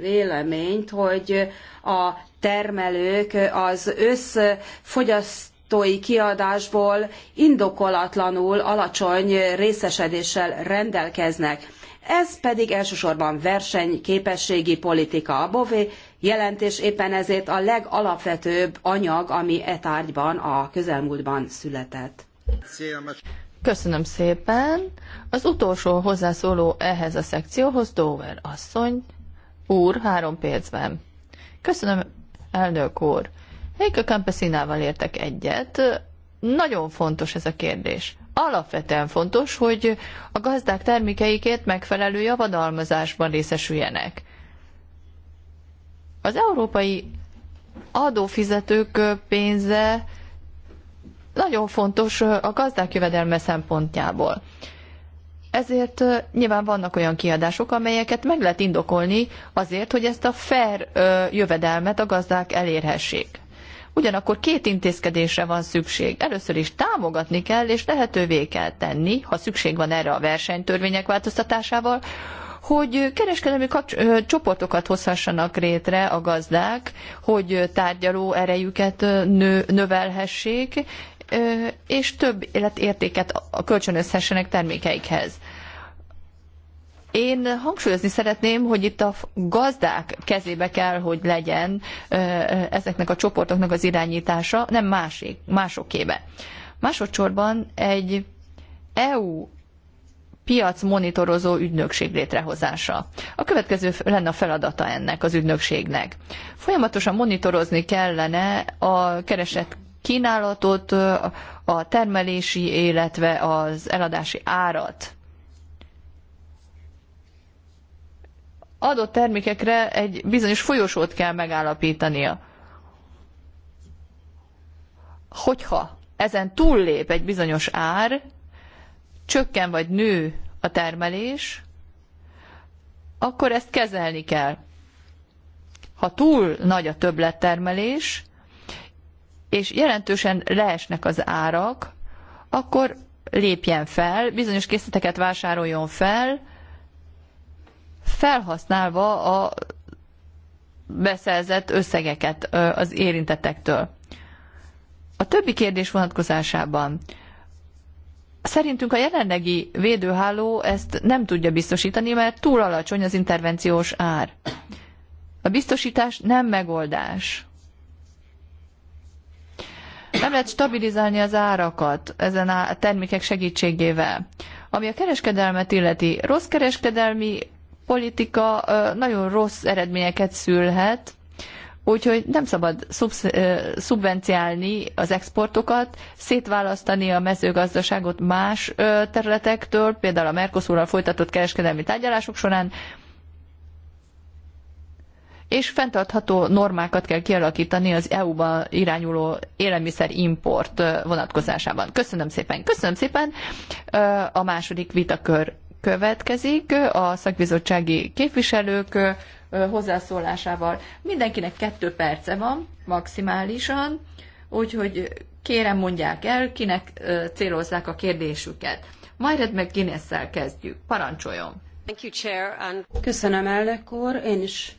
véleményt, hogy a termelők az összfogyasztói kiadásból indokolatlanul alacsony részesedéssel rendelkeznek. Ez pedig elsősorban versenyképességi politika. A Bové jelentés éppen ezért a legalapvetőbb anyag, ami e tárgyban a közelmúltban született. Köszönöm szépen. Az utolsó hozzászóló ehhez a szekcióhoz Dover asszony. Úr, három percben. Köszönöm, elnök úr. Heike Campesinával értek egyet. Nagyon fontos ez a kérdés. Alapvetően fontos, hogy a gazdák termékeikért megfelelő javadalmazásban részesüljenek. Az európai adófizetők pénze nagyon fontos a gazdák jövedelme szempontjából. Ezért nyilván vannak olyan kiadások, amelyeket meg lehet indokolni azért, hogy ezt a fair jövedelmet a gazdák elérhessék. Ugyanakkor két intézkedésre van szükség. Először is támogatni kell, és lehetővé kell tenni, ha szükség van erre a versenytörvények változtatásával, hogy kereskedelmi csoportokat hozhassanak rétre a gazdák, hogy tárgyaló erejüket nő, növelhessék, és több életértéket kölcsönözhessenek termékeikhez. Én hangsúlyozni szeretném, hogy itt a gazdák kezébe kell, hogy legyen ezeknek a csoportoknak az irányítása, nem másik, másokébe. Másodszorban egy EU piac monitorozó ügynökség létrehozása. A következő lenne a feladata ennek az ügynökségnek. Folyamatosan monitorozni kellene a keresett kínálatot, a termelési, illetve az eladási árat. adott termékekre egy bizonyos folyosót kell megállapítania. Hogyha ezen túllép egy bizonyos ár, csökken vagy nő a termelés, akkor ezt kezelni kell. Ha túl nagy a többlettermelés, és jelentősen leesnek az árak, akkor lépjen fel, bizonyos készleteket vásároljon fel, felhasználva a beszerzett összegeket az érintettektől. A többi kérdés vonatkozásában szerintünk a jelenlegi védőháló ezt nem tudja biztosítani, mert túl alacsony az intervenciós ár. A biztosítás nem megoldás. Nem lehet stabilizálni az árakat ezen a termékek segítségével. Ami a kereskedelmet illeti, rossz kereskedelmi politika nagyon rossz eredményeket szülhet, Úgyhogy nem szabad szubvenciálni az exportokat, szétválasztani a mezőgazdaságot más területektől, például a Mercosurral folytatott kereskedelmi tárgyalások során, és fenntartható normákat kell kialakítani az EU-ba irányuló élelmiszerimport vonatkozásában. Köszönöm szépen, köszönöm szépen a második vitakör következik a szakbizottsági képviselők hozzászólásával. Mindenkinek kettő perce van maximálisan, úgyhogy kérem mondják el, kinek célozzák a kérdésüket. Majd meg guinness kezdjük. Parancsoljon! Köszönöm, elnök úr. Én is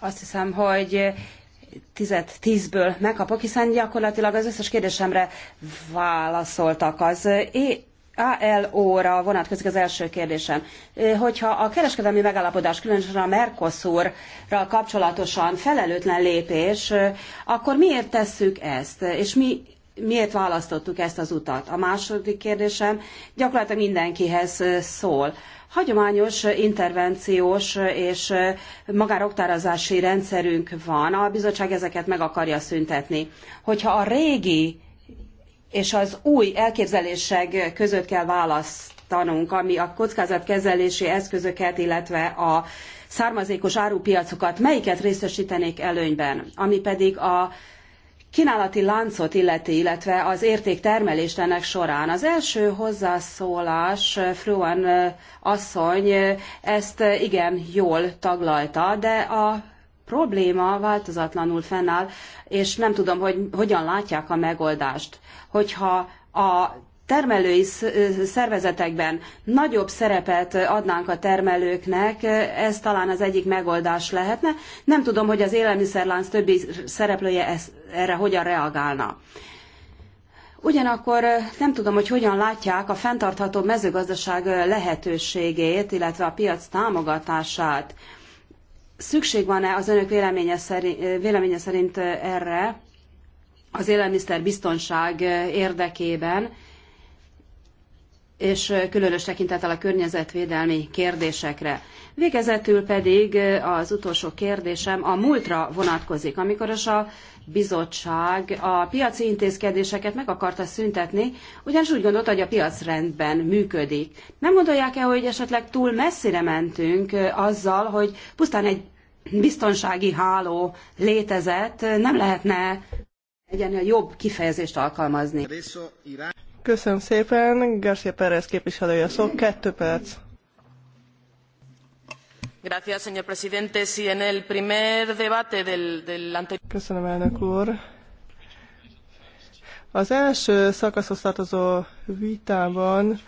azt hiszem, hogy tizet tízből megkapok, hiszen gyakorlatilag az összes kérdésemre válaszoltak. Az é ALO-ra vonatkozik az első kérdésem. Hogyha a kereskedelmi megállapodás, különösen a Mercosurral kapcsolatosan felelőtlen lépés, akkor miért tesszük ezt, és mi, miért választottuk ezt az utat? A második kérdésem gyakorlatilag mindenkihez szól. Hagyományos intervenciós és magároktározási rendszerünk van, a bizottság ezeket meg akarja szüntetni. Hogyha a régi és az új elképzelések között kell választanunk, ami a kockázatkezelési eszközöket, illetve a származékos árupiacokat, melyiket részesítenék előnyben, ami pedig a kínálati láncot illeti, illetve az értéktermelést ennek során. Az első hozzászólás, Fruan asszony ezt igen jól taglalta, de a probléma változatlanul fennáll, és nem tudom, hogy hogyan látják a megoldást hogyha a termelői szervezetekben nagyobb szerepet adnánk a termelőknek, ez talán az egyik megoldás lehetne. Nem tudom, hogy az élelmiszerlánc többi szereplője erre hogyan reagálna. Ugyanakkor nem tudom, hogy hogyan látják a fenntartható mezőgazdaság lehetőségét, illetve a piac támogatását. Szükség van-e az önök véleménye szerint, véleménye szerint erre? az élelmiszer biztonság eh, érdekében, és eh, különös tekintettel a környezetvédelmi kérdésekre. Végezetül pedig eh, az utolsó kérdésem a múltra vonatkozik. Amikor is a bizottság a piaci intézkedéseket meg akarta szüntetni, ugyanis úgy gondolta, hogy a piac rendben működik. Nem gondolják-e, hogy esetleg túl messzire mentünk azzal, hogy pusztán egy biztonsági háló létezett, nem lehetne egyenlően jobb kifejezést alkalmazni. Köszönöm szépen, García Pérez képviselője szó, kettő perc. Gracias, señor presidente. Si, en el primer debate del, del anterior... Köszönöm, elnök úr. Az első szakaszhoz tartozó vitában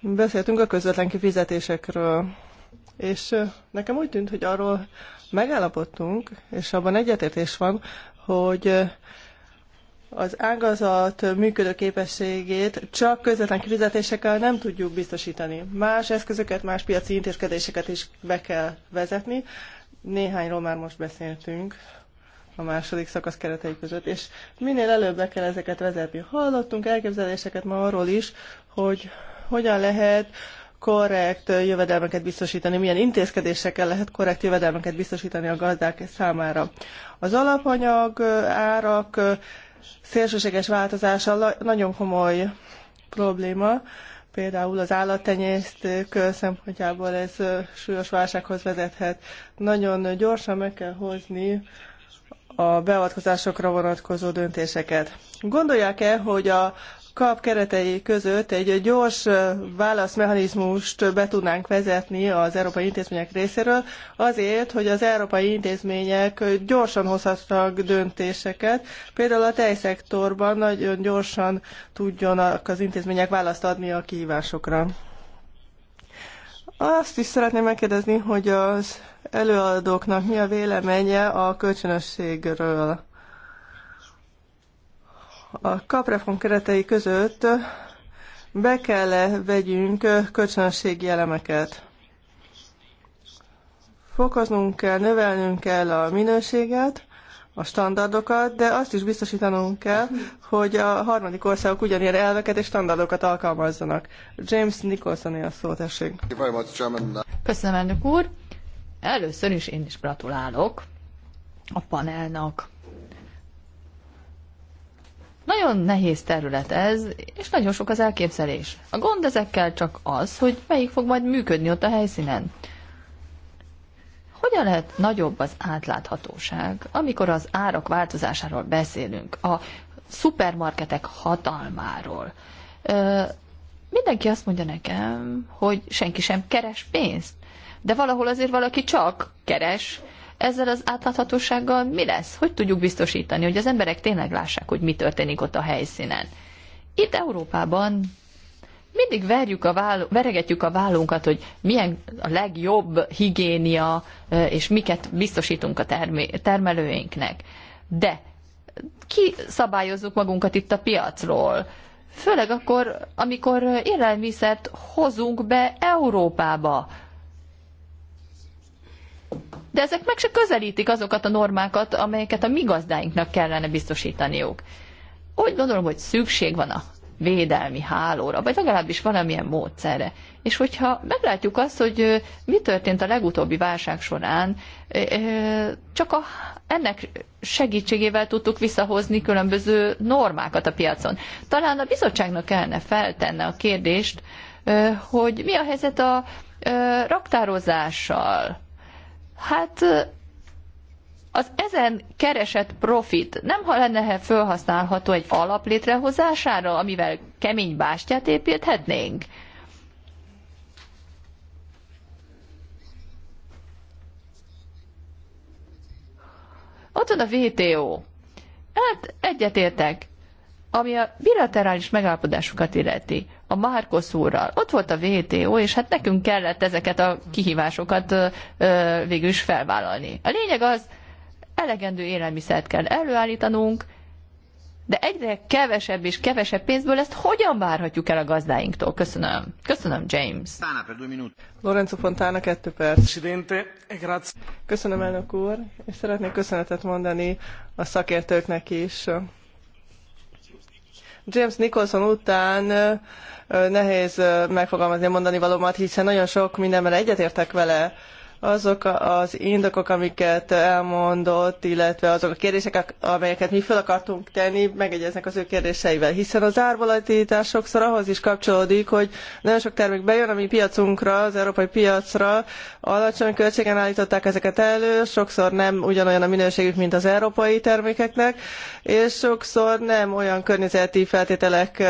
beszéltünk a közvetlen kifizetésekről, és nekem úgy tűnt, hogy arról megállapodtunk, és abban egyetértés van, hogy az ágazat működőképességét csak közvetlen kifizetésekkel nem tudjuk biztosítani. Más eszközöket, más piaci intézkedéseket is be kell vezetni. Néhányról már most beszéltünk a második szakasz keretei között, és minél előbb be kell ezeket vezetni. Hallottunk elképzeléseket ma arról is, hogy hogyan lehet korrekt jövedelmeket biztosítani, milyen intézkedésekkel lehet korrekt jövedelmeket biztosítani a gazdák számára. Az alapanyag árak szélsőséges változása nagyon komoly probléma. Például az állattenyésztők szempontjából ez súlyos válsághoz vezethet. Nagyon gyorsan meg kell hozni a beavatkozásokra vonatkozó döntéseket. Gondolják-e, hogy a kap keretei között egy gyors válaszmechanizmust be tudnánk vezetni az európai intézmények részéről, azért, hogy az európai intézmények gyorsan hozhatnak döntéseket, például a tejszektorban nagyon gyorsan tudjanak az intézmények választ adni a kihívásokra. Azt is szeretném megkérdezni, hogy az előadóknak mi a véleménye a kölcsönösségről a kapreform keretei között be kell -e vegyünk kölcsönösségi elemeket. Fokoznunk kell, növelnünk kell a minőséget, a standardokat, de azt is biztosítanunk kell, hogy a harmadik országok ugyanilyen elveket és standardokat alkalmazzanak. James Nicholson a szó, tessék. Köszönöm, elnök úr. Először is én is gratulálok a panelnak. Nagyon nehéz terület ez, és nagyon sok az elképzelés. A gond ezekkel csak az, hogy melyik fog majd működni ott a helyszínen. Hogyan lehet nagyobb az átláthatóság, amikor az árak változásáról beszélünk, a szupermarketek hatalmáról? Ö, mindenki azt mondja nekem, hogy senki sem keres pénzt, de valahol azért valaki csak keres, ezzel az átláthatósággal mi lesz? Hogy tudjuk biztosítani, hogy az emberek tényleg lássák, hogy mi történik ott a helyszínen? Itt Európában mindig verjük a váll- veregetjük a vállunkat, hogy milyen a legjobb higiénia, és miket biztosítunk a termé- termelőinknek. De ki szabályozzuk magunkat itt a piacról? Főleg akkor, amikor élelmiszert hozunk be Európába de ezek meg se közelítik azokat a normákat, amelyeket a mi gazdáinknak kellene biztosítaniuk. Úgy gondolom, hogy szükség van a védelmi hálóra, vagy legalábbis valamilyen módszerre. És hogyha meglátjuk azt, hogy mi történt a legutóbbi válság során, csak a, ennek segítségével tudtuk visszahozni különböző normákat a piacon. Talán a bizottságnak kellene feltenne a kérdést, hogy mi a helyzet a raktározással, hát az ezen keresett profit nem lenne felhasználható egy alap létrehozására, amivel kemény bástyát építhetnénk? Ott van a VTO. Hát egyetértek. Ami a bilaterális megállapodásokat illeti, a Márkosz úrral, ott volt a VTO, és hát nekünk kellett ezeket a kihívásokat végül is felvállalni. A lényeg az, elegendő élelmiszert kell előállítanunk, de egyre kevesebb és kevesebb pénzből ezt hogyan várhatjuk el a gazdáinktól? Köszönöm. Köszönöm, James. Lorenzo Fontana, kettő perc. E Köszönöm, elnök úr, és szeretnék köszönetet mondani a szakértőknek is. James Nicholson után nehéz megfogalmazni a mondani valómat, hiszen nagyon sok mindenben egyetértek vele, azok az indokok, amiket elmondott, illetve azok a kérdések, amelyeket mi fel akartunk tenni, megegyeznek az ő kérdéseivel. Hiszen az árvolatítás sokszor ahhoz is kapcsolódik, hogy nagyon sok termék bejön, ami piacunkra, az európai piacra alacsony költségen állították ezeket elő, sokszor nem ugyanolyan a minőségük, mint az európai termékeknek, és sokszor nem olyan környezeti feltételek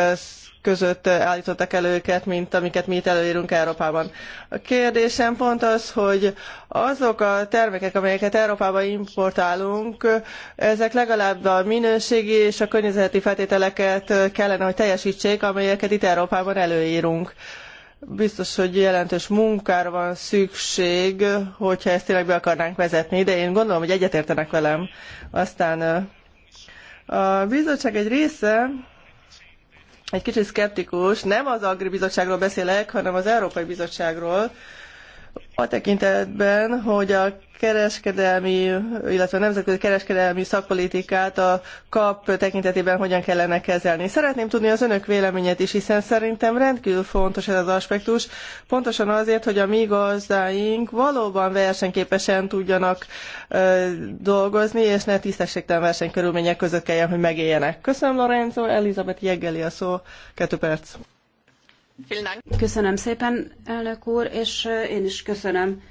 között állították elő őket, mint amiket mi itt előírunk Európában. A kérdésem pont az, hogy azok a termékek, amelyeket Európába importálunk, ezek legalább a minőségi és a környezeti feltételeket kellene, hogy teljesítsék, amelyeket itt Európában előírunk biztos, hogy jelentős munkára van szükség, hogyha ezt tényleg be akarnánk vezetni, de én gondolom, hogy egyetértenek velem. Aztán a bizottság egy része egy kicsit szkeptikus, nem az Agri Bizottságról beszélek, hanem az Európai Bizottságról, a tekintetben, hogy a kereskedelmi, illetve nemzetközi kereskedelmi szakpolitikát a kap tekintetében hogyan kellene kezelni. Szeretném tudni az önök véleményét is, hiszen szerintem rendkívül fontos ez az aspektus, pontosan azért, hogy a mi gazdáink valóban versenyképesen tudjanak ö, dolgozni, és ne tisztességtelen versenykörülmények között kelljen, hogy megéljenek. Köszönöm, Lorenzo, Elizabeth Jeggeli a szó, kettő perc. Köszönöm szépen, elnök úr, és én is köszönöm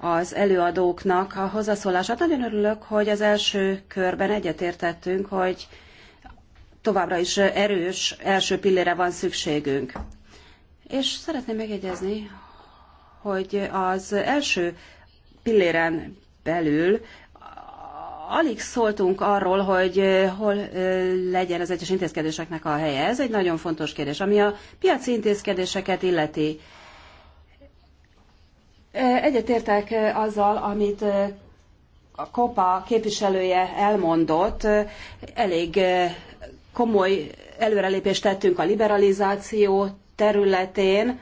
az előadóknak a hozzászólását. Nagyon örülök, hogy az első körben egyetértettünk, hogy továbbra is erős első pillére van szükségünk. És szeretném megjegyezni, hogy az első pilléren belül alig szóltunk arról, hogy hol legyen az egyes intézkedéseknek a helye. Ez egy nagyon fontos kérdés. Ami a piaci intézkedéseket illeti, Egyetértek azzal, amit a Kopa képviselője elmondott, elég komoly előrelépést tettünk a liberalizáció területén,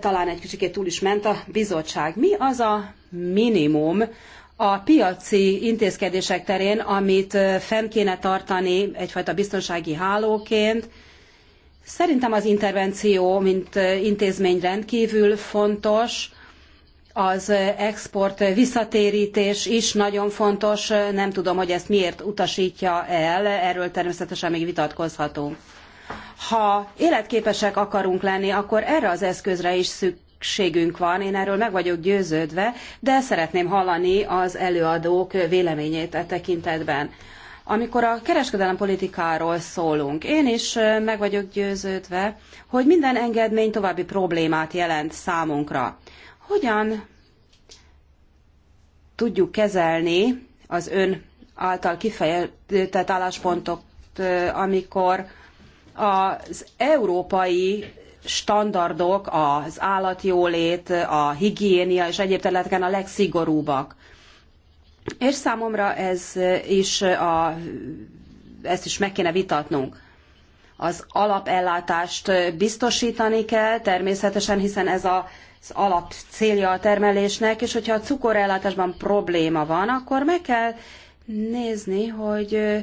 talán egy kicsikét túl is ment a bizottság. Mi az a minimum a piaci intézkedések terén, amit fenn kéne tartani egyfajta biztonsági hálóként? Szerintem az intervenció, mint intézmény rendkívül fontos, az export visszatérítés is nagyon fontos, nem tudom, hogy ezt miért utasítja el, erről természetesen még vitatkozhatunk. Ha életképesek akarunk lenni, akkor erre az eszközre is szükségünk van, én erről meg vagyok győződve, de szeretném hallani az előadók véleményét e tekintetben. Amikor a kereskedelempolitikáról politikáról szólunk, én is meg vagyok győződve, hogy minden engedmény további problémát jelent számunkra. Hogyan tudjuk kezelni az ön által kifejezett álláspontot, amikor az európai standardok, az állatjólét, a higiénia és egyéb területeken a legszigorúbbak. És számomra ez is a, ezt is meg kéne vitatnunk. Az alapellátást biztosítani kell természetesen, hiszen ez a az alap célja a termelésnek, és hogyha a cukorellátásban probléma van, akkor meg kell nézni, hogy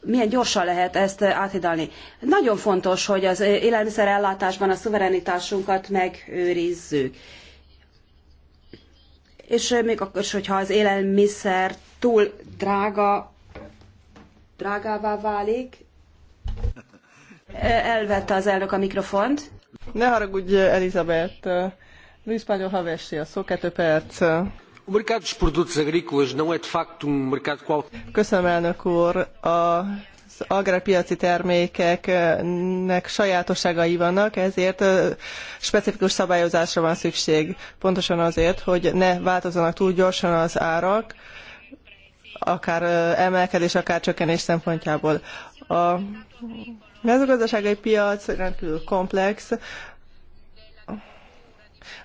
milyen gyorsan lehet ezt áthidalni. Nagyon fontos, hogy az élelmiszerellátásban a szuverenitásunkat megőrizzük. És még akkor is, hogyha az élelmiszer túl drága, drágává válik, elvette az elnök a mikrofont. Ne haragudj, Elizabeth. Luís Pányó Havessi, a szó, kettő perc. O mercado dos produtos agrícolas não é de facto um mercado qualquer. Köszönöm, elnök úr. A az agrárpiaci termékeknek sajátosságai vannak, ezért specifikus szabályozásra van szükség. Pontosan azért, hogy ne változzanak túl gyorsan az árak, akár emelkedés, akár csökkenés szempontjából. A mezőgazdasági piac rendkívül komplex.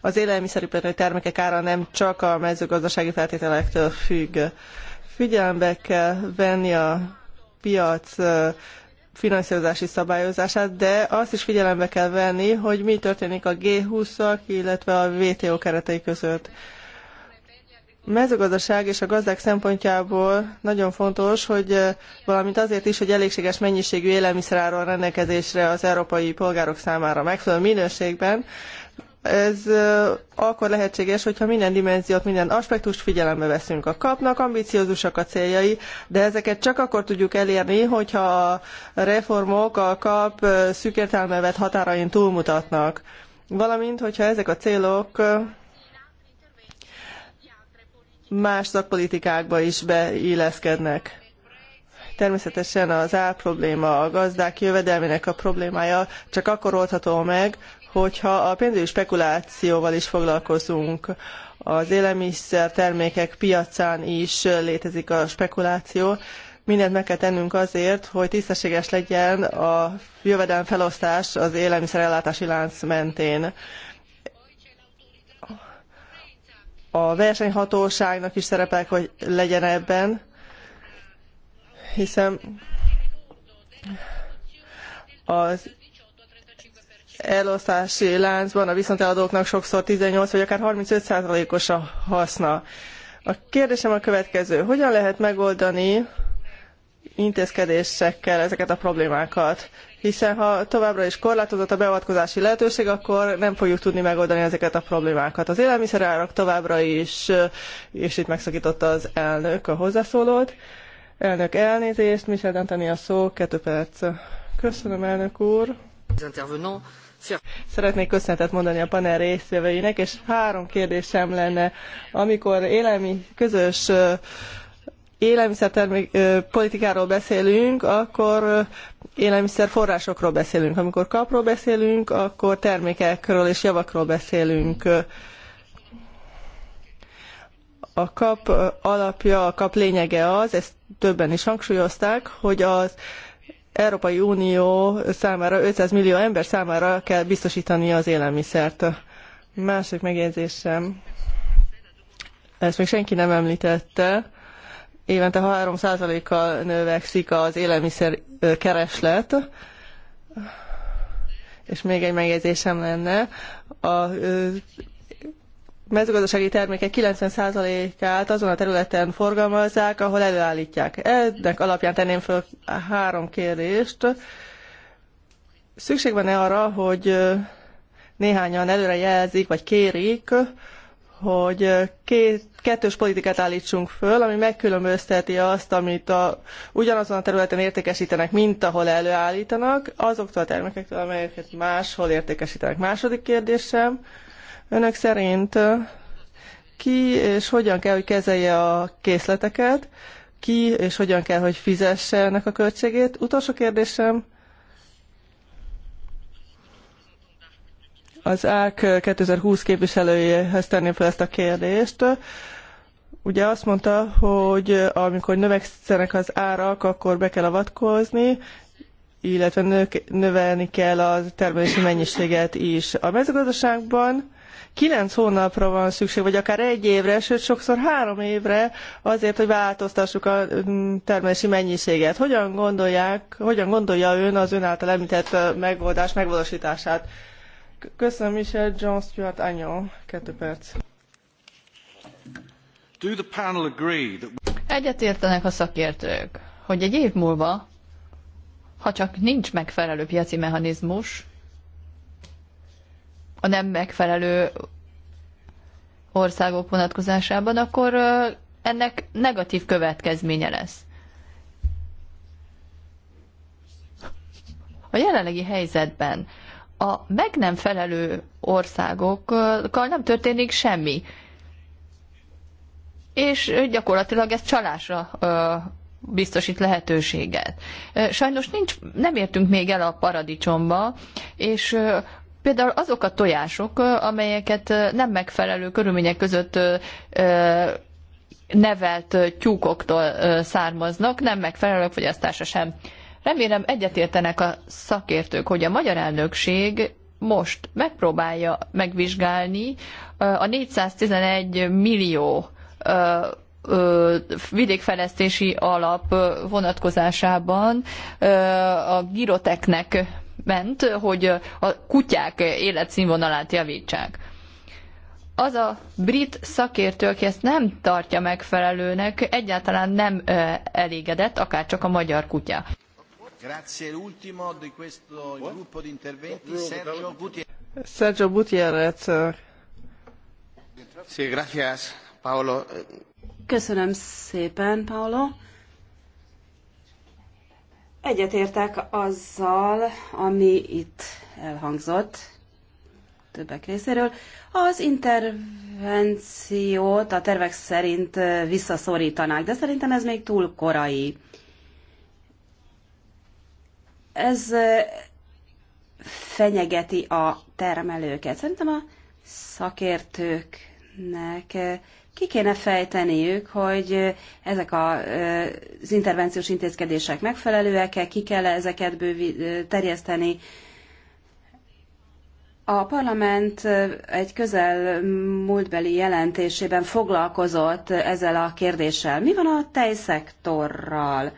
Az élelmiszeripari termékek ára nem csak a mezőgazdasági feltételektől függ. Figyelembe kell venni a piac finanszírozási szabályozását, de azt is figyelembe kell venni, hogy mi történik a G20-ak, illetve a WTO keretei között mezőgazdaság és a gazdák szempontjából nagyon fontos, hogy eh, valamint azért is, hogy elégséges mennyiségű élelmiszer áron rendelkezésre az európai polgárok számára megfelelő minőségben. Ez eh, akkor lehetséges, hogyha minden dimenziót, minden aspektust figyelembe veszünk. A kapnak ambiciózusak a céljai, de ezeket csak akkor tudjuk elérni, hogyha a reformok a kap eh, szűkértelmevet határain túlmutatnak. Valamint, hogyha ezek a célok más szakpolitikákba is beilleszkednek. Természetesen az probléma, a gazdák jövedelmének a problémája csak akkor oldható meg, hogyha a pénzügyi spekulációval is foglalkozunk. Az élelmiszer termékek piacán is létezik a spekuláció. Mindent meg kell tennünk azért, hogy tisztességes legyen a jövedelem felosztás az élelmiszerellátási lánc mentén a versenyhatóságnak is szerepel, hogy legyen ebben, hiszen az elosztási láncban a viszonteladóknak sokszor 18 vagy akár 35 os a haszna. A kérdésem a következő. Hogyan lehet megoldani intézkedésekkel ezeket a problémákat? hiszen ha továbbra is korlátozott a beavatkozási lehetőség, akkor nem fogjuk tudni megoldani ezeket a problémákat. Az élelmiszerárak továbbra is, és itt megszakította az elnök a hozzászólót. Elnök elnézést, Michel Dantani a szó, kettő perc. Köszönöm, elnök úr. Szeretnék köszönetet mondani a panel résztvevőinek, és három kérdésem lenne. Amikor élelmi közös élelmiszertermék politikáról beszélünk, akkor élelmiszerforrásokról beszélünk. Amikor kapról beszélünk, akkor termékekről és javakról beszélünk. A kap alapja, a kap lényege az, ezt többen is hangsúlyozták, hogy az Európai Unió számára, 500 millió ember számára kell biztosítani az élelmiszert. Másik megjegyzésem, ezt még senki nem említette, évente 3%-kal növekszik az élelmiszer kereslet. És még egy megjegyzésem lenne. A mezőgazdasági termékek 90%-át azon a területen forgalmazzák, ahol előállítják. Ennek alapján tenném föl három kérdést. Szükség van-e arra, hogy néhányan előre jelzik, vagy kérik, hogy két, kettős politikát állítsunk föl, ami megkülönbözteti azt, amit a, ugyanazon a területen értékesítenek, mint ahol előállítanak, azoktól a termékektől, amelyeket máshol értékesítenek. Második kérdésem, önök szerint ki és hogyan kell, hogy kezelje a készleteket, ki és hogyan kell, hogy fizesse ennek a költségét. Utolsó kérdésem, az ÁK 2020 képviselőjéhez tenném fel ezt a kérdést. Ugye azt mondta, hogy amikor növekszenek az árak, akkor be kell avatkozni, illetve növelni kell a termelési mennyiséget is. A mezőgazdaságban kilenc hónapra van szükség, vagy akár egy évre, sőt sokszor három évre azért, hogy változtassuk a mm, termelési mennyiséget. Hogyan gondolják, hogyan gondolja ön az ön által említett megoldás megvalósítását? Köszönöm, Michel John Stuart Anyó. Kettő perc. Do the panel agree that... Egyetértenek a szakértők, hogy egy év múlva, ha csak nincs megfelelő piaci mechanizmus, a nem megfelelő országok vonatkozásában, akkor ennek negatív következménye lesz. A jelenlegi helyzetben a meg nem felelő országokkal nem történik semmi. És gyakorlatilag ez csalásra biztosít lehetőséget. Sajnos nincs, nem értünk még el a paradicsomba, és például azok a tojások, amelyeket nem megfelelő körülmények között nevelt tyúkoktól származnak, nem megfelelők fogyasztása sem Remélem egyetértenek a szakértők, hogy a magyar elnökség most megpróbálja megvizsgálni a 411 millió vidékfejlesztési alap vonatkozásában a giroteknek ment, hogy a kutyák életszínvonalát javítsák. Az a brit szakértő, aki ezt nem tartja megfelelőnek, egyáltalán nem elégedett, akárcsak a magyar kutya. Grazie, l'ultimo di questo gruppo di interventi, Sergio Gutierrez. Sergio Gutierrez. Eh. Paolo. Köszönöm szépen, Paolo. Egyetértek azzal, ami itt elhangzott többek részéről. Az intervenciót a tervek szerint visszaszorítanák, de szerintem ez még túl korai ez fenyegeti a termelőket. Szerintem a szakértőknek ki kéne fejteniük, hogy ezek a az intervenciós intézkedések megfelelőek-e, ki kell -e ezeket bővi, terjeszteni. A parlament egy közel múltbeli jelentésében foglalkozott ezzel a kérdéssel. Mi van a tejszektorral?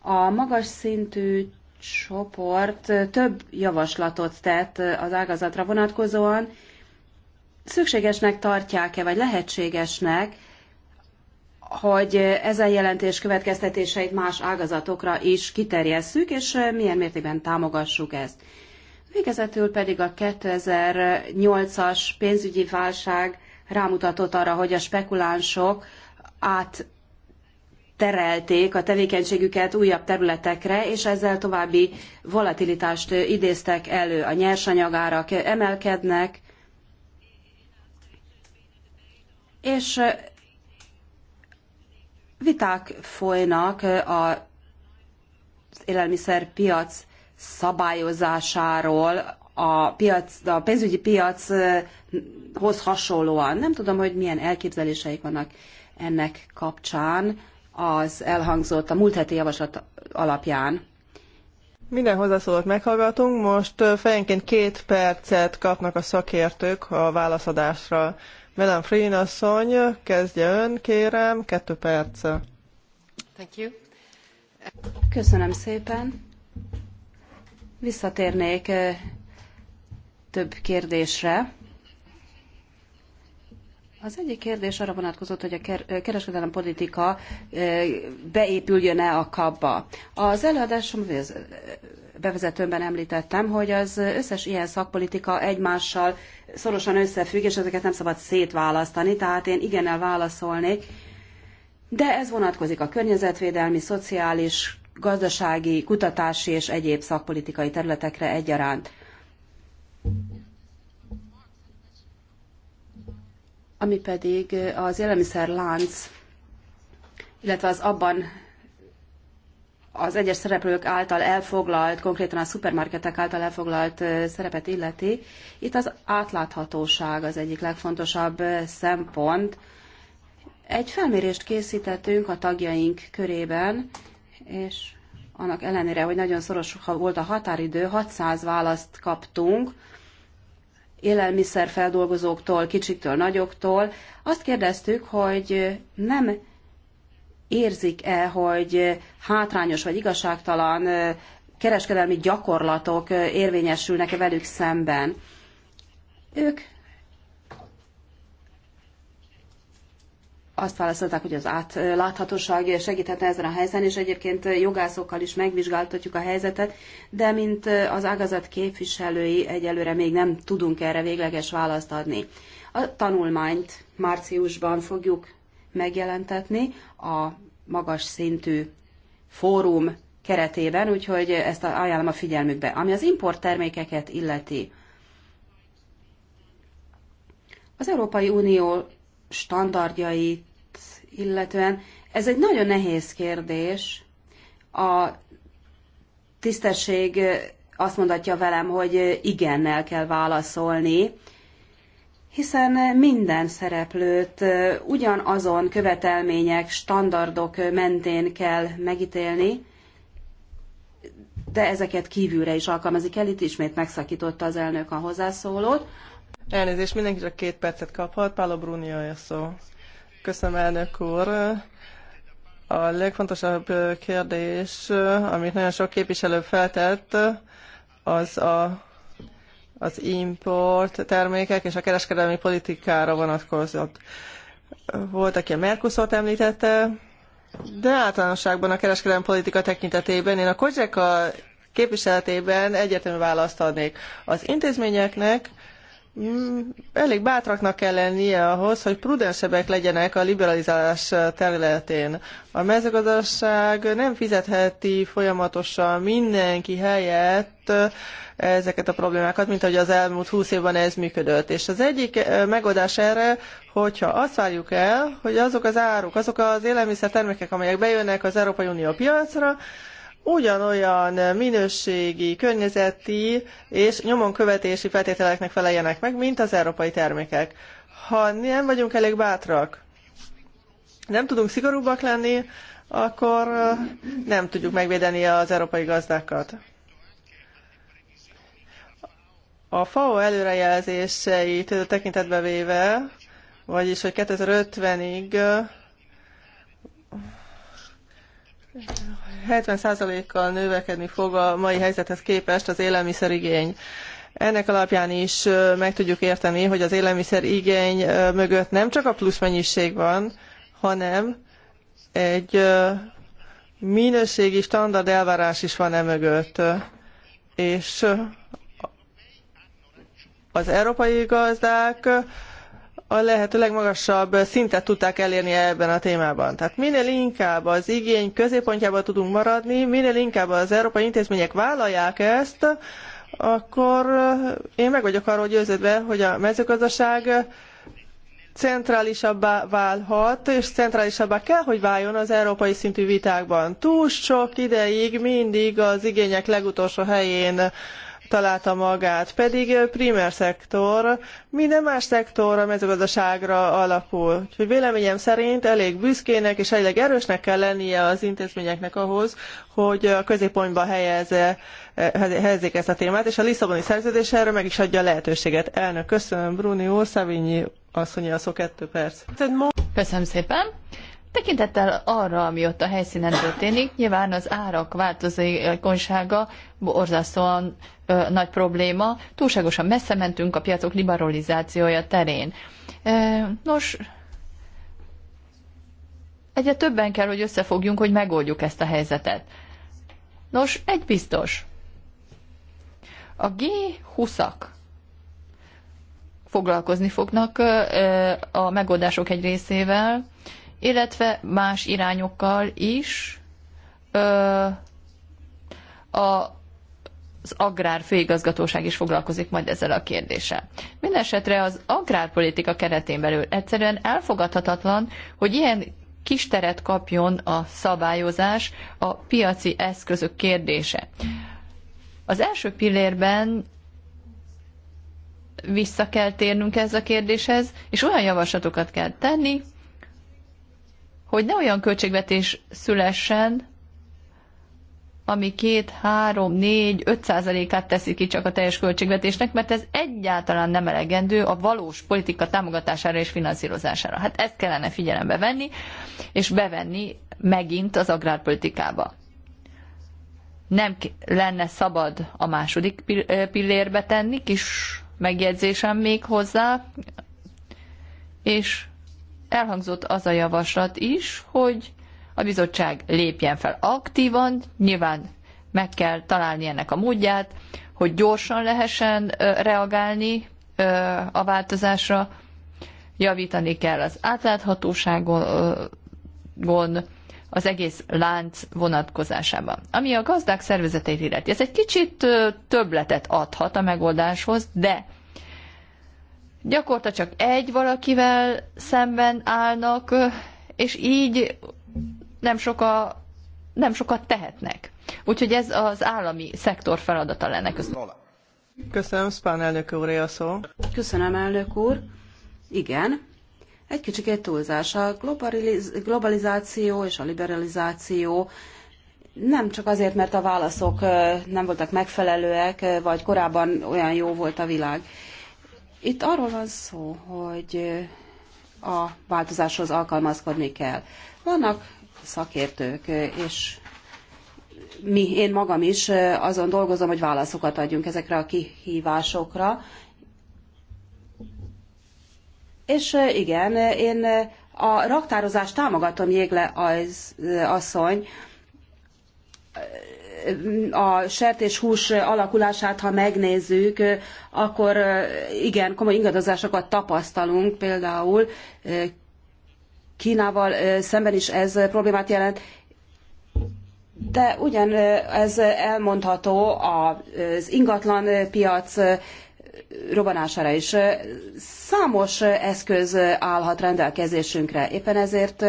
A magas szintű csoport több javaslatot tett az ágazatra vonatkozóan. Szükségesnek tartják-e, vagy lehetségesnek, hogy ezen jelentés következtetéseit más ágazatokra is kiterjesszük, és milyen mértékben támogassuk ezt. Végezetül pedig a 2008-as pénzügyi válság rámutatott arra, hogy a spekulánsok át terelték a tevékenységüket újabb területekre, és ezzel további volatilitást idéztek elő. A nyersanyagárak emelkednek, és viták folynak az élelmiszerpiac szabályozásáról, a, piac, a pénzügyi piachoz hasonlóan. Nem tudom, hogy milyen elképzeléseik vannak ennek kapcsán az elhangzott a múlt heti javaslat alapján. Minden hozzászólót meghallgatunk, most fejenként két percet kapnak a szakértők a válaszadásra. Velem Frin asszony, kezdje ön, kérem, kettő perc. Thank you. Köszönöm szépen. Visszatérnék több kérdésre. Az egyik kérdés arra vonatkozott, hogy a kereskedelem politika beépüljön-e a kapba. Az előadásom bevezetőmben említettem, hogy az összes ilyen szakpolitika egymással szorosan összefügg, és ezeket nem szabad szétválasztani, tehát én igennel válaszolnék, de ez vonatkozik a környezetvédelmi, szociális, gazdasági, kutatási és egyéb szakpolitikai területekre egyaránt. ami pedig az élelmiszerlánc, illetve az abban az egyes szereplők által elfoglalt, konkrétan a szupermarketek által elfoglalt szerepet illeti. Itt az átláthatóság az egyik legfontosabb szempont. Egy felmérést készítettünk a tagjaink körében, és annak ellenére, hogy nagyon szoros volt a határidő, 600 választ kaptunk, élelmiszerfeldolgozóktól, kicsiktől, nagyoktól. Azt kérdeztük, hogy nem érzik-e, hogy hátrányos vagy igazságtalan kereskedelmi gyakorlatok érvényesülnek-e velük szemben. Ők azt válaszolták, hogy az átláthatóság segíthetne ezen a helyzen, és egyébként jogászokkal is megvizsgáltatjuk a helyzetet, de mint az ágazat képviselői egyelőre még nem tudunk erre végleges választ adni. A tanulmányt márciusban fogjuk megjelentetni a magas szintű fórum keretében, úgyhogy ezt ajánlom a figyelmükbe. Ami az import termékeket illeti, az Európai Unió standardjait illetően. Ez egy nagyon nehéz kérdés. A tisztesség azt mondatja velem, hogy igennel kell válaszolni, hiszen minden szereplőt ugyanazon követelmények, standardok mentén kell megítélni, de ezeket kívülre is alkalmazik. el. Itt ismét megszakította az elnök a hozzászólót. Elnézést, mindenki csak két percet kaphat. Pálo a szó. Köszönöm, elnök úr. A legfontosabb kérdés, amit nagyon sok képviselő feltett, az a, az import termékek és a kereskedelmi politikára vonatkozott. Volt, aki a Mercosurt említette, de általánosságban a kereskedelmi politika tekintetében én a Kozseka képviseletében egyértelmű választ adnék. Az intézményeknek Mm, elég bátraknak kell lennie ahhoz, hogy prudensebbek legyenek a liberalizálás területén. A mezőgazdaság nem fizetheti folyamatosan mindenki helyett ezeket a problémákat, mint ahogy az elmúlt húsz évben ez működött. És az egyik eh, megoldás erre, hogyha azt várjuk el, hogy azok az áruk, azok az élelmiszertermékek, amelyek bejönnek az Európai Unió piacra, ugyanolyan minőségi, környezeti és nyomon követési feltételeknek feleljenek meg, mint az európai termékek. Ha nem vagyunk elég bátrak, nem tudunk szigorúbbak lenni, akkor nem tudjuk megvédeni az európai gazdákat. A FAO előrejelzéseit tekintetbe véve, vagyis hogy 2050-ig 70%-kal növekedni fog a mai helyzethez képest az élelmiszerigény. Ennek alapján is meg tudjuk érteni, hogy az élelmiszerigény mögött nem csak a plusz mennyiség van, hanem egy minőségi standard elvárás is van e mögött. És az európai gazdák a lehető legmagasabb szintet tudták elérni ebben a témában. Tehát minél inkább az igény középpontjában tudunk maradni, minél inkább az európai intézmények vállalják ezt, akkor eh, én meg vagyok arról győződve, hogy a mezőgazdaság centrálisabbá válhat, és centrálisabbá kell, hogy váljon az európai szintű vitákban. Túl sok ideig mindig az igények legutolsó helyén találta magát, pedig primer szektor, minden más szektor a mezőgazdaságra alapul. Úgyhogy véleményem szerint elég büszkének és elég erősnek kell lennie az intézményeknek ahhoz, hogy a középpontba helyezze, eh, helyezzék ezt a témát, és a Lisszaboni szerződés erre meg is adja a lehetőséget. Elnök, köszönöm, Bruni úr, Szavinyi asszonyi a szó, kettő perc. Köszönöm szépen. Tekintettel arra, ami ott a helyszínen történik, nyilván az árak változékonysága borzasztóan ö, nagy probléma. Túlságosan messze mentünk a piacok liberalizációja terén. E, nos, egyre többen kell, hogy összefogjunk, hogy megoldjuk ezt a helyzetet. Nos, egy biztos. A G20-ak foglalkozni fognak a megoldások egy részével, illetve más irányokkal is ö, a, az Főigazgatóság is foglalkozik majd ezzel a kérdéssel. Mindenesetre az agrárpolitika keretén belül egyszerűen elfogadhatatlan, hogy ilyen kis teret kapjon a szabályozás, a piaci eszközök kérdése. Az első pillérben vissza kell térnünk ez a kérdéshez, és olyan javaslatokat kell tenni, hogy ne olyan költségvetés szülessen, ami 2, 3, 4, 5 százalékát teszi ki csak a teljes költségvetésnek, mert ez egyáltalán nem elegendő a valós politika támogatására és finanszírozására. Hát ezt kellene figyelembe venni, és bevenni megint az agrárpolitikába. Nem lenne szabad a második pillérbe tenni, kis megjegyzésem még hozzá, és elhangzott az a javaslat is, hogy a bizottság lépjen fel aktívan, nyilván meg kell találni ennek a módját, hogy gyorsan lehessen reagálni a változásra, javítani kell az átláthatóságon, az egész lánc vonatkozásában. Ami a gazdák szervezetét illeti, ez egy kicsit többletet adhat a megoldáshoz, de gyakorta csak egy valakivel szemben állnak, és így nem, soka, nem sokat tehetnek. Úgyhogy ez az állami szektor feladata lenne. Köszönöm. Köszönöm, Spán elnök úr, a szó. Köszönöm, elnök úr. Igen, egy egy túlzás. A globalizáció és a liberalizáció nem csak azért, mert a válaszok nem voltak megfelelőek, vagy korábban olyan jó volt a világ. Itt arról van szó, hogy a változáshoz alkalmazkodni kell. Vannak szakértők, és mi, én magam is azon dolgozom, hogy válaszokat adjunk ezekre a kihívásokra. És igen, én a raktározást támogatom, Jégle az, asszony, a sertéshús alakulását, ha megnézzük, akkor igen, komoly ingadozásokat tapasztalunk például. Kínával szemben is ez problémát jelent, de ugyan ez elmondható az ingatlan piac robbanására is. Számos eszköz állhat rendelkezésünkre. Éppen ezért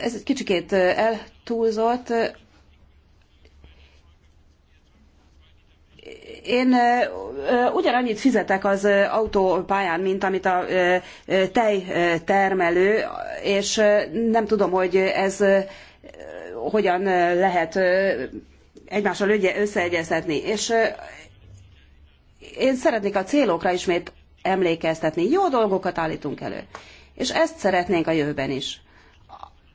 ez egy kicsikét eltúlzott, én ugyanannyit fizetek az autópályán, mint amit a tejtermelő, és nem tudom, hogy ez hogyan lehet egymással összeegyeztetni. És én szeretnék a célokra ismét emlékeztetni. Jó dolgokat állítunk elő. És ezt szeretnénk a jövőben is.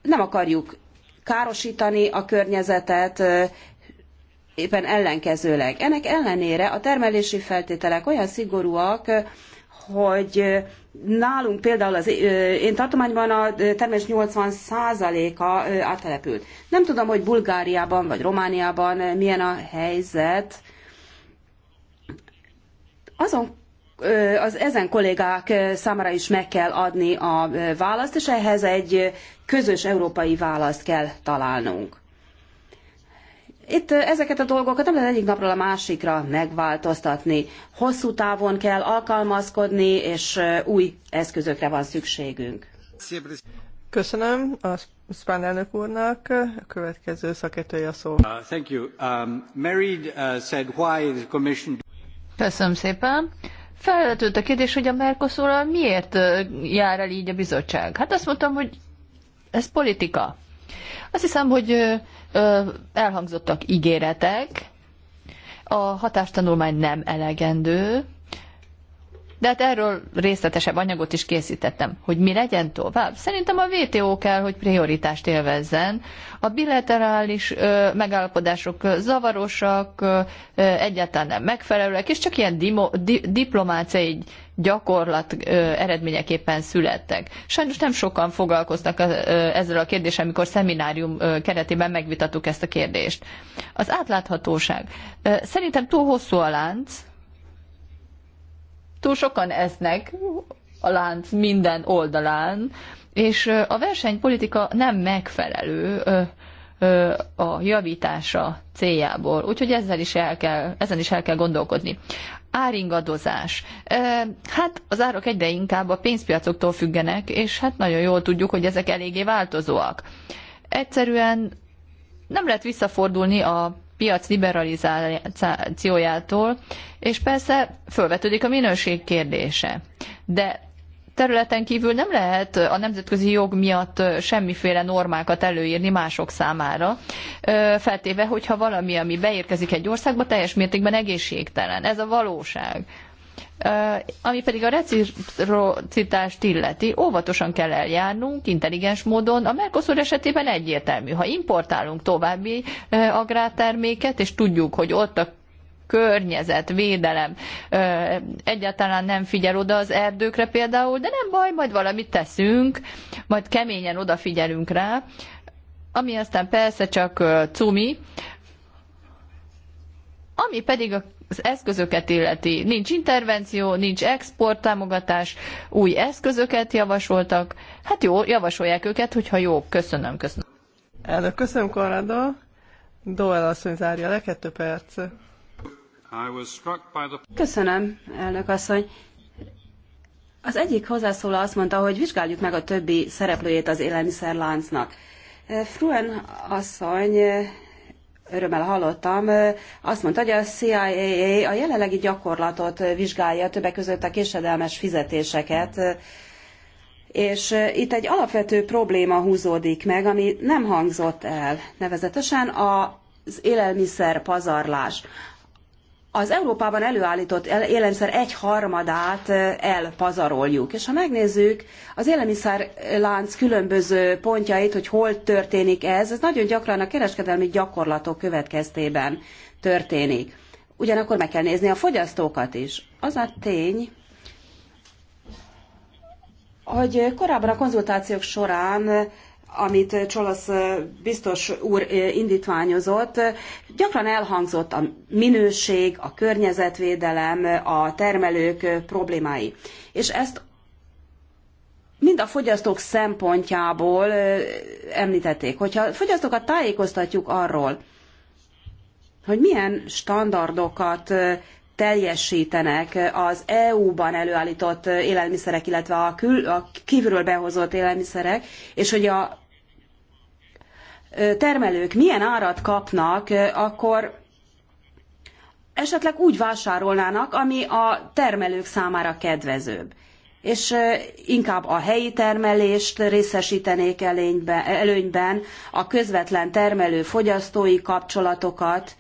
Nem akarjuk károsítani a környezetet, éppen ellenkezőleg. Ennek ellenére a termelési feltételek olyan szigorúak, hogy nálunk például az én tartományban a termés 80%-a áttelepült. Nem tudom, hogy Bulgáriában vagy Romániában milyen a helyzet. Azon az ezen kollégák számára is meg kell adni a választ, és ehhez egy közös európai választ kell találnunk. Itt ezeket a dolgokat nem lehet egyik napról a másikra megváltoztatni. Hosszú távon kell alkalmazkodni, és új eszközökre van szükségünk. Köszönöm a Spán elnök úrnak. A következő szakértője a szó. Uh, thank you. Um, Merid uh, said why the commission... Köszönöm szépen. Felvetődött a kérdés, hogy a Mercosurral miért jár el így a bizottság. Hát azt mondtam, hogy ez politika. Azt hiszem, hogy elhangzottak ígéretek, a hatástanulmány nem elegendő, de hát erről részletesebb anyagot is készítettem. Hogy mi legyen tovább? Szerintem a WTO kell, hogy prioritást élvezzen. A bilaterális ö, megállapodások zavarosak, ö, egyáltalán nem megfelelőek, és csak ilyen dimo, di, diplomáciai gyakorlat ö, eredményeképpen születtek. Sajnos nem sokan foglalkoznak a, ö, ezzel a kérdéssel, amikor szeminárium ö, keretében megvitattuk ezt a kérdést. Az átláthatóság. Ö, szerintem túl hosszú a lánc, túl sokan esznek a lánc minden oldalán, és a versenypolitika nem megfelelő a javítása céljából. Úgyhogy ezzel is el kell, ezen is el kell gondolkodni. Áringadozás. Hát az árak egyre inkább a pénzpiacoktól függenek, és hát nagyon jól tudjuk, hogy ezek eléggé változóak. Egyszerűen nem lehet visszafordulni a piac liberalizációjától, és persze fölvetődik a minőség kérdése. De területen kívül nem lehet a nemzetközi jog miatt semmiféle normákat előírni mások számára, feltéve, hogyha valami, ami beérkezik egy országba, teljes mértékben egészségtelen. Ez a valóság. Ami pedig a reciprocitást illeti, óvatosan kell eljárnunk, intelligens módon. A Mercosur esetében egyértelmű. Ha importálunk további agrárterméket, és tudjuk, hogy ott a környezet, védelem, egyáltalán nem figyel oda az erdőkre például, de nem baj, majd valamit teszünk, majd keményen odafigyelünk rá, ami aztán persze csak cumi, ami pedig a az eszközöket illeti, nincs intervenció, nincs exporttámogatás, új eszközöket javasoltak. Hát jó, javasolják őket, hogyha jó. Köszönöm, köszönöm. Elnök, köszönöm, Konrado. Doel asszony zárja le, kettő perc. Köszönöm, elnök asszony. Az egyik hozzászóló azt mondta, hogy vizsgáljuk meg a többi szereplőjét az élelmiszerláncnak. Eh, Fruen asszony eh, örömmel hallottam, azt mondta, hogy a CIA a jelenlegi gyakorlatot vizsgálja, többek között a késedelmes fizetéseket, és itt egy alapvető probléma húzódik meg, ami nem hangzott el, nevezetesen az élelmiszer pazarlás az Európában előállított élelmiszer harmadát elpazaroljuk. És ha megnézzük az élelmiszerlánc különböző pontjait, hogy hol történik ez, ez nagyon gyakran a kereskedelmi gyakorlatok következtében történik. Ugyanakkor meg kell nézni a fogyasztókat is. Az a tény, hogy korábban a konzultációk során amit eh, Csolasz eh, biztos úr eh, indítványozott, gyakran elhangzott a minőség, a környezetvédelem, a termelők problémái. És ezt mind a fogyasztók szempontjából említették, hogyha a fogyasztókat tájékoztatjuk arról, hogy milyen standardokat teljesítenek az EU-ban előállított élelmiszerek, illetve a, kül, a kívülről behozott élelmiszerek, és hogy a termelők milyen árat kapnak, akkor esetleg úgy vásárolnának, ami a termelők számára kedvezőbb. És inkább a helyi termelést részesítenék előnyben, a közvetlen termelő-fogyasztói kapcsolatokat,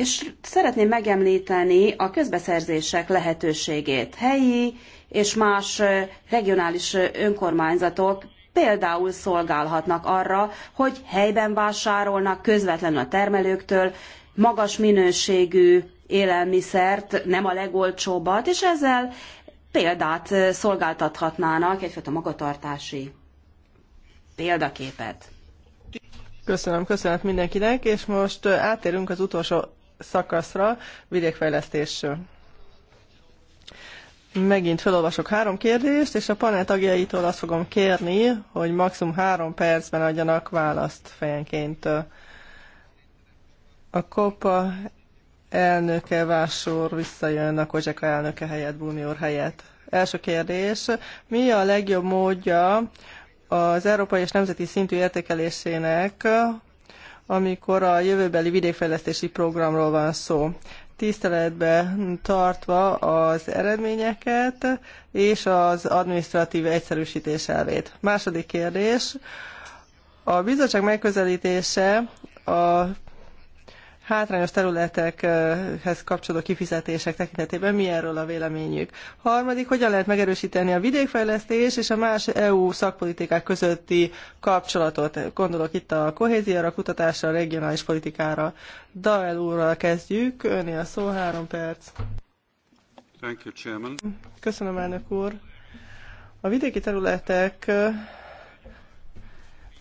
és szeretném megemlíteni a közbeszerzések lehetőségét. Helyi és más regionális önkormányzatok például szolgálhatnak arra, hogy helyben vásárolnak közvetlenül a termelőktől magas minőségű élelmiszert, nem a legolcsóbbat, és ezzel példát szolgáltathatnának, egyfajta magatartási példaképet. Köszönöm, köszönet mindenkinek, és most átérünk az utolsó szakaszra, vidékfejlesztés. Megint felolvasok három kérdést, és a panel tagjaitól azt fogom kérni, hogy maximum három percben adjanak választ fejenként. A kopa elnöke Vásor visszajön a Kozseka elnöke helyett, Bunior helyett. Első kérdés, mi a legjobb módja az európai és nemzeti szintű értékelésének amikor a jövőbeli vidékfejlesztési programról van szó Tiszteletben tartva az eredményeket és az administratív egyszerűsítés elvét. Második kérdés. A bizottság megközelítése a hátrányos területekhez kapcsolódó kifizetések tekintetében mi erről a véleményük. Harmadik, hogyan lehet megerősíteni a vidékfejlesztés és a más EU szakpolitikák közötti kapcsolatot. Gondolok itt a kohézióra, kutatásra, a regionális politikára. Dael úrral kezdjük, öné a szó, három perc. Thank you, Chairman. Köszönöm, elnök úr. A vidéki területek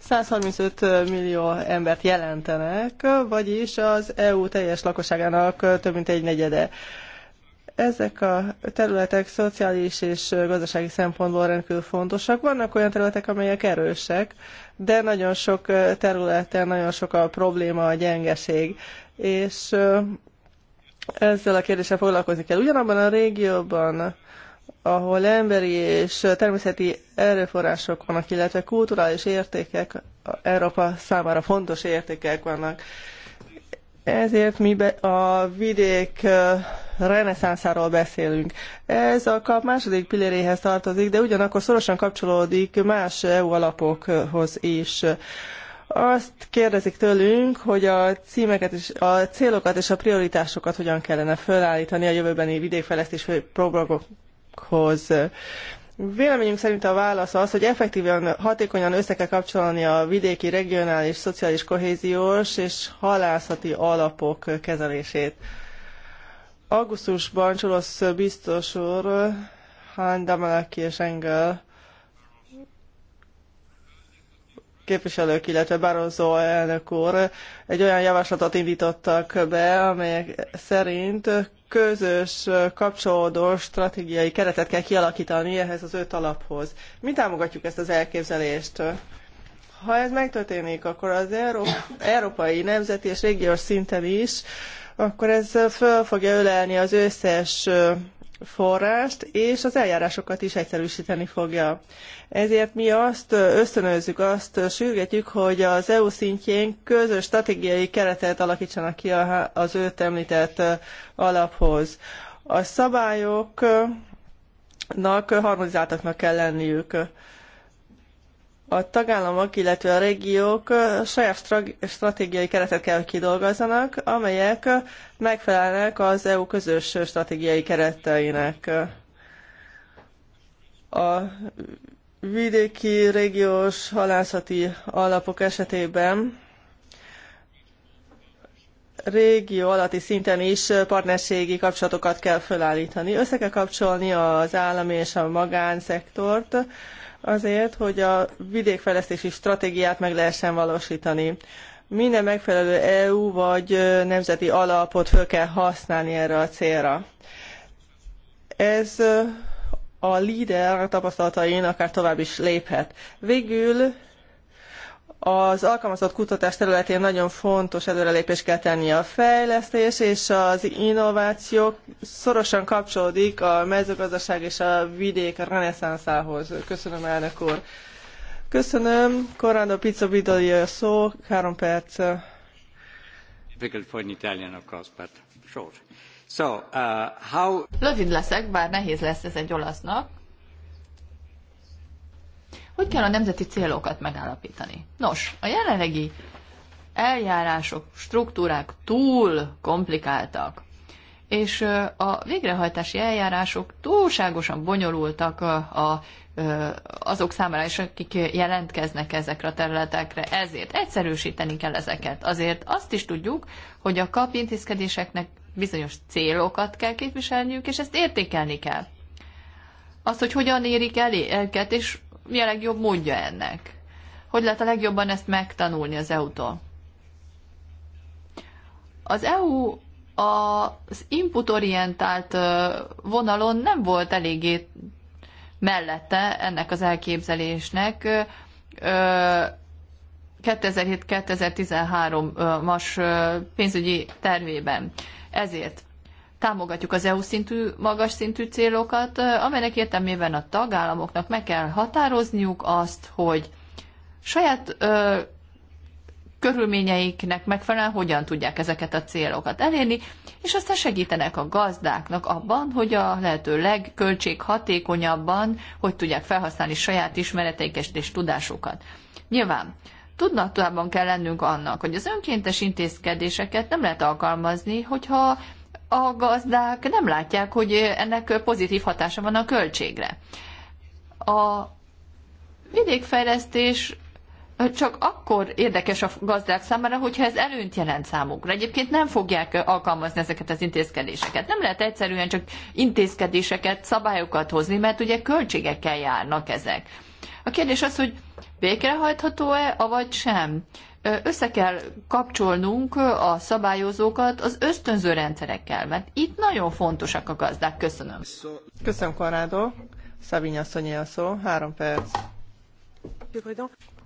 135 millió embert jelentenek, vagyis az EU teljes lakosságának több mint egy negyede. Ezek a területek szociális és gazdasági szempontból rendkívül fontosak. Vannak olyan területek, amelyek erősek, de nagyon sok területen nagyon sok a probléma, a gyengeség. És ezzel a kérdéssel foglalkozni kell. Ugyanabban a régióban ahol emberi és természeti erőforrások vannak, illetve kulturális értékek, Európa számára fontos értékek vannak. Ezért mi a vidék reneszánszáról beszélünk. Ez a kap második pilléréhez tartozik, de ugyanakkor szorosan kapcsolódik más EU alapokhoz is. Azt kérdezik tőlünk, hogy a címeket és a célokat és a prioritásokat hogyan kellene felállítani a jövőbeni vidékfejlesztés programok célokhoz. Véleményünk szerint a válasz az, hogy effektíven, hatékonyan össze kell kapcsolni a vidéki, regionális, szociális kohéziós és halászati alapok kezelését. Augusztusban Csolosz biztos úr, Hán Damalaki és Engel képviselők, illetve Barroso elnök úr egy olyan javaslatot indítottak be, amelyek szerint közös kapcsolódó stratégiai keretet kell kialakítani ehhez az öt alaphoz. Mi támogatjuk ezt az elképzelést? Ha ez megtörténik, akkor az európai, nemzeti és régiós szinten is, akkor ez föl fogja ölelni az összes forrást, és az eljárásokat is egyszerűsíteni fogja. Ezért mi azt ösztönözzük, azt sürgetjük, hogy az EU szintjén közös stratégiai keretet alakítsanak ki az őt említett alaphoz. A szabályoknak harmonizáltaknak kell lenniük a tagállamok, illetve a régiók saját stratégiai keretet kell, hogy kidolgozzanak, amelyek megfelelnek az EU közös stratégiai kereteinek. A vidéki régiós halászati alapok esetében régió alatti szinten is partnerségi kapcsolatokat kell felállítani. Össze kell kapcsolni az állami és a magánszektort, azért, hogy a vidékfejlesztési stratégiát meg lehessen valósítani. Minden megfelelő EU vagy nemzeti alapot föl kell használni erre a célra. Ez a líder tapasztalatain akár tovább is léphet. Végül az alkalmazott kutatás területén nagyon fontos előrelépést kell tenni a fejlesztés, és az innováció szorosan kapcsolódik a mezőgazdaság és a vidék reneszánszához. Köszönöm, elnök úr. Köszönöm. Corrado Pizzo Vidali a szó, három perc. Difficult Italian, of course, but short. So, uh, how... Rövid leszek, bár nehéz lesz ez egy olasznak hogy kell a nemzeti célokat megállapítani. Nos, a jelenlegi eljárások, struktúrák túl komplikáltak, és a végrehajtási eljárások túlságosan bonyolultak a, a, azok számára is, akik jelentkeznek ezekre a területekre. Ezért egyszerűsíteni kell ezeket. Azért azt is tudjuk, hogy a kap intézkedéseknek bizonyos célokat kell képviselniük, és ezt értékelni kell. Azt, hogy hogyan érik el őket, és mi a legjobb módja ennek? Hogy lehet a legjobban ezt megtanulni az EU-tól? Az EU az orientált vonalon nem volt eléggé mellette ennek az elképzelésnek. 2007-2013 mas pénzügyi tervében. Ezért támogatjuk az EU szintű, magas szintű célokat, amelynek értelmében a tagállamoknak meg kell határozniuk azt, hogy saját ö, körülményeiknek megfelelően hogyan tudják ezeket a célokat elérni, és aztán segítenek a gazdáknak abban, hogy a lehető legköltséghatékonyabban, hogy tudják felhasználni saját ismereteiket és tudásukat. Nyilván, tudatában kell lennünk annak, hogy az önkéntes intézkedéseket nem lehet alkalmazni, hogyha a gazdák nem látják, hogy ennek pozitív hatása van a költségre. A vidékfejlesztés csak akkor érdekes a gazdák számára, hogyha ez előnyt jelent számukra. Egyébként nem fogják alkalmazni ezeket az intézkedéseket. Nem lehet egyszerűen csak intézkedéseket, szabályokat hozni, mert ugye költségekkel járnak ezek. A kérdés az, hogy végrehajtható-e, avagy sem össze kell kapcsolnunk a szabályozókat az ösztönző rendszerekkel, mert itt nagyon fontosak a gazdák. Köszönöm. Köszönöm, Konrádó. Szabiny asszonyi a szó. Három perc.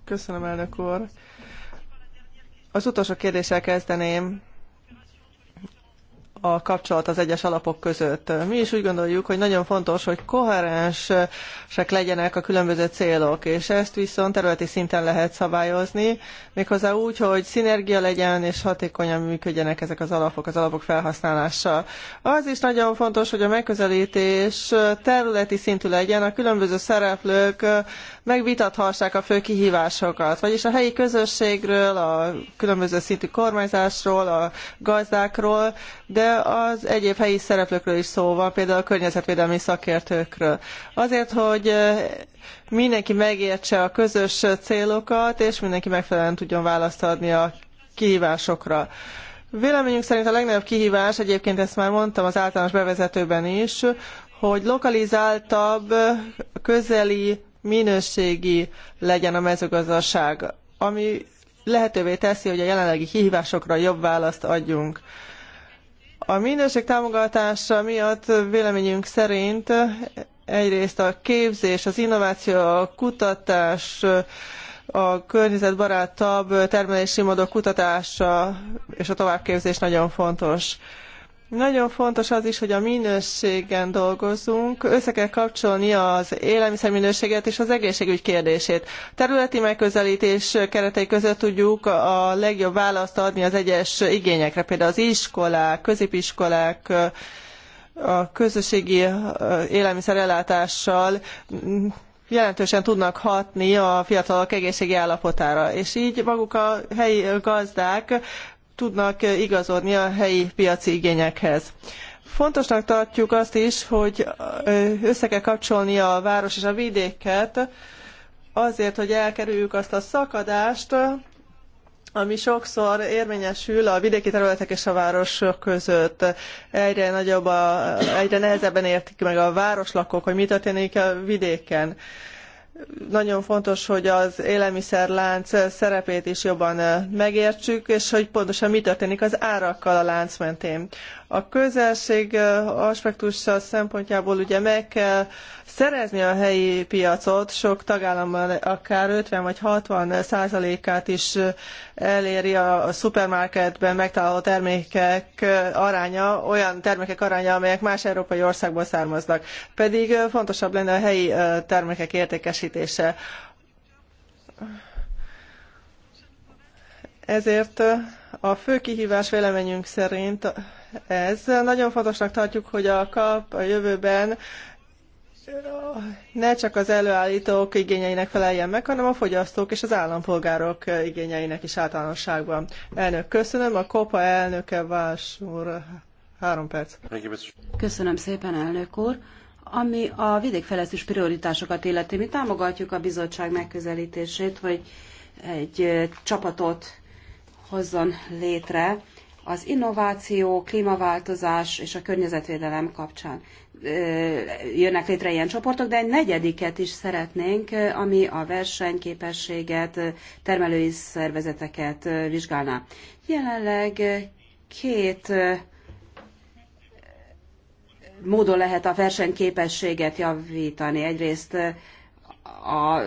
Köszönöm, elnök úr. Az utolsó kérdéssel kezdeném a kapcsolat az egyes alapok között. Mi is úgy gondoljuk, hogy nagyon fontos, hogy koherensek legyenek a különböző célok, és ezt viszont területi szinten lehet szabályozni, méghozzá úgy, hogy szinergia legyen, és hatékonyan működjenek ezek az alapok, az alapok felhasználása. Az is nagyon fontos, hogy a megközelítés területi szintű legyen, a különböző szereplők megvitathassák a fő kihívásokat, vagyis a helyi közösségről, a különböző szintű kormányzásról, a gazdákról, de az egyéb helyi szereplőkről is szó van, például a környezetvédelmi szakértőkről. Azért, hogy mindenki megértse a közös célokat, és mindenki megfelelően tudjon választ adni a kihívásokra. Véleményünk szerint a legnagyobb kihívás, egyébként ezt már mondtam az általános bevezetőben is, hogy lokalizáltabb, közeli minőségi legyen a mezőgazdaság, ami lehetővé teszi, hogy a jelenlegi kihívásokra jobb választ adjunk. A minőség támogatása miatt véleményünk szerint egyrészt a képzés, az innováció, a kutatás, a környezetbarátabb termelési módok kutatása és a továbbképzés nagyon fontos. Nagyon fontos az is, hogy a minőségen dolgozunk, össze kell kapcsolni az minőséget és az egészségügy kérdését. Területi megközelítés keretei között tudjuk a legjobb választ adni az egyes igényekre, például az iskolák, középiskolák, a közösségi ellátással jelentősen tudnak hatni a fiatalok egészségi állapotára. És így maguk a helyi gazdák tudnak igazodni a helyi piaci igényekhez. Fontosnak tartjuk azt is, hogy össze kell kapcsolni a város és a vidéket, azért, hogy elkerüljük azt a szakadást, ami sokszor érvényesül a vidéki területek és a városok között. Egyre, nagyobb a, egyre nehezebben értik meg a városlakók, hogy mi történik a vidéken nagyon fontos, hogy az élelmiszerlánc szerepét is jobban megértsük, és hogy pontosan mi történik az árakkal a lánc mentén. A közelség aspektusa szempontjából ugye meg kell szerezni a helyi piacot, sok tagállamban akár 50 vagy 60 százalékát is eléri a szupermarketben megtalálható termékek aránya, olyan termékek aránya, amelyek más európai országból származnak. Pedig fontosabb lenne a helyi termékek értékesítése. Ezért a fő kihívás véleményünk szerint ez. Nagyon fontosnak tartjuk, hogy a kap a jövőben ne csak az előállítók igényeinek feleljen meg, hanem a fogyasztók és az állampolgárok igényeinek is általánosságban. Elnök, köszönöm. A KOPA elnöke Vás úr, három perc. Köszönöm szépen, elnök úr. Ami a vidékfejlesztés prioritásokat illeti, mi támogatjuk a bizottság megközelítését, hogy egy csapatot hozzon létre az innováció, klímaváltozás és a környezetvédelem kapcsán jönnek létre ilyen csoportok, de egy negyediket is szeretnénk, ami a versenyképességet, termelői szervezeteket vizsgálná. Jelenleg két módon lehet a versenyképességet javítani. Egyrészt a,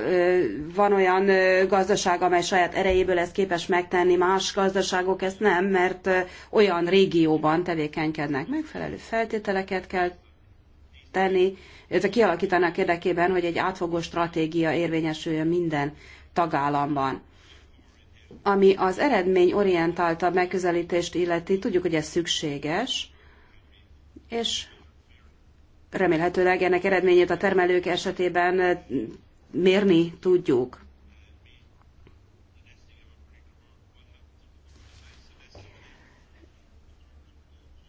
van olyan gazdaság, amely saját erejéből ezt képes megtenni, más gazdaságok ezt nem, mert olyan régióban tevékenykednek. Megfelelő feltételeket kell tenni, illetve kialakítanak érdekében, hogy egy átfogó stratégia érvényesüljön minden tagállamban. Ami az eredmény orientáltabb megközelítést illeti, tudjuk, hogy ez szükséges, és remélhetőleg ennek eredményét a termelők esetében mérni tudjuk.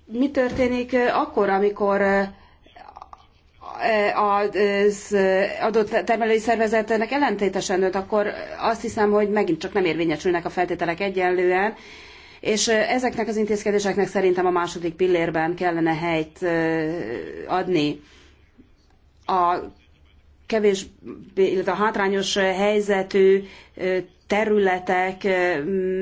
Mi történik akkor, amikor eh, az adott termelői szervezetnek ellentétesen nőtt, akkor azt hiszem, hogy megint csak nem érvényesülnek a feltételek egyenlően, és ezeknek az intézkedéseknek szerintem a második pillérben kellene helyt eh, adni. A kevés illetve a hátrányos helyzetű területek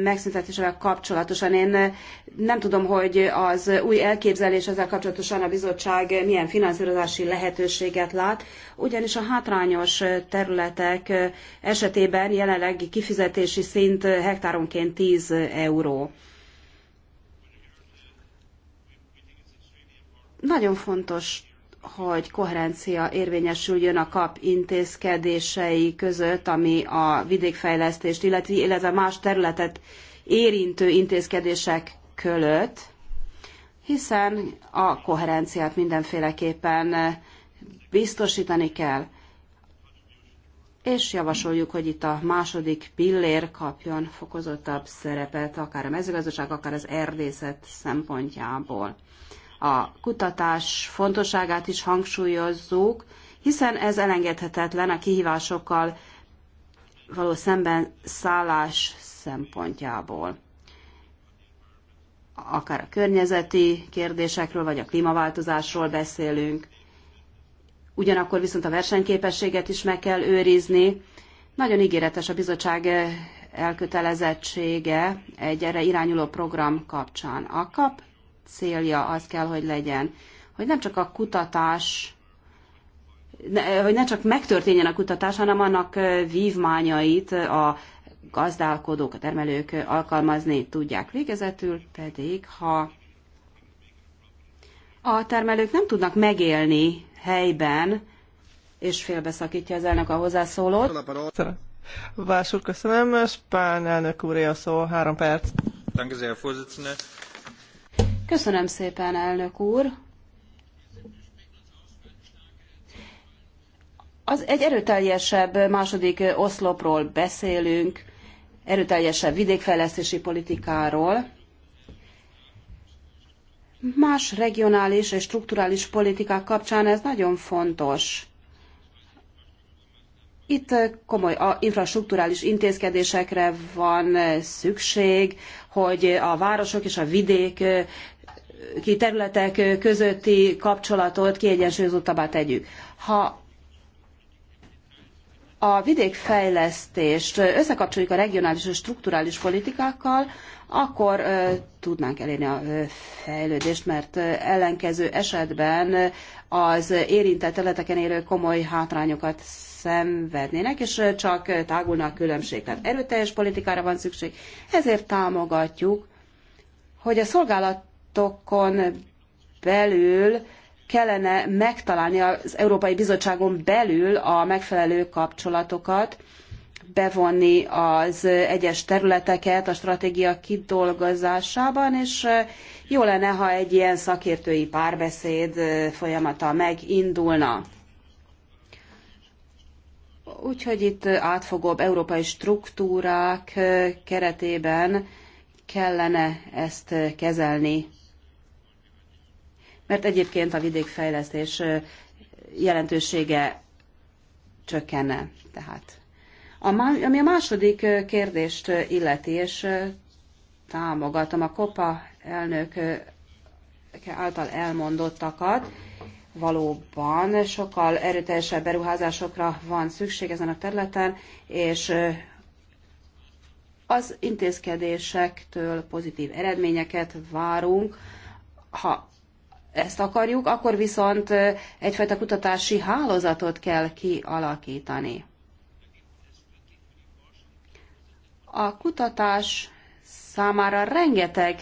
megszüntetésével kapcsolatosan. Én nem tudom, hogy az új elképzelés ezzel kapcsolatosan a bizottság milyen finanszírozási lehetőséget lát, ugyanis a hátrányos területek esetében jelenlegi kifizetési szint hektáronként 10 euró. Nagyon fontos hogy koherencia érvényesüljön a kap intézkedései között, ami a vidékfejlesztést illeti, illetve más területet érintő intézkedések között, hiszen a koherenciát mindenféleképpen biztosítani kell. És javasoljuk, hogy itt a második pillér kapjon fokozottabb szerepet, akár a mezőgazdaság, akár az erdészet szempontjából a kutatás fontosságát is hangsúlyozzuk, hiszen ez elengedhetetlen a kihívásokkal való szemben szállás szempontjából. Akár a környezeti kérdésekről, vagy a klímaváltozásról beszélünk. Ugyanakkor viszont a versenyképességet is meg kell őrizni. Nagyon ígéretes a bizottság elkötelezettsége egy erre irányuló program kapcsán. A kap célja az kell, hogy legyen, hogy nem csak a kutatás, hogy ne csak megtörténjen a kutatás, hanem annak vívmányait a gazdálkodók, a termelők alkalmazni tudják. Végezetül pedig, ha a termelők nem tudnak megélni helyben, és félbeszakítja az elnök a hozzászólót. Vásúr, köszönöm. Spán elnök úr, a szó, három perc. Köszönöm szépen, elnök úr. Az egy erőteljesebb második oszlopról beszélünk, erőteljesebb vidékfejlesztési politikáról. Más regionális és strukturális politikák kapcsán ez nagyon fontos. Itt komoly a infrastruktúrális intézkedésekre van szükség, hogy a városok és a vidék ki területek közötti kapcsolatot kiegyensúlyozottabbá tegyük. Ha a vidékfejlesztést összekapcsoljuk a regionális és strukturális politikákkal, akkor tudnánk elérni a fejlődést, mert ellenkező esetben az érintett területeken élő komoly hátrányokat szenvednének, és csak tágulna a különbség. Tehát erőteljes politikára van szükség, ezért támogatjuk, hogy a szolgálat pártokon belül kellene megtalálni az Európai Bizottságon belül a megfelelő kapcsolatokat, bevonni az egyes területeket a stratégia kidolgozásában, és eh, jó lenne, ha egy ilyen szakértői párbeszéd eh, folyamata megindulna. Úgyhogy itt átfogóbb európai struktúrák eh, keretében kellene ezt kezelni mert egyébként a vidékfejlesztés jelentősége csökkenne. Tehát. a Ami a második kérdést illeti, és támogatom a Kopa elnök által elmondottakat, valóban sokkal erőteljesebb beruházásokra van szükség ezen a területen, és az intézkedésektől pozitív eredményeket várunk. Ha ezt akarjuk, akkor viszont egyfajta kutatási hálózatot kell kialakítani. A kutatás számára rengeteg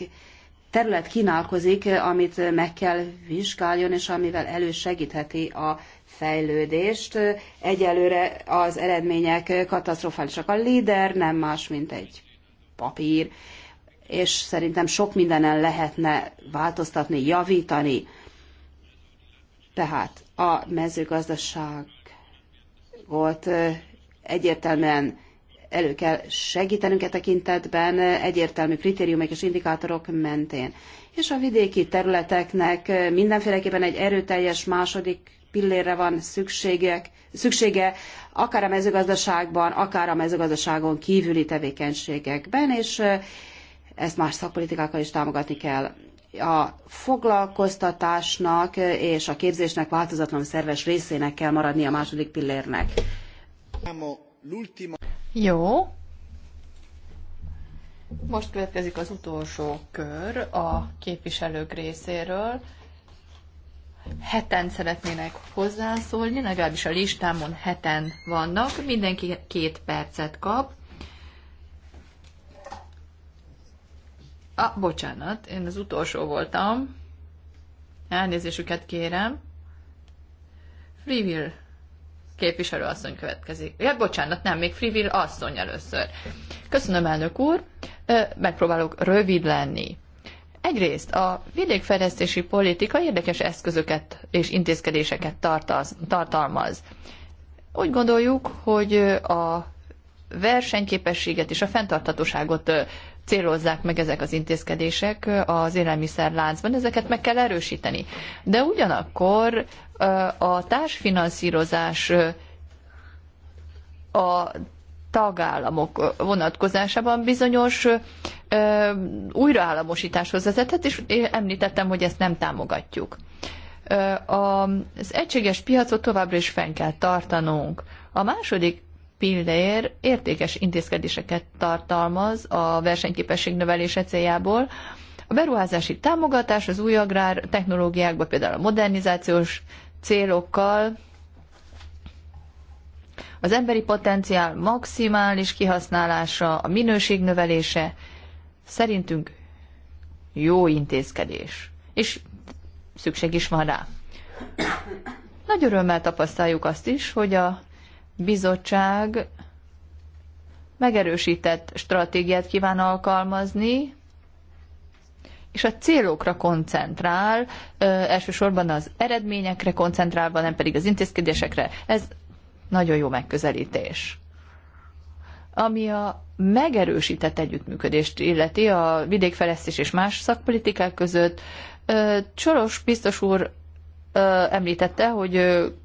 terület kínálkozik, amit meg kell vizsgáljon, és amivel elősegítheti a fejlődést. Egyelőre az eredmények katasztrofálisak. A líder nem más, mint egy papír és szerintem sok mindenen lehetne változtatni, javítani. Tehát a mezőgazdaságot egyértelműen elő kell segítenünk e tekintetben, egyértelmű kritériumok és indikátorok mentén. És a vidéki területeknek mindenféleképpen egy erőteljes második pillérre van szükségek, szüksége, akár a mezőgazdaságban, akár a mezőgazdaságon kívüli tevékenységekben, és ezt más szakpolitikákkal is támogatni kell. A foglalkoztatásnak és a képzésnek változatlan szerves részének kell maradni a második pillérnek. Jó. Most következik az utolsó kör a képviselők részéről. Heten szeretnének hozzászólni, legalábbis a listámon heten vannak, mindenki két percet kap Ah, bocsánat, én az utolsó voltam. Elnézésüket kérem. Freewill képviselő asszony következik. Ja, bocsánat, nem, még Freewill asszony először. Köszönöm, elnök úr. Megpróbálok rövid lenni. Egyrészt a vidékfejlesztési politika érdekes eszközöket és intézkedéseket tartalmaz. tartalmaz. Úgy gondoljuk, hogy a versenyképességet és a fenntartatóságot célozzák meg ezek az intézkedések az élelmiszerláncban, ezeket meg kell erősíteni. De ugyanakkor a társfinanszírozás a tagállamok vonatkozásában bizonyos ö, újraállamosításhoz vezethet, és említettem, hogy ezt nem támogatjuk. Az egységes piacot továbbra is fenn kell tartanunk. A második pillér értékes intézkedéseket tartalmaz a versenyképesség növelése céljából. A beruházási támogatás az új agrár technológiákba, például a modernizációs célokkal, az emberi potenciál maximális kihasználása, a minőség növelése szerintünk jó intézkedés, és szükség is van rá. Nagy örömmel tapasztaljuk azt is, hogy a bizottság megerősített stratégiát kíván alkalmazni, és a célokra koncentrál, elsősorban az eredményekre koncentrálva, nem pedig az intézkedésekre. Ez nagyon jó megközelítés. Ami a megerősített együttműködést illeti a vidékfejlesztés és más szakpolitikák között, Csoros biztos úr említette, hogy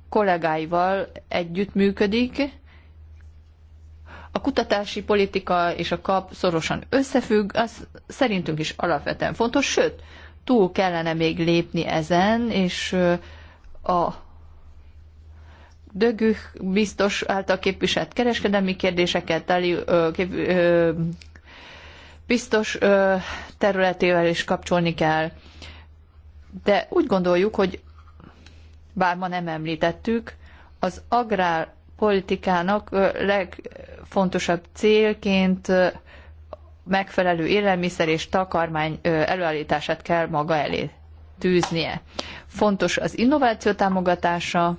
kollégáival együttműködik. A kutatási politika és a kap szorosan összefügg, az szerintünk is alapvetően fontos, sőt, túl kellene még lépni ezen, és a Dögük biztos által képviselt kereskedelmi kérdéseket, teli, ö, kép, ö, biztos ö, területével is kapcsolni kell. De úgy gondoljuk, hogy bár ma nem említettük, az agrárpolitikának legfontosabb célként megfelelő élelmiszer és takarmány előállítását kell maga elé tűznie. Fontos az innováció támogatása,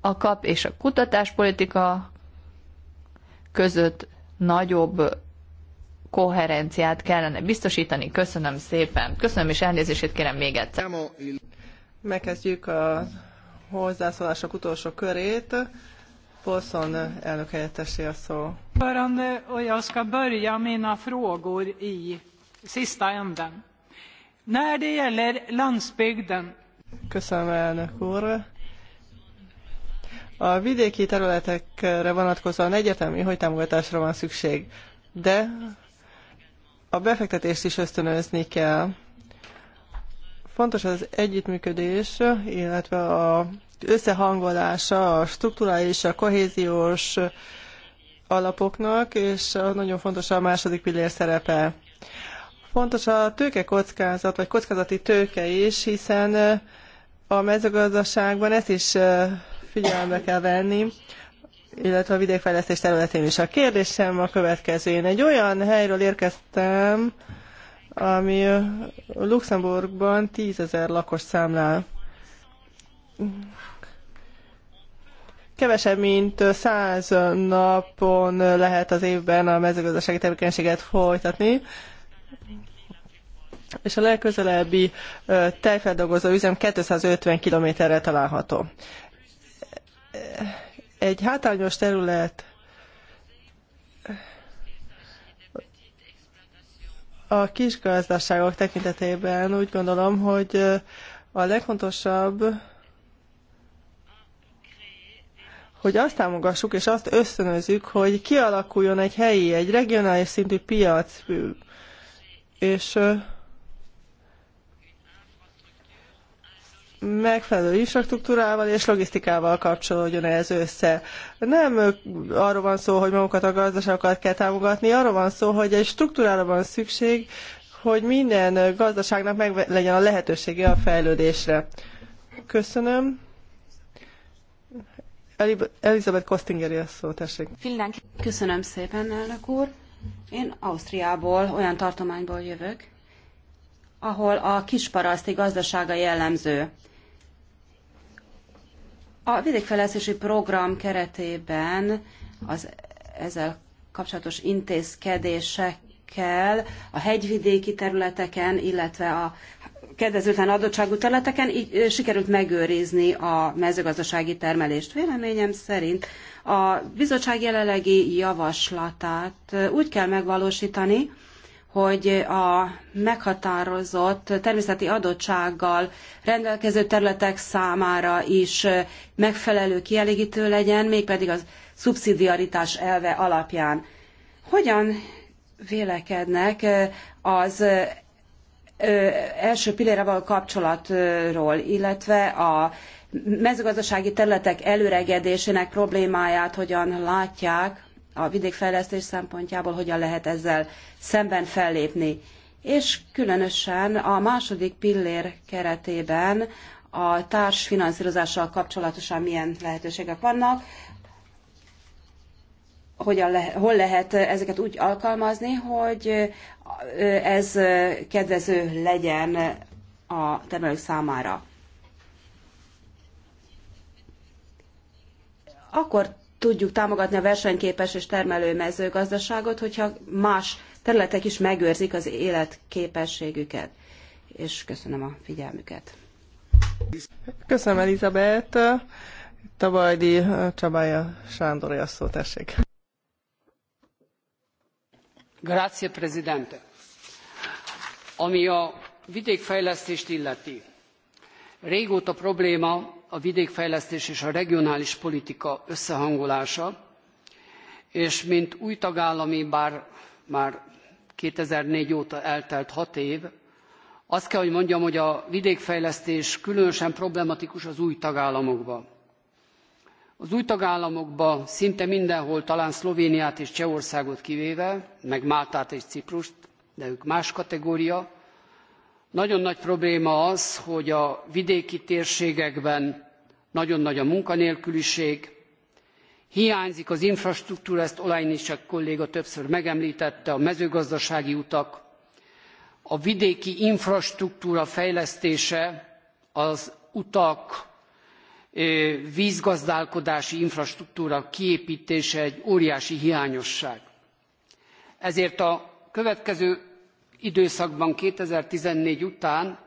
a kap és a kutatáspolitika között nagyobb koherenciát kellene biztosítani. Köszönöm szépen. Köszönöm és elnézését kérem még egyszer. Megkezdjük a hozzászólások utolsó körét. Polszon elnök helyettesé a szó. Förande, och jag ska börja mina frågor i sista änden. När det gäller landsbygden. Köszönöm, elnök úr. A vidéki területekre vonatkozóan egyetemi, hogy támogatásra van szükség, de a befektetést is ösztönözni kell Fontos az együttműködés, illetve a összehangolása a struktúrális, a kohéziós alapoknak, és nagyon fontos a második pillér szerepe. Fontos a kockázat, vagy kockázati tőke is, hiszen a mezőgazdaságban ezt is figyelembe kell venni, illetve a vidékfejlesztés területén is. A kérdésem a következő. Én egy olyan helyről érkeztem, ami Luxemburgban tízezer lakos számlál. Kevesebb, mint száz napon lehet az évben a mezőgazdasági tevékenységet folytatni, és a legközelebbi tejfeldolgozó üzem 250 kilométerre található. Egy hátrányos terület A kisgazdaságok tekintetében úgy gondolom, hogy a legfontosabb, hogy azt támogassuk és azt ösztönözzük, hogy kialakuljon egy helyi, egy regionális szintű piac, és megfelelő infrastruktúrával és logisztikával kapcsolódjon ez össze. Nem arról van szó, hogy magukat a gazdaságokat kell támogatni, arról van szó, hogy egy struktúrára van szükség, hogy minden gazdaságnak meg legyen a lehetősége a fejlődésre. Köszönöm. Elizabeth Kostingeri a szó, tessék. Köszönöm szépen, elnök úr. Én Ausztriából, olyan tartományból jövök, ahol a kisparaszti gazdasága jellemző. A vidékfejlesztési program keretében az ezzel kapcsolatos intézkedésekkel a hegyvidéki területeken, illetve a kedvezőtlen adottságú területeken így sikerült megőrizni a mezőgazdasági termelést. Véleményem szerint a bizottság jelenlegi javaslatát úgy kell megvalósítani, hogy a meghatározott természeti adottsággal rendelkező területek számára is megfelelő kielégítő legyen, mégpedig a szubszidiaritás elve alapján. Hogyan vélekednek az első való kapcsolatról, illetve a mezőgazdasági területek előregedésének problémáját hogyan látják, a vidékfejlesztés szempontjából hogyan lehet ezzel szemben fellépni. És különösen a második pillér keretében a társfinanszírozással kapcsolatosan milyen lehetőségek vannak, hogyan le, hol lehet ezeket úgy alkalmazni, hogy ez kedvező legyen a termelők számára. Akkor tudjuk támogatni a versenyképes és termelő mezőgazdaságot, hogyha más területek is megőrzik az életképességüket. És köszönöm a figyelmüket. Köszönöm, Elizabeth. Tabajdi Csabája Sándor, a szó, tessék. Grazie, Presidente. Ami a vidékfejlesztést illeti, régóta probléma, a vidékfejlesztés és a regionális politika összehangolása, és mint új tagállami, bár már 2004 óta eltelt hat év, azt kell, hogy mondjam, hogy a vidékfejlesztés különösen problematikus az új tagállamokban. Az új tagállamokban szinte mindenhol, talán Szlovéniát és Csehországot kivéve, meg Máltát és Ciprust, de ők más kategória, nagyon nagy probléma az, hogy a vidéki térségekben nagyon nagy a munkanélküliség hiányzik az infrastruktúra ezt olejniczak kolléga többször megemltette a mezőgazdasági utak a vidéki infrastruktúra fejlesztése az utak vzgazdálkodási infrastruktúra kiéptése egy óriási hiányosság. ezért a következő időszakban two thousand and fourteen után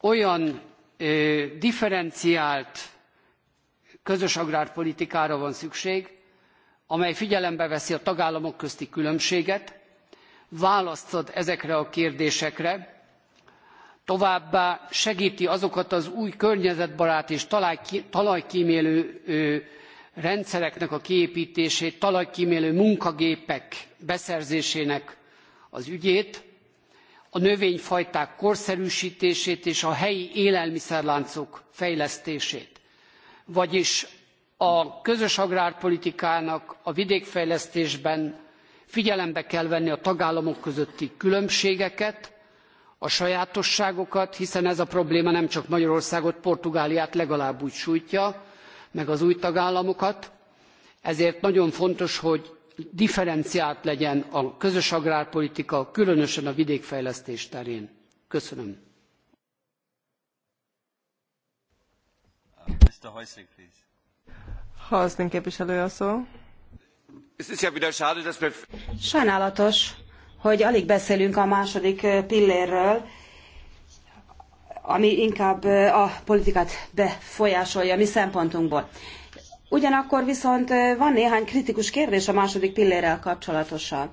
olyan differenciált közös agrárpolitikára van szükség amely figyelembe veszi a tagállamok közti különbséget választ ad ezekre a kérdésekre továbbá segti azokat az új környezetbarát és talajkmélő rendszereknek a kiéptését talajkmélő munkagépek beszerzésének az ügyét a növényfajták korszerűsítését és a helyi élelmiszerláncok fejlesztését. Vagyis a közös agrárpolitikának a vidékfejlesztésben figyelembe kell venni a tagállamok közötti különbségeket, a sajátosságokat, hiszen ez a probléma nem csak Magyarországot, Portugáliát legalább úgy sújtja, meg az új tagállamokat. Ezért nagyon fontos, hogy differenciált legyen a közös agrárpolitika, különösen a vidékfejlesztés terén. Köszönöm. Uh, Mr. Heusling, please. képviselő a szó. Sajnálatos, hogy alig beszélünk a második uh, pillérről, ami inkább uh, a politikát befolyásolja mi szempontunkból. Ugyanakkor viszont van néhány kritikus kérdés a második pillérrel kapcsolatosan.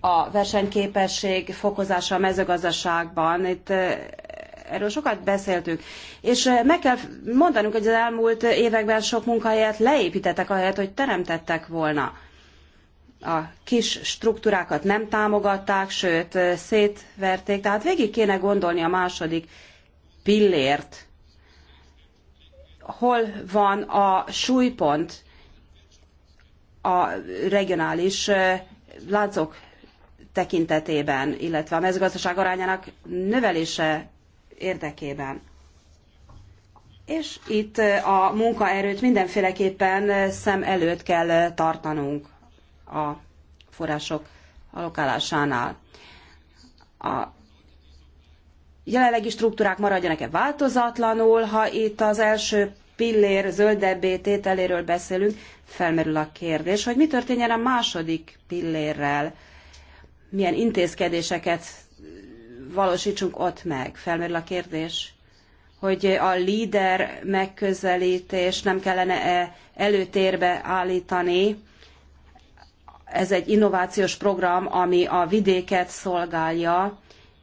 A versenyképesség fokozása a mezőgazdaságban, itt erről sokat beszéltünk, és meg kell mondanunk, hogy az elmúlt években sok munkahelyet leépítettek ahelyett, hogy teremtettek volna. A kis struktúrákat nem támogatták, sőt, szétverték, tehát végig kéne gondolni a második pillért hol van a súlypont a regionális láncok tekintetében, illetve a mezőgazdaság arányának növelése érdekében. És itt a munkaerőt mindenféleképpen szem előtt kell tartanunk a források allokálásánál. A jelenlegi struktúrák maradjanak-e változatlanul, ha itt az első pillér zöldebbé tételéről beszélünk, felmerül a kérdés, hogy mi történjen a második pillérrel, milyen intézkedéseket valósítsunk ott meg. Felmerül a kérdés, hogy a líder megközelítés nem kellene -e előtérbe állítani. Ez egy innovációs program, ami a vidéket szolgálja,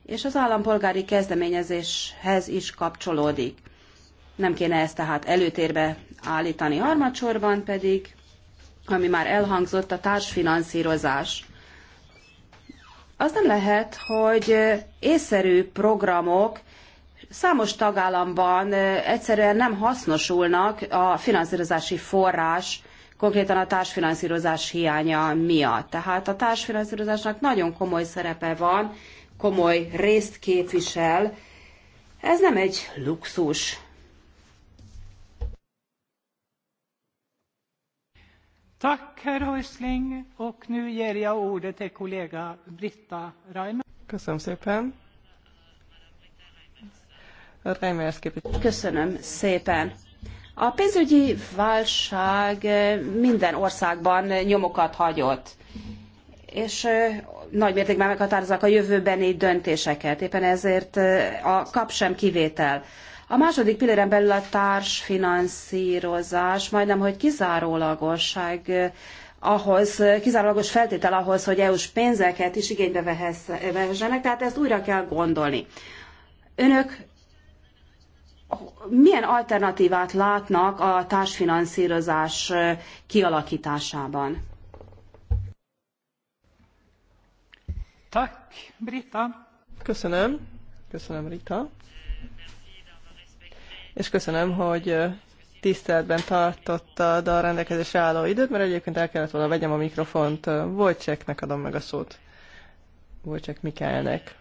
és az állampolgári kezdeményezéshez is kapcsolódik. Nem kéne ezt tehát előtérbe állítani. Harmadsorban pedig, ami már elhangzott, a társfinanszírozás. Az nem lehet, hogy észszerű programok számos tagállamban egyszerűen nem hasznosulnak a finanszírozási forrás, konkrétan a társfinanszírozás hiánya miatt. Tehát a társfinanszírozásnak nagyon komoly szerepe van, komoly részt képvisel. Ez nem egy luxus. Tack, herr Häusling, och nu ger jag ordet till kollega Britta Reimer. Köszönöm szépen. Reimers Köszönöm szépen. A pénzügyi válság eh, minden országban nyomokat hagyott. És eh, nagy mértékben meghatározzák a jövőbeni döntéseket. Éppen ezért a kap sem kivétel. A második pilléren belül a társfinanszírozás majdnem, hogy kizárólagosság ahhoz, kizárólagos feltétel ahhoz, hogy EU-s pénzeket is igénybe vehessenek, tehát ezt újra kell gondolni. Önök milyen alternatívát látnak a társfinanszírozás kialakításában? Brita. Köszönöm. Köszönöm, Rita. És köszönöm, hogy tiszteletben tartottad a rendelkezésre álló időt, mert egyébként el kellett volna vegyem a mikrofont. Vojcseknek adom meg a szót. Vojcsek Mikálnek.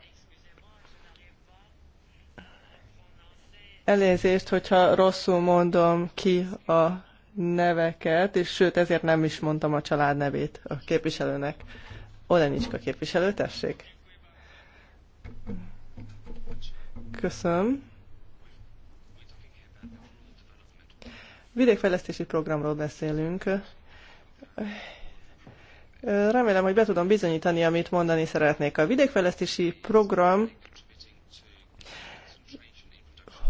Elnézést, hogyha rosszul mondom ki a neveket, és sőt, ezért nem is mondtam a család nevét a képviselőnek. Olenicska képviselő, tessék. Köszönöm. Vidékfejlesztési programról beszélünk. Remélem, hogy be tudom bizonyítani, amit mondani szeretnék. A vidékfejlesztési program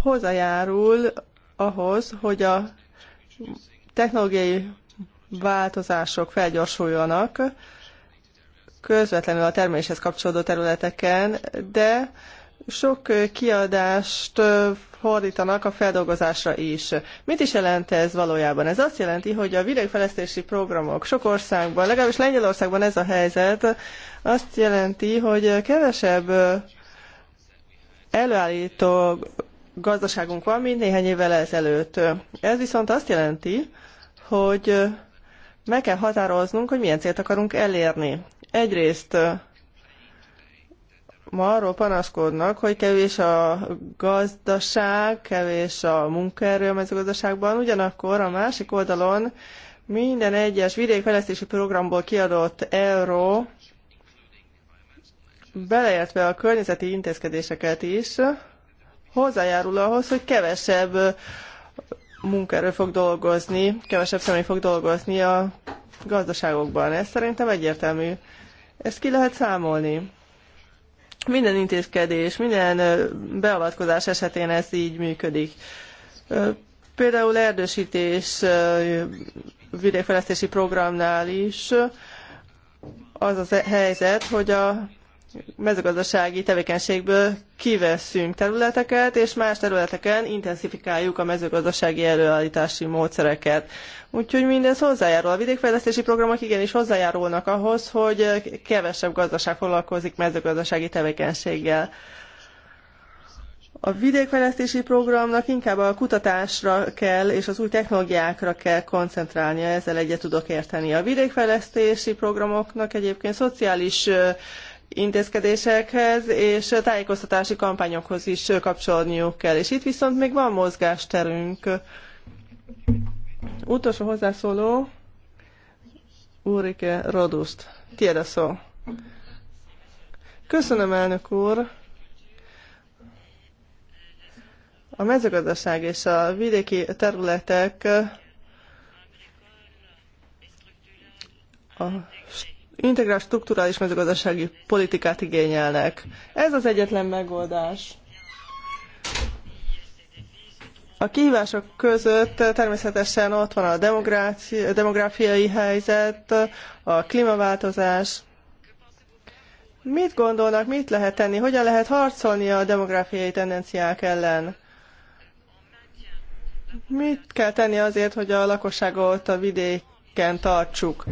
hozzájárul ahhoz, hogy a technológiai változások felgyorsuljanak, közvetlenül a terméshez kapcsolódó területeken, de sok kiadást fordítanak a feldolgozásra is. Mit is jelent ez valójában? Ez azt jelenti, hogy a vidékfejlesztési programok sok országban, legalábbis Lengyelországban ez a helyzet, azt jelenti, hogy kevesebb előállító gazdaságunk van, mint néhány évvel ezelőtt. Ez viszont azt jelenti, hogy meg kell határoznunk, hogy milyen célt akarunk elérni. Egyrészt ma arról panaszkodnak, hogy kevés a gazdaság, kevés a munkaerő a mezőgazdaságban, ugyanakkor a másik oldalon minden egyes vidékfejlesztési programból kiadott euró, beleértve a környezeti intézkedéseket is, hozzájárul ahhoz, hogy kevesebb munkaerő fog dolgozni, kevesebb személy fog dolgozni a gazdaságokban. Ez szerintem egyértelmű. Ezt ki lehet számolni. Minden intézkedés, minden beavatkozás esetén ez így működik. Például erdősítés vidékfejlesztési programnál is az a helyzet, hogy a mezőgazdasági tevékenységből kiveszünk területeket, és más területeken intenzifikáljuk a mezőgazdasági előállítási módszereket. Úgyhogy mindez hozzájárul. A vidékfejlesztési programok igenis hozzájárulnak ahhoz, hogy kevesebb gazdaság foglalkozik mezőgazdasági tevékenységgel. A vidékfejlesztési programnak inkább a kutatásra kell és az új technológiákra kell koncentrálnia, ezzel egyet tudok érteni. A vidékfejlesztési programoknak egyébként szociális intézkedésekhez és tájékoztatási kampányokhoz is kapcsolódniuk kell. És itt viszont még van mozgásterünk. Utolsó hozzászóló, Úrike Rodust. Tiéd a szó. Köszönöm, elnök úr. A mezőgazdaság és a vidéki területek a integrált strukturális mezőgazdasági politikát igényelnek. Ez az egyetlen megoldás. A kihívások között természetesen ott van a demográfiai helyzet, a klímaváltozás. Mit gondolnak, mit lehet tenni, hogyan lehet harcolni a demográfiai tendenciák ellen? Mit kell tenni azért, hogy a lakosságot a vidéken tartsuk?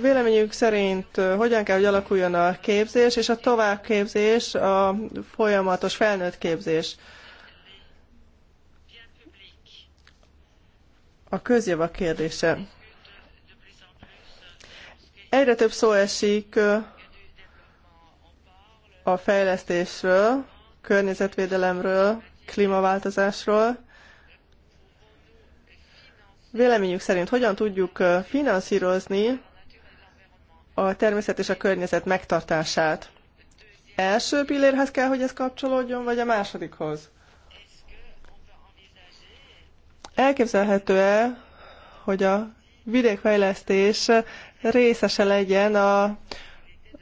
Véleményük szerint hogyan kell, hogy alakuljon a képzés és a továbbképzés, a folyamatos felnőtt képzés. A közjava kérdése. Egyre több szó esik a fejlesztésről, környezetvédelemről, klímaváltozásról. Véleményük szerint hogyan tudjuk finanszírozni a természet és a környezet megtartását. Első pillérhez kell, hogy ez kapcsolódjon, vagy a másodikhoz? Elképzelhető-e, hogy a vidékfejlesztés részese legyen a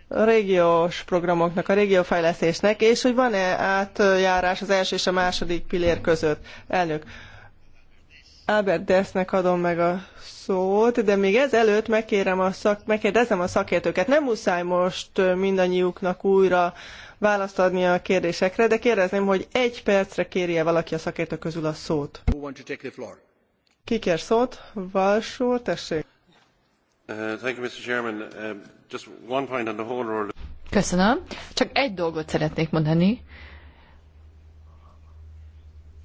régiós programoknak, a régiófejlesztésnek, és hogy van-e átjárás az első és a második pillér között? Elnök, Albert Dessnek adom meg a szót, de még ez előtt megkérem a szak, megkérdezem a szakértőket. Nem muszáj most mindannyiuknak újra választ adni a kérdésekre, de kérdezném, hogy egy percre kérje valaki a szakértő közül a szót. Ki kér szót? Valsó, tessék. Uh, uh, Köszönöm. Csak egy dolgot szeretnék mondani.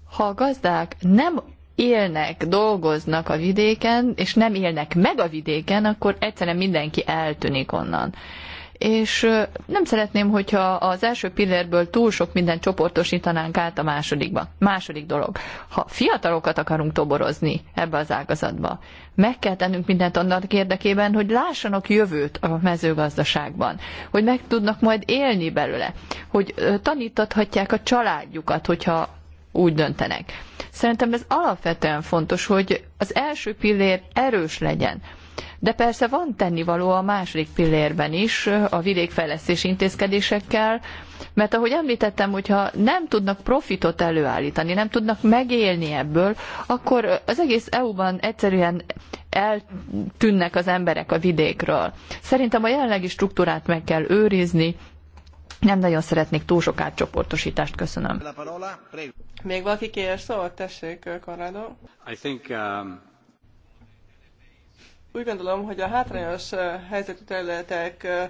Ha a gazdák nem élnek, dolgoznak a vidéken, és nem élnek meg a vidéken, akkor egyszerűen mindenki eltűnik onnan. És nem szeretném, hogyha az első pillérből túl sok minden csoportosítanánk át a másodikba. Második dolog, ha fiatalokat akarunk toborozni ebbe az ágazatba, meg kell tennünk mindent annak érdekében, hogy lássanak jövőt a mezőgazdaságban, hogy meg tudnak majd élni belőle, hogy tanítathatják a családjukat, hogyha úgy döntenek. Szerintem ez alapvetően fontos, hogy az első pillér erős legyen. De persze van tennivaló a második pillérben is a vidékfejlesztés intézkedésekkel, mert ahogy említettem, hogyha nem tudnak profitot előállítani, nem tudnak megélni ebből, akkor az egész EU-ban egyszerűen eltűnnek az emberek a vidékről. Szerintem a jelenlegi struktúrát meg kell őrizni, nem nagyon szeretnék túl sok átcsoportosítást. Köszönöm. Még valaki kér szót? Tessék, Conrado. I think, um... Úgy gondolom, hogy a hátrányos uh, helyzetű területek uh,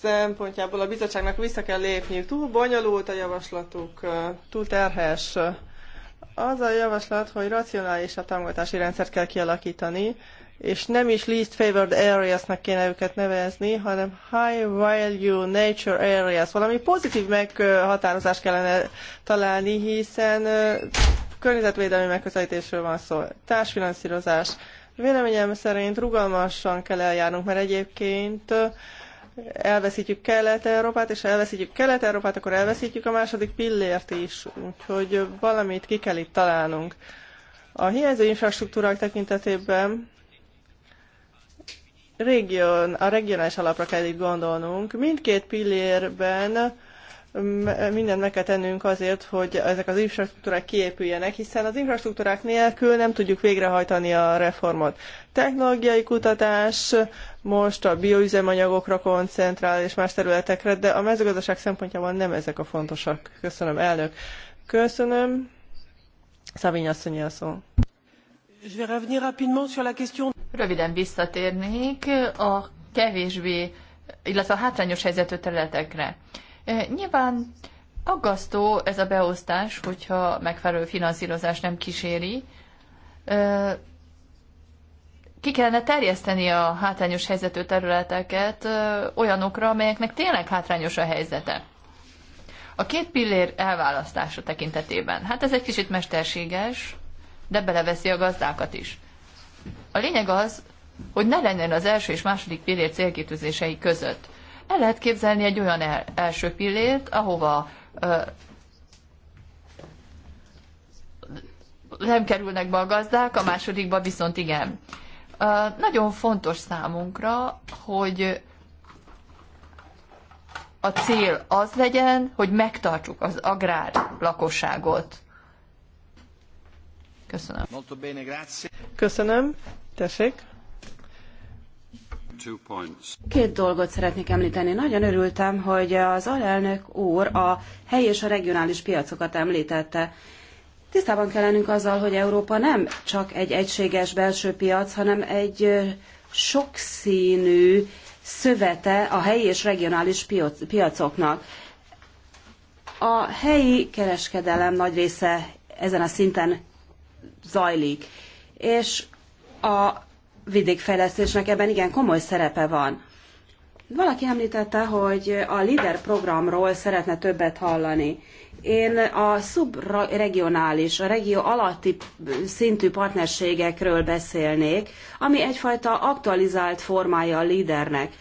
szempontjából a bizottságnak vissza kell lépniük. Túl bonyolult a javaslatuk, uh, túl terhes. Az a javaslat, hogy a támogatási rendszert kell kialakítani, és nem is least favored areas-nak kéne őket nevezni, hanem high value nature areas. Valami pozitív meghatározást kellene találni, hiszen környezetvédelmi megközelítésről van szó. Társfinanszírozás. Véleményem szerint rugalmasan kell eljárnunk, mert egyébként elveszítjük Kelet-Európát, és ha elveszítjük Kelet-Európát, akkor elveszítjük a második pillért is. Úgyhogy valamit ki kell itt találnunk. A hiányzó infrastruktúrák tekintetében region, a regionális alapra kell itt gondolnunk. Mindkét pillérben mm, mindent meg kell tennünk azért, hogy ezek az infrastruktúrák kiépüljenek, hiszen az infrastruktúrák nélkül nem tudjuk végrehajtani a reformot. Technológiai kutatás most a bioüzemanyagokra koncentrál és más területekre, de a mezőgazdaság szempontjából nem ezek a fontosak. Köszönöm, elnök. Köszönöm. Szabiny asszony a szó. Röviden visszatérnék a kevésbé, illetve a hátrányos helyzetű területekre. E, nyilván aggasztó ez a beosztás, hogyha megfelelő finanszírozás nem kíséri. E, ki kellene terjeszteni a hátrányos helyzetű területeket e, olyanokra, amelyeknek tényleg hátrányos a helyzete. A két pillér elválasztása tekintetében. Hát ez egy kicsit mesterséges, de beleveszi a gazdákat is. A lényeg az, hogy ne lenjen az első és második pillér célkitűzései között. El lehet képzelni egy olyan el, első pillért, ahova ö, nem kerülnek be a gazdák, a másodikba viszont igen. Ö, nagyon fontos számunkra, hogy a cél az legyen, hogy megtartsuk az agrár lakosságot. Köszönöm. Molto bene, grazie. Köszönöm. Tessék. Két dolgot szeretnék említeni. Nagyon örültem, hogy az alelnök úr a helyi és a regionális piacokat említette. Tisztában kell lennünk azzal, hogy Európa nem csak egy egységes belső piac, hanem egy sokszínű szövete a helyi és regionális piacoknak. A helyi kereskedelem nagy része ezen a szinten zajlik. És a vidékfejlesztésnek ebben igen komoly szerepe van. Valaki említette, hogy a LIDER programról szeretne többet hallani. Én a szubregionális, a regió alatti szintű partnerségekről beszélnék, ami egyfajta aktualizált formája a LIDERnek.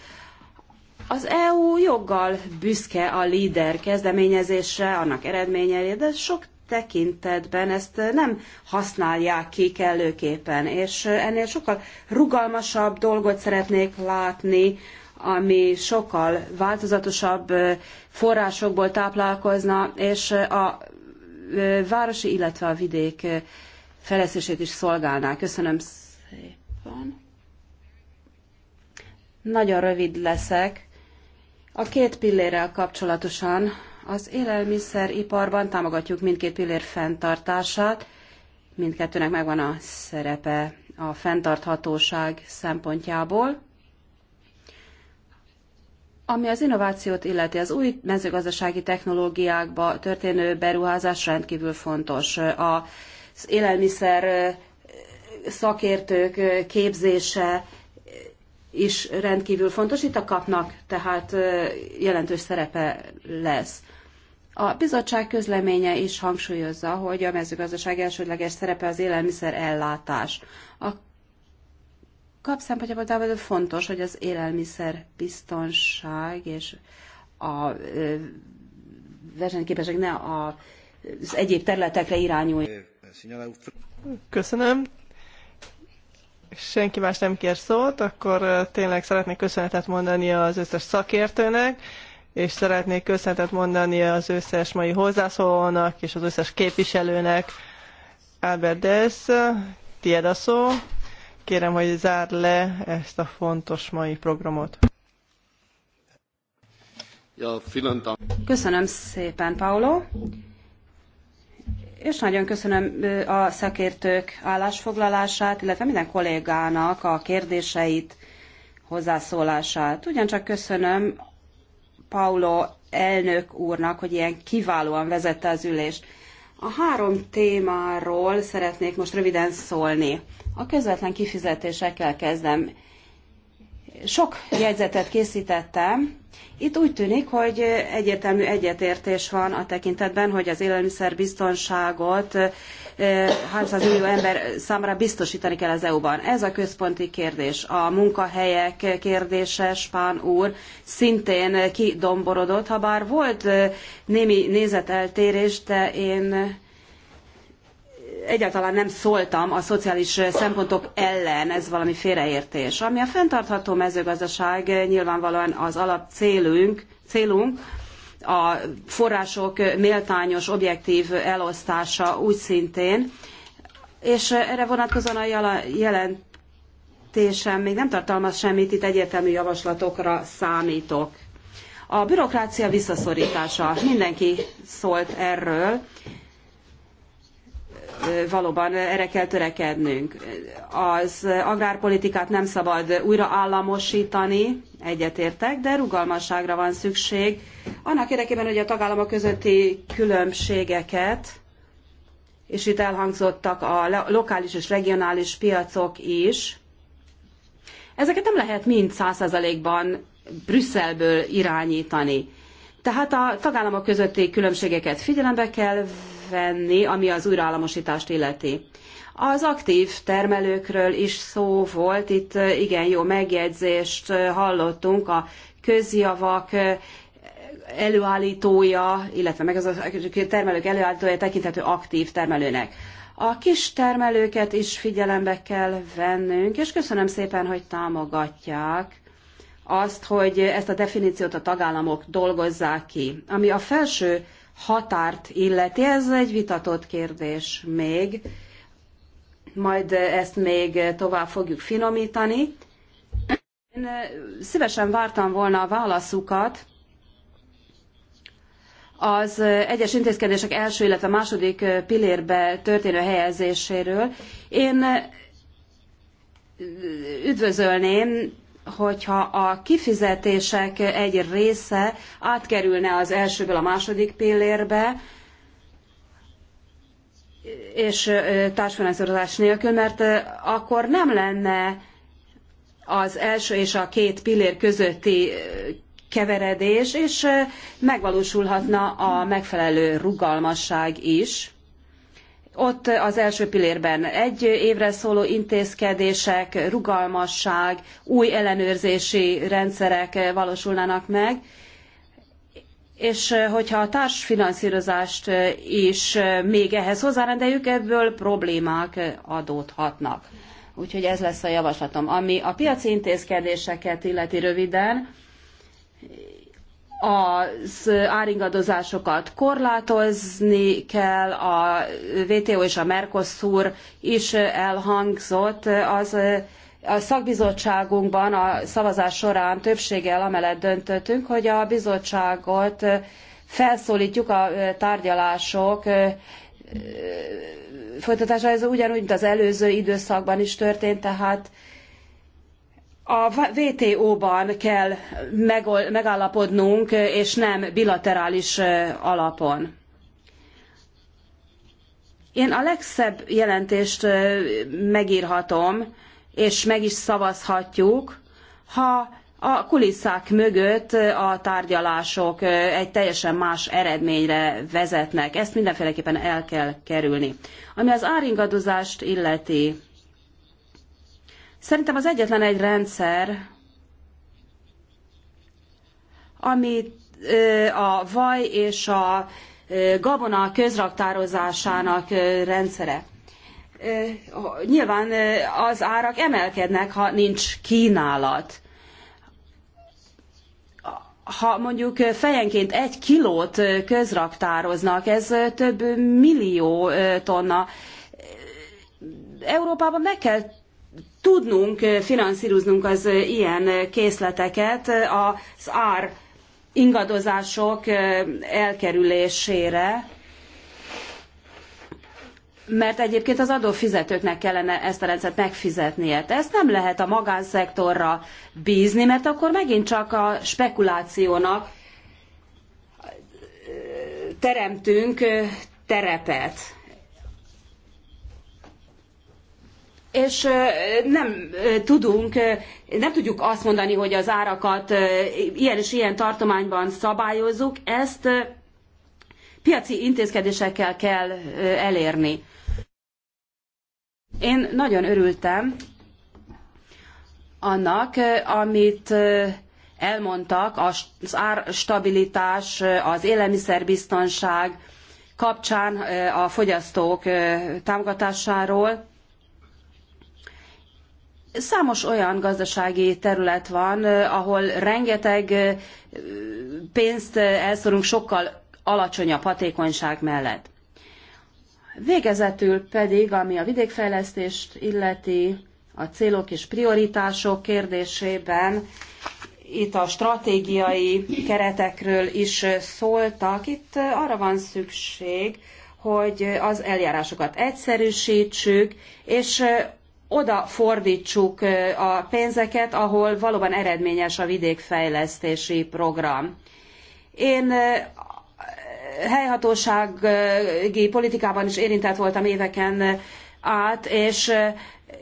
Az EU joggal büszke a LIDER kezdeményezésre, annak eredményeire, de sok tekintetben ezt nem használják ki kellőképpen, és ennél sokkal rugalmasabb dolgot szeretnék látni, ami sokkal változatosabb forrásokból táplálkozna, és a városi, illetve a vidék fejlesztését is szolgálná. Köszönöm szépen. Nagyon rövid leszek. A két pillérrel kapcsolatosan az élelmiszeriparban támogatjuk mindkét pillér fenntartását, mindkettőnek megvan a szerepe a fenntarthatóság szempontjából. Ami az innovációt illeti, az új mezőgazdasági technológiákba történő beruházás rendkívül fontos. Az élelmiszer szakértők képzése is rendkívül fontos. Itt a kapnak tehát jelentős szerepe lesz. A bizottság közleménye is hangsúlyozza, hogy a mezőgazdaság elsődleges szerepe az élelmiszer ellátás. A kap szempontjából fontos, hogy az élelmiszer biztonság és a versenyképesek ne a, az egyéb területekre irányul. Köszönöm. Senki más nem kér szót, akkor tényleg szeretnék köszönetet mondani az összes szakértőnek és szeretnék köszönetet mondani az összes mai hozzászólónak és az összes képviselőnek. Albert Dess, tiéd a szó. Kérem, hogy zárd le ezt a fontos mai programot. Köszönöm szépen, Paulo. És nagyon köszönöm a szakértők állásfoglalását, illetve minden kollégának a kérdéseit, hozzászólását. Ugyancsak köszönöm Paulo elnök úrnak, hogy ilyen kiválóan vezette az ülést. A három témáról szeretnék most röviden szólni. A közvetlen kifizetésekkel kezdem. Sok jegyzetet készítettem. Itt úgy tűnik, hogy egyértelmű egyetértés van a tekintetben, hogy az élelmiszerbiztonságot 300 millió ember számára biztosítani kell az EU-ban. Ez a központi kérdés. A munkahelyek kérdése, Spán úr, szintén kidomborodott, ha bár volt némi nézeteltérés, de én egyáltalán nem szóltam a szociális szempontok ellen, ez valami félreértés. Ami a fenntartható mezőgazdaság nyilvánvalóan az alap célunk, célunk a források méltányos, objektív elosztása úgy szintén, és erre vonatkozóan a jelentésem még nem tartalmaz semmit, itt egyértelmű javaslatokra számítok. A bürokrácia visszaszorítása, mindenki szólt erről, valóban erre kell törekednünk. Az agrárpolitikát nem szabad újra államosítani, egyetértek, de rugalmasságra van szükség. Annak érdekében, hogy a tagállamok közötti különbségeket, és itt elhangzottak a lokális és regionális piacok is, ezeket nem lehet mind ban Brüsszelből irányítani. Tehát a tagállamok közötti különbségeket figyelembe kell venni, ami az újraállamosítást illeti. Az aktív termelőkről is szó volt, itt igen jó megjegyzést hallottunk a közjavak előállítója, illetve meg az a termelők előállítója tekinthető aktív termelőnek. A kis termelőket is figyelembe kell vennünk, és köszönöm szépen, hogy támogatják azt, hogy ezt a definíciót a tagállamok dolgozzák ki. Ami a felső határt illeti. Ez egy vitatott kérdés még, majd ezt még tovább fogjuk finomítani. Én szívesen vártam volna a válaszukat, az egyes intézkedések első, illetve második pillérbe történő helyezéséről. Én üdvözölném, hogyha a kifizetések egy része átkerülne az elsőből a második pillérbe, és társfinanszírozás nélkül, mert akkor nem lenne az első és a két pillér közötti keveredés, és megvalósulhatna a megfelelő rugalmasság is. Ott az első pillérben egy évre szóló intézkedések, rugalmasság, új ellenőrzési rendszerek valósulnának meg, és eh, hogyha a társfinanszírozást eh, is eh, még ehhez hozzárendeljük, ebből problémák adódhatnak. Úgyhogy ez lesz a javaslatom. Ami a piaci intézkedéseket illeti röviden, az áringadozásokat korlátozni kell, a WTO és a Mercosur is elhangzott, az a szakbizottságunkban a szavazás során többséggel amellett döntöttünk, hogy a bizottságot felszólítjuk a tárgyalások folytatására, ez ugyanúgy, mint az előző időszakban is történt, tehát a WTO-ban kell megállapodnunk, és nem bilaterális alapon. Én a legszebb jelentést megírhatom, és meg is szavazhatjuk, ha a kulisszák mögött a tárgyalások egy teljesen más eredményre vezetnek. Ezt mindenféleképpen el kell kerülni. Ami az áringadozást illeti, Szerintem az egyetlen egy rendszer, amit a vaj és a gabona közraktározásának rendszere. Nyilván az árak emelkednek, ha nincs kínálat. Ha mondjuk fejenként egy kilót közraktároznak, ez több millió tonna. Európában meg kell tudnunk eh, finanszíroznunk az eh, ilyen eh, készleteket az ár ingadozások elkerülésére, mert egyébként az adófizetőknek kellene ezt a rendszert megfizetnie. De ezt nem lehet a magánszektorra bízni, mert akkor megint csak a spekulációnak teremtünk terepet. és nem tudunk, nem tudjuk azt mondani, hogy az árakat ilyen és ilyen tartományban szabályozzuk, ezt piaci intézkedésekkel kell elérni. Én nagyon örültem annak, amit elmondtak az árstabilitás, az élelmiszerbiztonság kapcsán a fogyasztók támogatásáról Számos olyan gazdasági terület van, ahol rengeteg pénzt elszorunk sokkal alacsonyabb hatékonyság mellett. Végezetül pedig, ami a vidékfejlesztést illeti, a célok és prioritások kérdésében, itt a stratégiai keretekről is szóltak. Itt arra van szükség, hogy az eljárásokat egyszerűsítsük, és oda fordítsuk a pénzeket, ahol valóban eredményes a vidékfejlesztési program. Én helyhatósági politikában is érintett voltam éveken át, és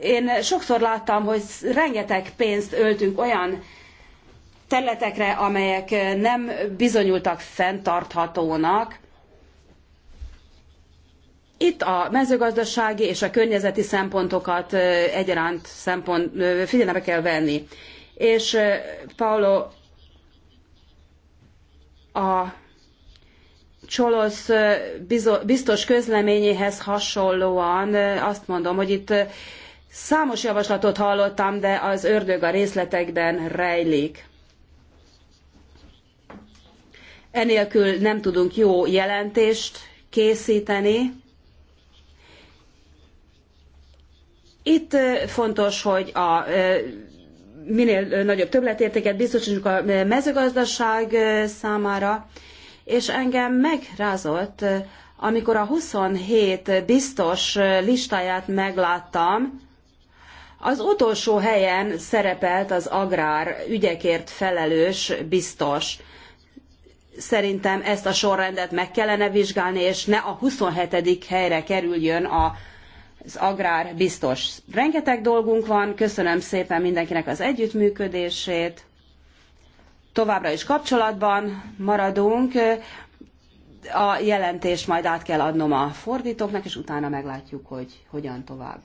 én sokszor láttam, hogy rengeteg pénzt öltünk olyan területekre, amelyek nem bizonyultak fenntarthatónak, itt a mezőgazdasági és a környezeti szempontokat egyaránt szempont, figyelembe kell venni. És Paulo a Csolosz biztos közleményéhez hasonlóan azt mondom, hogy itt számos javaslatot hallottam, de az ördög a részletekben rejlik. Enélkül nem tudunk jó jelentést készíteni, Itt fontos, hogy a minél nagyobb többletértéket biztosítsuk a mezőgazdaság számára, és engem megrázott, amikor a 27 biztos listáját megláttam, az utolsó helyen szerepelt az agrár ügyekért felelős biztos. Szerintem ezt a sorrendet meg kellene vizsgálni, és ne a 27. helyre kerüljön a az agrár biztos. Rengeteg dolgunk van, köszönöm szépen mindenkinek az együttműködését. Továbbra is kapcsolatban maradunk. A jelentést majd át kell adnom a fordítóknak, és utána meglátjuk, hogy hogyan tovább.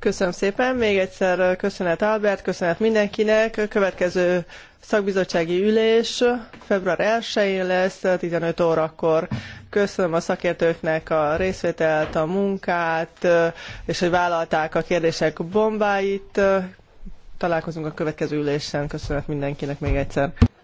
Köszönöm szépen, még egyszer köszönet Albert, köszönet mindenkinek. Következő szakbizottsági ülés február 1-én lesz, 15 órakor. Köszönöm a szakértőknek a részvételt, a munkát, és hogy vállalták a kérdések bombáit. Találkozunk a következő ülésen. Köszönet mindenkinek még egyszer.